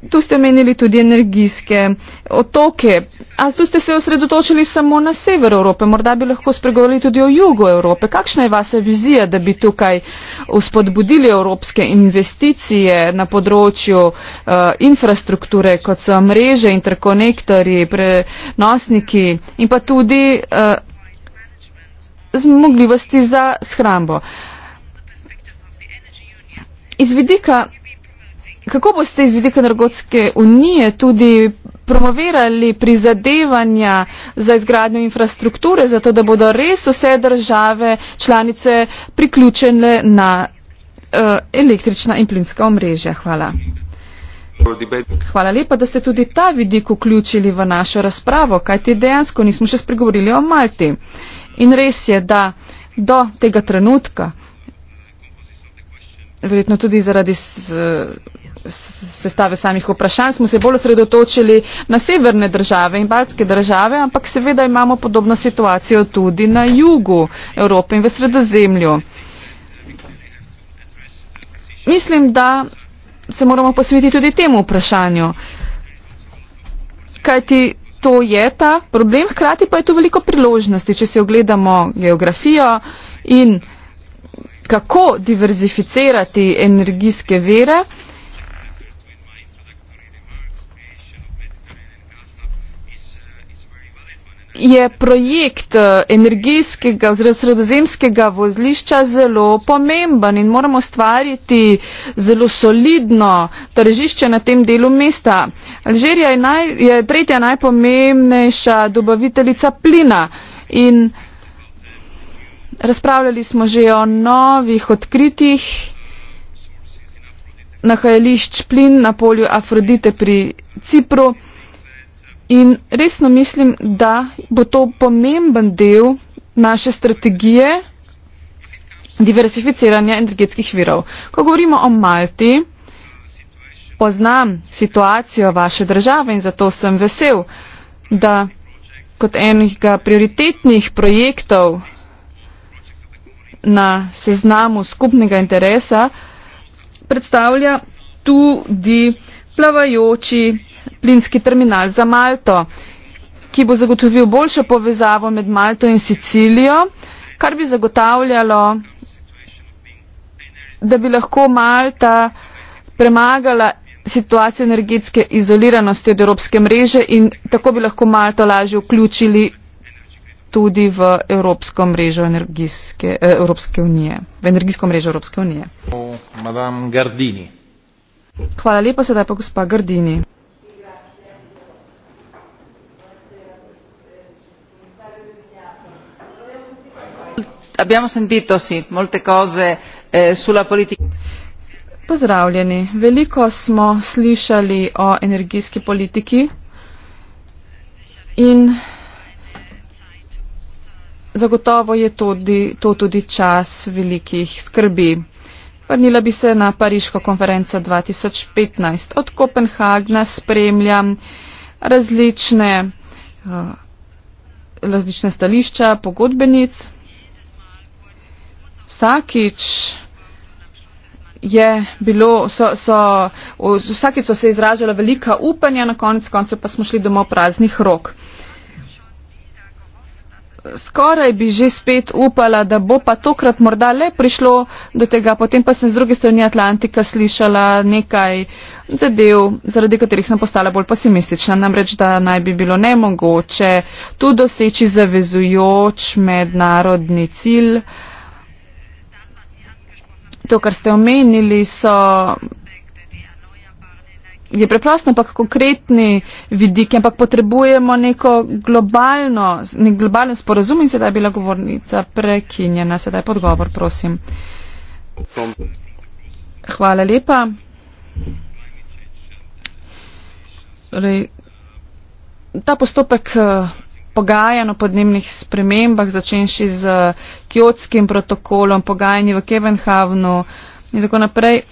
tu ste omenili tudi energijske otoke. A tu ste se osredotočili samo na sever Evrope, morda bi lahko spregovorili tudi o jugu Evrope. Kakšna je vaša vizija, da bi tukaj uspodbudili evropske investicije na področju uh, infrastrukture, kot so mreže, interkonektori, prenosniki in pa tudi uh, zmogljivosti za shrambo? Iz vidika Kako boste iz vidika Energetske unije tudi promovirali prizadevanja za izgradnjo infrastrukture, zato da bodo res vse države članice priključene na uh, električna in plinska omrežja? Hvala. Hvala lepa, da ste tudi ta vidik vključili v našo razpravo, kajti dejansko nismo še spregovorili o Malti. In res je, da do tega trenutka, verjetno tudi zaradi. Z, uh, sestave samih vprašanj, smo se bolj osredotočili na severne države in baltske države, ampak seveda imamo podobno situacijo tudi na jugu Evrope in v sredozemlju. Mislim, da se moramo posvetiti tudi temu vprašanju, kajti to je ta problem, hkrati pa je tu veliko priložnosti, če se ogledamo geografijo in kako diverzificirati energijske vere. je projekt eh, energijskega oziroma sredozemskega vozlišča zelo pomemben in moramo stvariti zelo solidno tržišče na tem delu mesta. Alžirija je, naj, je tretja najpomembnejša dobaviteljica plina in razpravljali smo že o novih odkritjih nahajališč plin na polju Afrodite pri Cipru. In resno mislim, da bo to pomemben del naše strategije diversificiranja energetskih virov. Ko govorimo o Malti, poznam situacijo vaše države in zato sem vesel, da kot enega prioritetnih projektov na seznamu skupnega interesa predstavlja tudi uh, plavajoči plinski terminal za Malto, ki bo zagotovil boljšo povezavo med Malto in Sicilijo, kar bi zagotavljalo, da bi lahko Malta premagala situacijo energetske izoliranosti od evropske mreže in tako bi lahko Malto lažje vključili tudi v evropsko mrežo eh, Evropske unije, v energijsko mrežo Evropske unije. Madame Gardini. Hvala lepa, sedaj pa gospa Grdini. Abbiamo sentito, sì, molte cose eh, sulla politica. Pozdravljeni. Veliko smo slišali o energijski politiki in zagotovo je tudi, to tudi čas velikih skrbi. Vrnila bi se na Pariško konferenco 2015. Od Kopenhagna spremljam različne, eh, različne stališča pogodbenic. Vsakič je bilo, so, so, vsakič so se izražala velika upanja, na konec koncu pa smo šli domov praznih rok skoraj bi že spet upala, da bo pa tokrat morda le prišlo do tega, potem pa sem z druge strani Atlantika slišala nekaj zadev, zaradi katerih sem postala bolj pesimistična, namreč da naj bi bilo nemogoče tu doseči zavezujoč mednarodni cilj. To, kar ste omenili, so je preprosto, ampak konkretni vidik, ampak potrebujemo neko globalno, nek globalen sporazum in sedaj je bila govornica prekinjena. Sedaj podgovor, prosim. Hvala lepa. Torej, ta postopek eh, pogajanj o podnebnih spremembah, začenši z kjotskim protokolom, pogajanji v Kevenhavnu in tako naprej,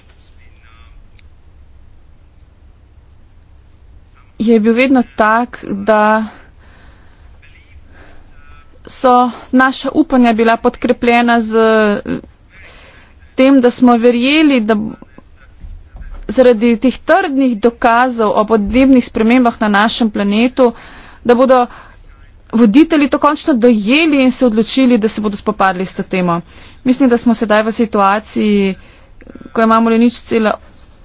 je bil vedno tak, da so naša upanja bila podkrepljena z eh, tem, da smo verjeli, da zaradi teh trdnih dokazov o podnebnih spremembah na našem planetu, da bodo voditelji to končno dojeli in se odločili, da se bodo spopadli s to temo. Mislim, da smo sedaj v situaciji, ko imamo le nič cela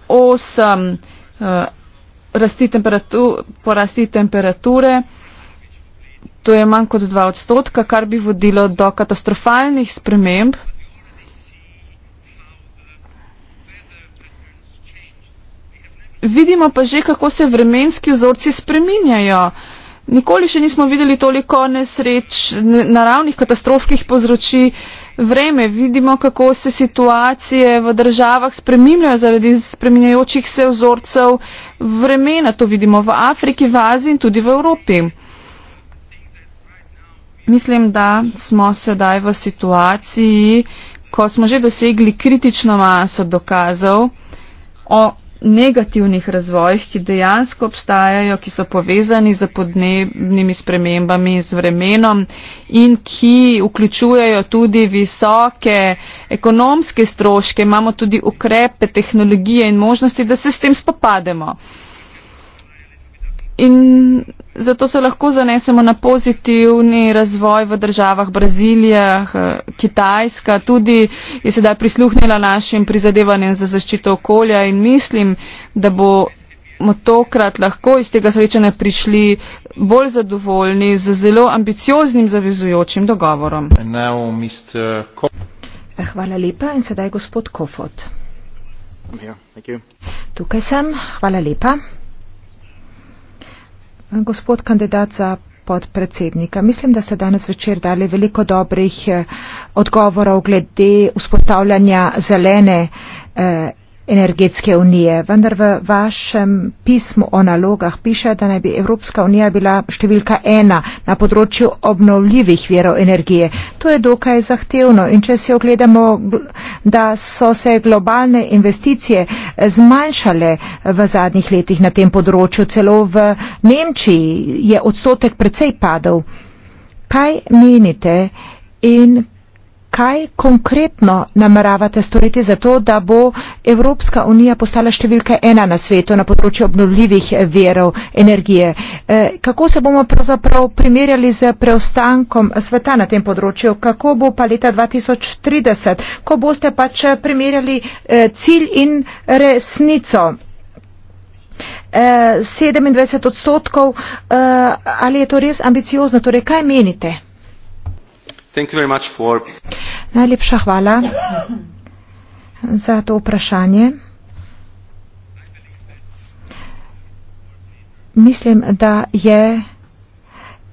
osem eh, rasti, temperatu, porasti temperature. To je manj kot 2 odstotka, kar bi vodilo do katastrofalnih sprememb. Vidimo pa že, kako se vremenski vzorci spreminjajo. Nikoli še nismo videli toliko nesreč, naravnih katastrof, ki jih povzroči uh, vreme, vidimo, kako se situacije v državah spreminjajo zaradi spreminjajočih se vzorcev vremena. To vidimo v Afriki, v Aziji in tudi v Evropi. Mislim, da smo sedaj v situaciji, ko smo že dosegli kritično maso dokazov o negativnih razvojih, ki dejansko obstajajo, ki so povezani z podnebnimi spremembami, z vremenom in ki vključujejo tudi visoke ekonomske stroške. Imamo tudi ukrepe, tehnologije in možnosti, da se s tem spopademo. In zato se lahko zanesemo na pozitivni razvoj v državah Brazilija, eh, Kitajska, tudi je sedaj prisluhnila našim prizadevanjem za zaščito okolja in mislim, da bomo tokrat lahko iz tega srečanja prišli bolj zadovoljni z zelo ambicioznim zavezujočim dogovorom. Eh, hvala lepa in sedaj gospod Kofot. Tukaj sem, hvala lepa gospod kandidat za podpredsednika. Mislim, da ste danes večer dali veliko dobrih eh, odgovorov glede vzpostavljanja zelene eh, energetske unije. Vendar v vašem pismu o nalogah piše, da naj bi Evropska unija bila številka ena na področju obnovljivih verov energije. To je dokaj zahtevno in če si ogledamo, da so se globalne investicije zmanjšale v zadnjih letih na tem področju, celo v Nemčiji je odstotek precej padel. Kaj menite in kaj? kaj konkretno nameravate storiti za to, da bo Evropska unija postala številka ena na svetu na področju obnovljivih verov energije? Eh, kako se bomo pravzaprav primerjali z preostankom sveta na tem področju? Kako bo pa leta 2030, ko boste pač primerjali eh, cilj in resnico? 27 eh, odstotkov, ali je to res ambiciozno? Torej, kaj menite? Najlepša hvala za to vprašanje. Mislim, da je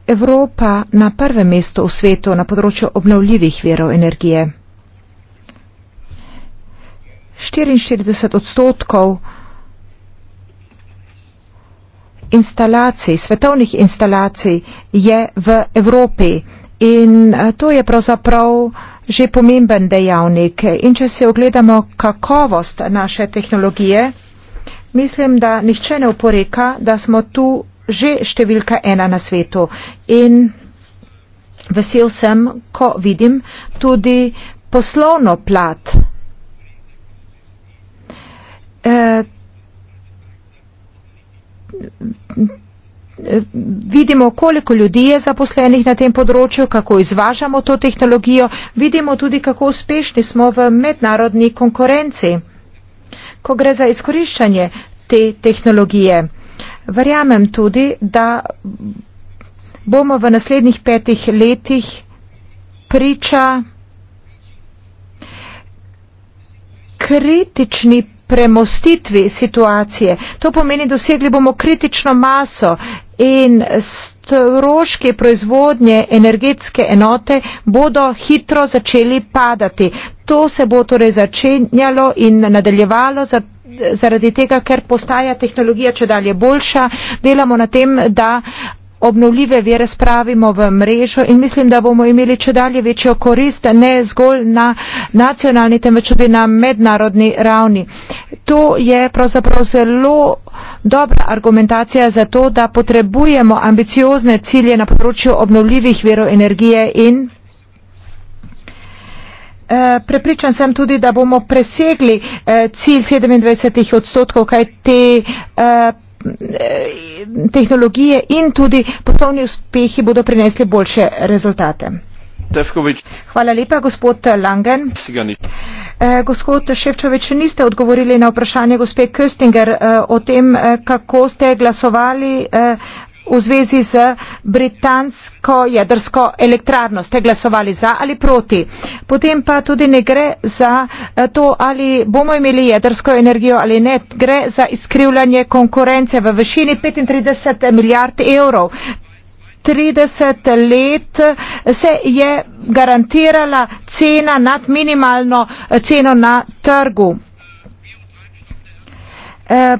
Evropa na prvem mestu v svetu na področju obnovljivih verov energije. 44 odstotkov instalacij, svetovnih instalacij je v Evropi. In eh, to je pravzaprav že pomemben dejavnik. In če se ogledamo kakovost naše tehnologije, mislim, da nihče ne oporeka, da smo tu že številka ena na svetu. In vesel sem, ko vidim tudi poslovno plat. E, vidimo, koliko ljudi je zaposlenih na tem področju, kako izvažamo to tehnologijo, vidimo tudi, kako uspešni smo v mednarodni konkurenci, ko gre za izkoriščanje te tehnologije. Verjamem tudi, da bomo v naslednjih petih letih priča kritični premostitvi situacije. To pomeni, dosegli bomo kritično maso in stroški proizvodnje energetske enote bodo hitro začeli padati. To se bo torej začenjalo in nadaljevalo zaradi tega, ker postaja tehnologija če dalje boljša. Delamo na tem, da obnovljive vire spravimo v mrežo in mislim, da bomo imeli če dalje večjo korist ne zgolj na nacionalni, temveč tudi na mednarodni ravni. To je pravzaprav zelo dobra argumentacija za to, da potrebujemo ambiciozne cilje na področju obnovljivih virov energije in. Eh, prepričan sem tudi, da bomo presegli eh, cilj 27 odstotkov, kaj te eh, Eh, tehnologije in tudi poslovni uspehi bodo prinesli boljše rezultate. Tefkovič. Hvala lepa, gospod Langen. Eh, gospod Ševčovič, niste odgovorili na vprašanje gospe Köstinger eh, o tem, kako ste glasovali v zvezi z britansko jedrsko elektrarno. Ste glasovali za ali proti? Potem pa tudi ne gre za eh, to, ali bomo imeli jedrsko energijo ali ne. Gre za izkrivljanje konkurence v višini 35 milijard evrov. 30 let eh, se je garantirala cena nad minimalno eh, ceno na trgu. E,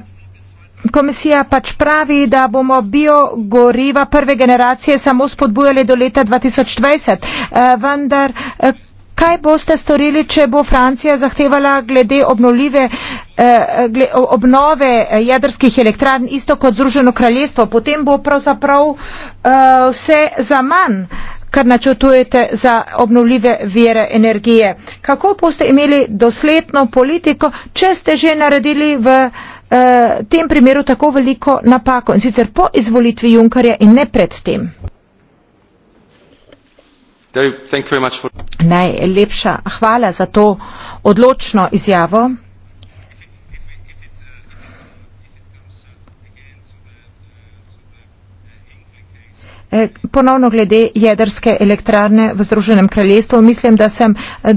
Komisija pač pravi, da bomo biogoriva prve generacije samo spodbujali do leta 2020. Eh, vendar, eh, kaj boste storili, če bo Francija zahtevala glede obnovljive, eh, obnove jedrskih elektrarn, isto kot Združeno kraljestvo? Potem bo pravzaprav vse za manj kar načrtujete za obnovljive vire energije. Kako boste imeli dosledno politiko, če ste že naredili v uh, tem primeru tako veliko napako in sicer po izvolitvi Junkarja in ne pred tem. Najlepša hvala za to odločno izjavo. Eh, ponovno glede jedrske elektrarne v Združenem kraljestvu. Mislim, da sem eh,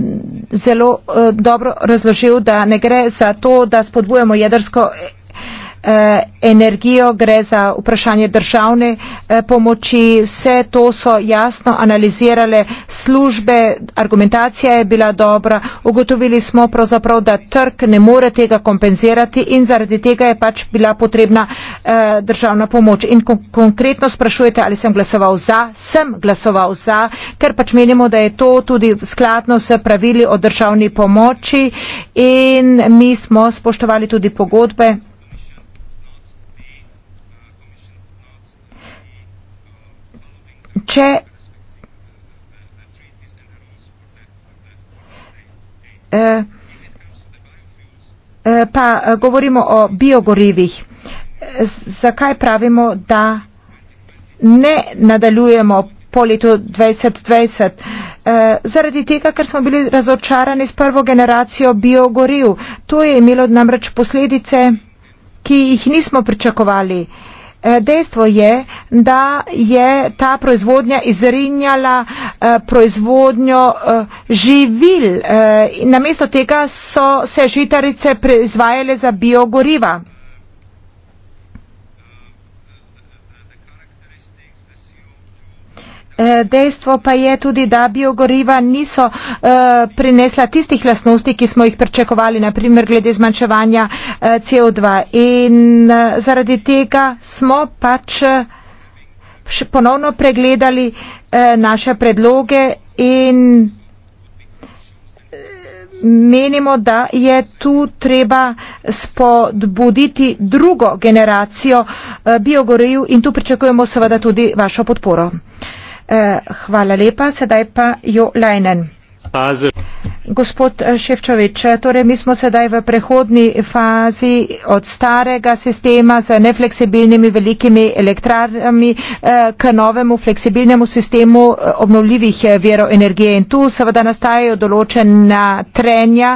zelo eh, dobro razložil, da ne gre za to, da spodbujamo jedrsko Eh, energijo, gre za vprašanje državne eh, pomoči. Vse to so jasno analizirale službe, argumentacija je bila dobra. Ugotovili smo pravzaprav, da trg ne more tega kompenzirati in zaradi tega je pač bila potrebna eh, državna pomoč. In konkretno sprašujete, ali sem glasoval za. Sem glasoval za, ker pač menimo, da je to tudi skladno s pravili o državni pomoči in mi smo spoštovali tudi pogodbe c'è eh, eh, pa eh, govorimo o biogorivih. Zakaj pravimo, da ne nadaljujemo po letu 2020? Zaradi tega, ker smo bili razočarani s prvo generacijo biogoriv. To je imelo namreč posledice, ki jih nismo pričakovali. Eh, dejstvo je, da je ta proizvodnja izrinjala eh, proizvodnjo eh, živil. Namesto tega so se žitarice proizvajale za biogoriva. Eh, dejstvo pa je tudi, da biogoriva niso eh, prinesla tistih lasnosti, ki smo jih pričakovali, naprimer glede zmanjševanja eh, CO2. In zaradi tega smo pač ponovno pregledali naše predloge in menimo, da je tu treba spodbuditi drugo generacijo biogoriv in tu pričakujemo seveda tudi vašo podporo. Eh, hvala lepa, sedaj pa jo lajnen. Gospod eh, Ševčovič, eh, torej mi smo sedaj v prehodni fazi od starega sistema z nefleksibilnimi velikimi elektrarnami eh, k novemu fleksibilnemu sistemu obnovljivih veroenergije in tu seveda nastajajo določena trenja.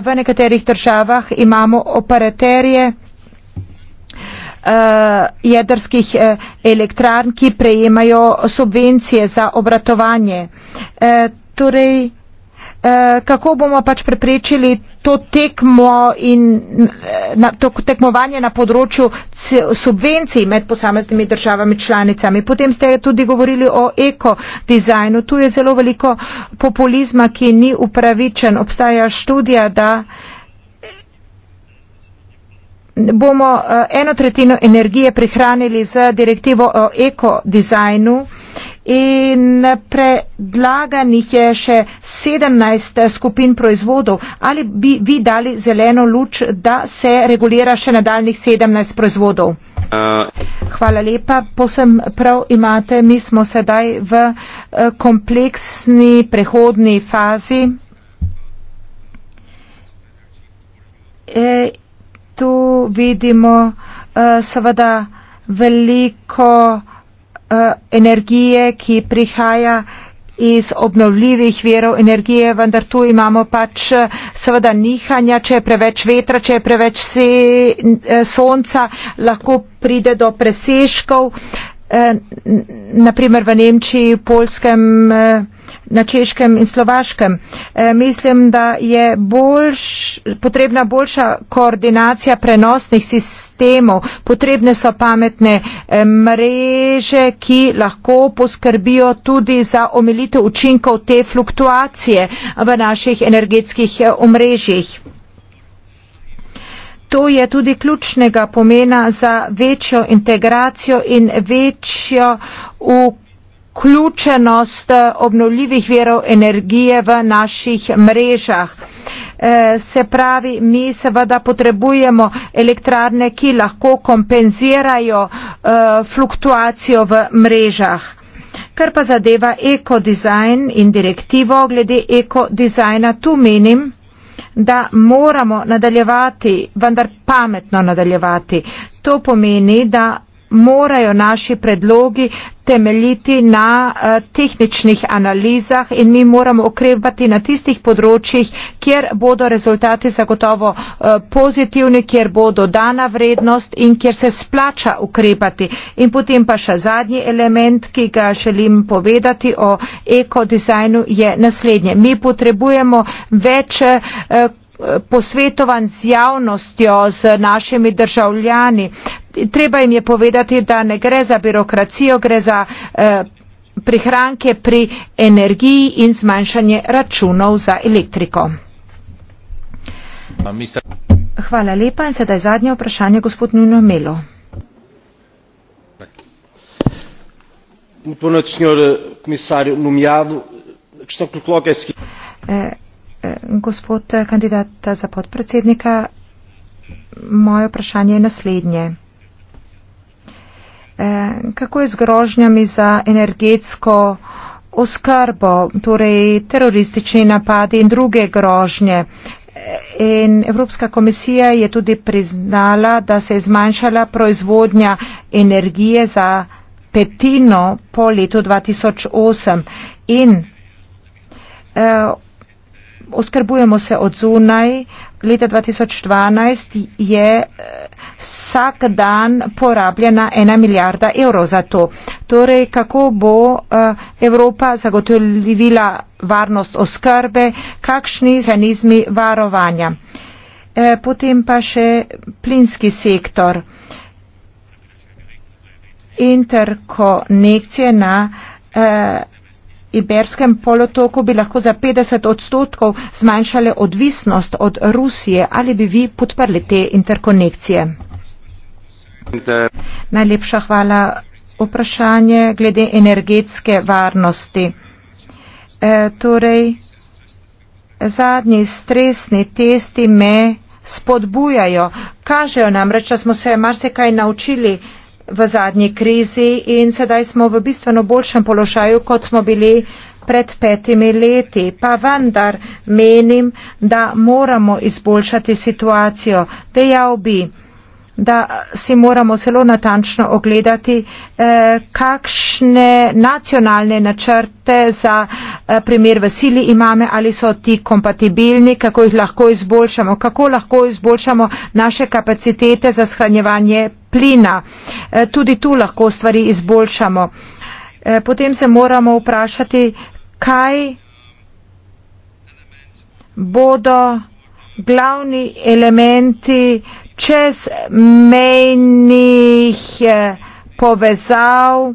V nekaterih državah imamo operaterje Eh, jedrskih eh, elektrarn, ki prejemajo subvencije za obratovanje. Eh, torej, kako bomo pač preprečili to tekmo in to tekmovanje na področju subvencij med posameznimi državami članicami. Potem ste tudi govorili o ekodizajnu. Tu je zelo veliko populizma, ki ni upravičen. Obstaja študija, da bomo eh, eno tretjino energije prihranili z direktivo o ekodizajnu in predlaganih je še 17 eh, skupin proizvodov. Ali bi vi dali zeleno luč, da se regulira še nadaljnih 17 proizvodov? Uh. Hvala lepa. Posem prav imate, mi smo sedaj v eh, kompleksni prehodni fazi tu vidimo uh, seveda veliko uh, energije, ki prihaja iz obnovljivih verov energije, vendar tu imamo pač eh, seveda nihanja, če je preveč vetra, če je preveč se, sonca, lahko pride do preseškov, e, naprimer v Nemčiji, v Polskem. E, na češkem in slovaškem. E, mislim, da je boljš, potrebna boljša koordinacija prenosnih sistemov, potrebne so pametne e, mreže, ki lahko poskrbijo tudi za omilitev učinkov te fluktuacije v naših energetskih e, omrežjih. To je tudi ključnega pomena za večjo integracijo in večjo ukrepanje vključenost eh, obnovljivih verov energije v naših mrežah. Eh, se pravi, mi seveda potrebujemo elektrarne, ki lahko kompenzirajo eh, fluktuacijo v mrežah. Kar pa zadeva ekodizajn in direktivo glede ekodizajna, tu menim, da moramo nadaljevati, vendar pametno nadaljevati. To pomeni, da morajo naši predlogi temeljiti na eh, tehničnih analizah in mi moramo okrevati na tistih področjih, kjer bodo rezultati zagotovo eh, pozitivni, kjer bodo dana vrednost in kjer se splača ukrepati. In potem pa še zadnji element, ki ga želim povedati o ekodizajnu, je naslednje. Mi potrebujemo več eh, posvetovanj z javnostjo, z našimi državljani, treba jim je povedati, da ne gre za birokracijo, gre za eh, prihranke pri energiji in zmanjšanje računov za elektriko. Hvala lepa in sedaj zadnje vprašanje, gospod Nuno Melo. Eh, eh, gospod kandidat za podpredsednika, moje vprašanje je naslednje. Eh, kako je z grožnjami za energetsko oskrbo, torej teroristični napadi in druge grožnje. In Evropska komisija je tudi priznala, da se je zmanjšala proizvodnja energije za petino po letu 2008 in eh, oskrbujemo se od zunaj, eh, leta 2012 je eh, vsak dan porabljena ena milijarda evrov za to. Torej, kako bo eh, Evropa zagotovila varnost oskrbe, kakšni zanizmi varovanja. Eh, potem pa še plinski sektor. Interkonekcije na eh, Iberskem polotoku bi lahko za 50 odstotkov zmanjšale odvisnost od Rusije. Ali bi vi podprli te interkonekcije? Najlepša hvala. Vprašanje glede energetske varnosti. E, torej, zadnji stresni testi me spodbujajo. Kažejo namreč, da smo se marsikaj naučili v zadnji krizi in sedaj smo v bistveno boljšem položaju, kot smo bili pred petimi leti. Pa vendar menim, da moramo izboljšati situacijo. Dejal bi, da si moramo zelo natančno ogledati, eh, kakšne nacionalne načrte za eh, primer v sili imamo, ali so ti kompatibilni, kako jih lahko izboljšamo, kako lahko izboljšamo naše kapacitete za shranjevanje plina. Eh, tudi tu lahko stvari izboljšamo. Potem se moramo vprašati, kaj bodo glavni elementi čez mejnih eh, povezav.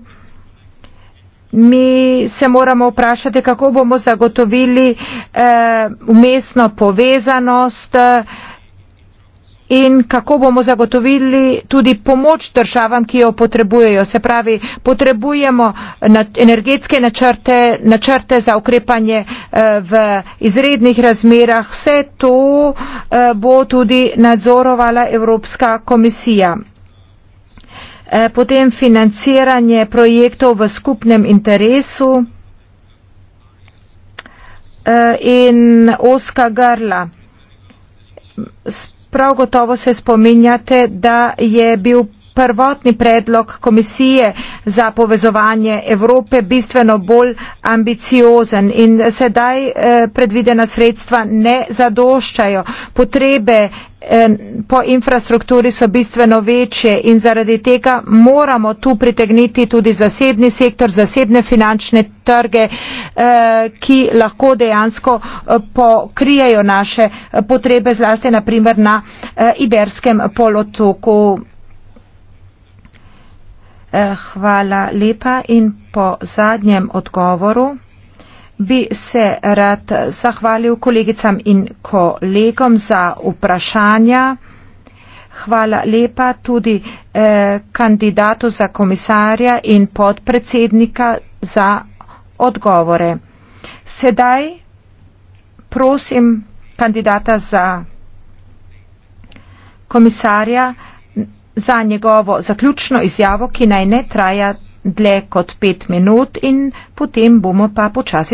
Mi se moramo vprašati, kako bomo zagotovili eh, umestno povezanost. Eh, in kako bomo zagotovili tudi pomoč državam, ki jo potrebujejo. Se pravi, potrebujemo energetske načrte, načrte za ukrepanje eh, v izrednih razmerah. Vse to eh, bo tudi nadzorovala Evropska komisija. Eh, potem financiranje projektov v skupnem interesu in oska grla prav gotovo se spominjate, da je bil prvotni predlog komisije za povezovanje Evrope bistveno bolj ambiciozen in sedaj eh, predvidena sredstva ne zadoščajo. Potrebe eh, po infrastrukturi so bistveno večje in zaradi tega moramo tu pritegniti tudi zasebni sektor, zasebne finančne trge, eh, ki lahko dejansko pokrijajo naše potrebe, zlasti naprimer na Iberskem polotoku. Eh, hvala lepa in po zadnjem odgovoru bi se rad zahvalil kolegicam in kolegom za vprašanja. Hvala lepa tudi eh, kandidatu za komisarja in podpredsednika za odgovore. Sedaj prosim kandidata za komisarja, za njegovo zaključno izjavo, ki naj ne traja dlje kot pet minut in potem bomo pa počasi zaključili.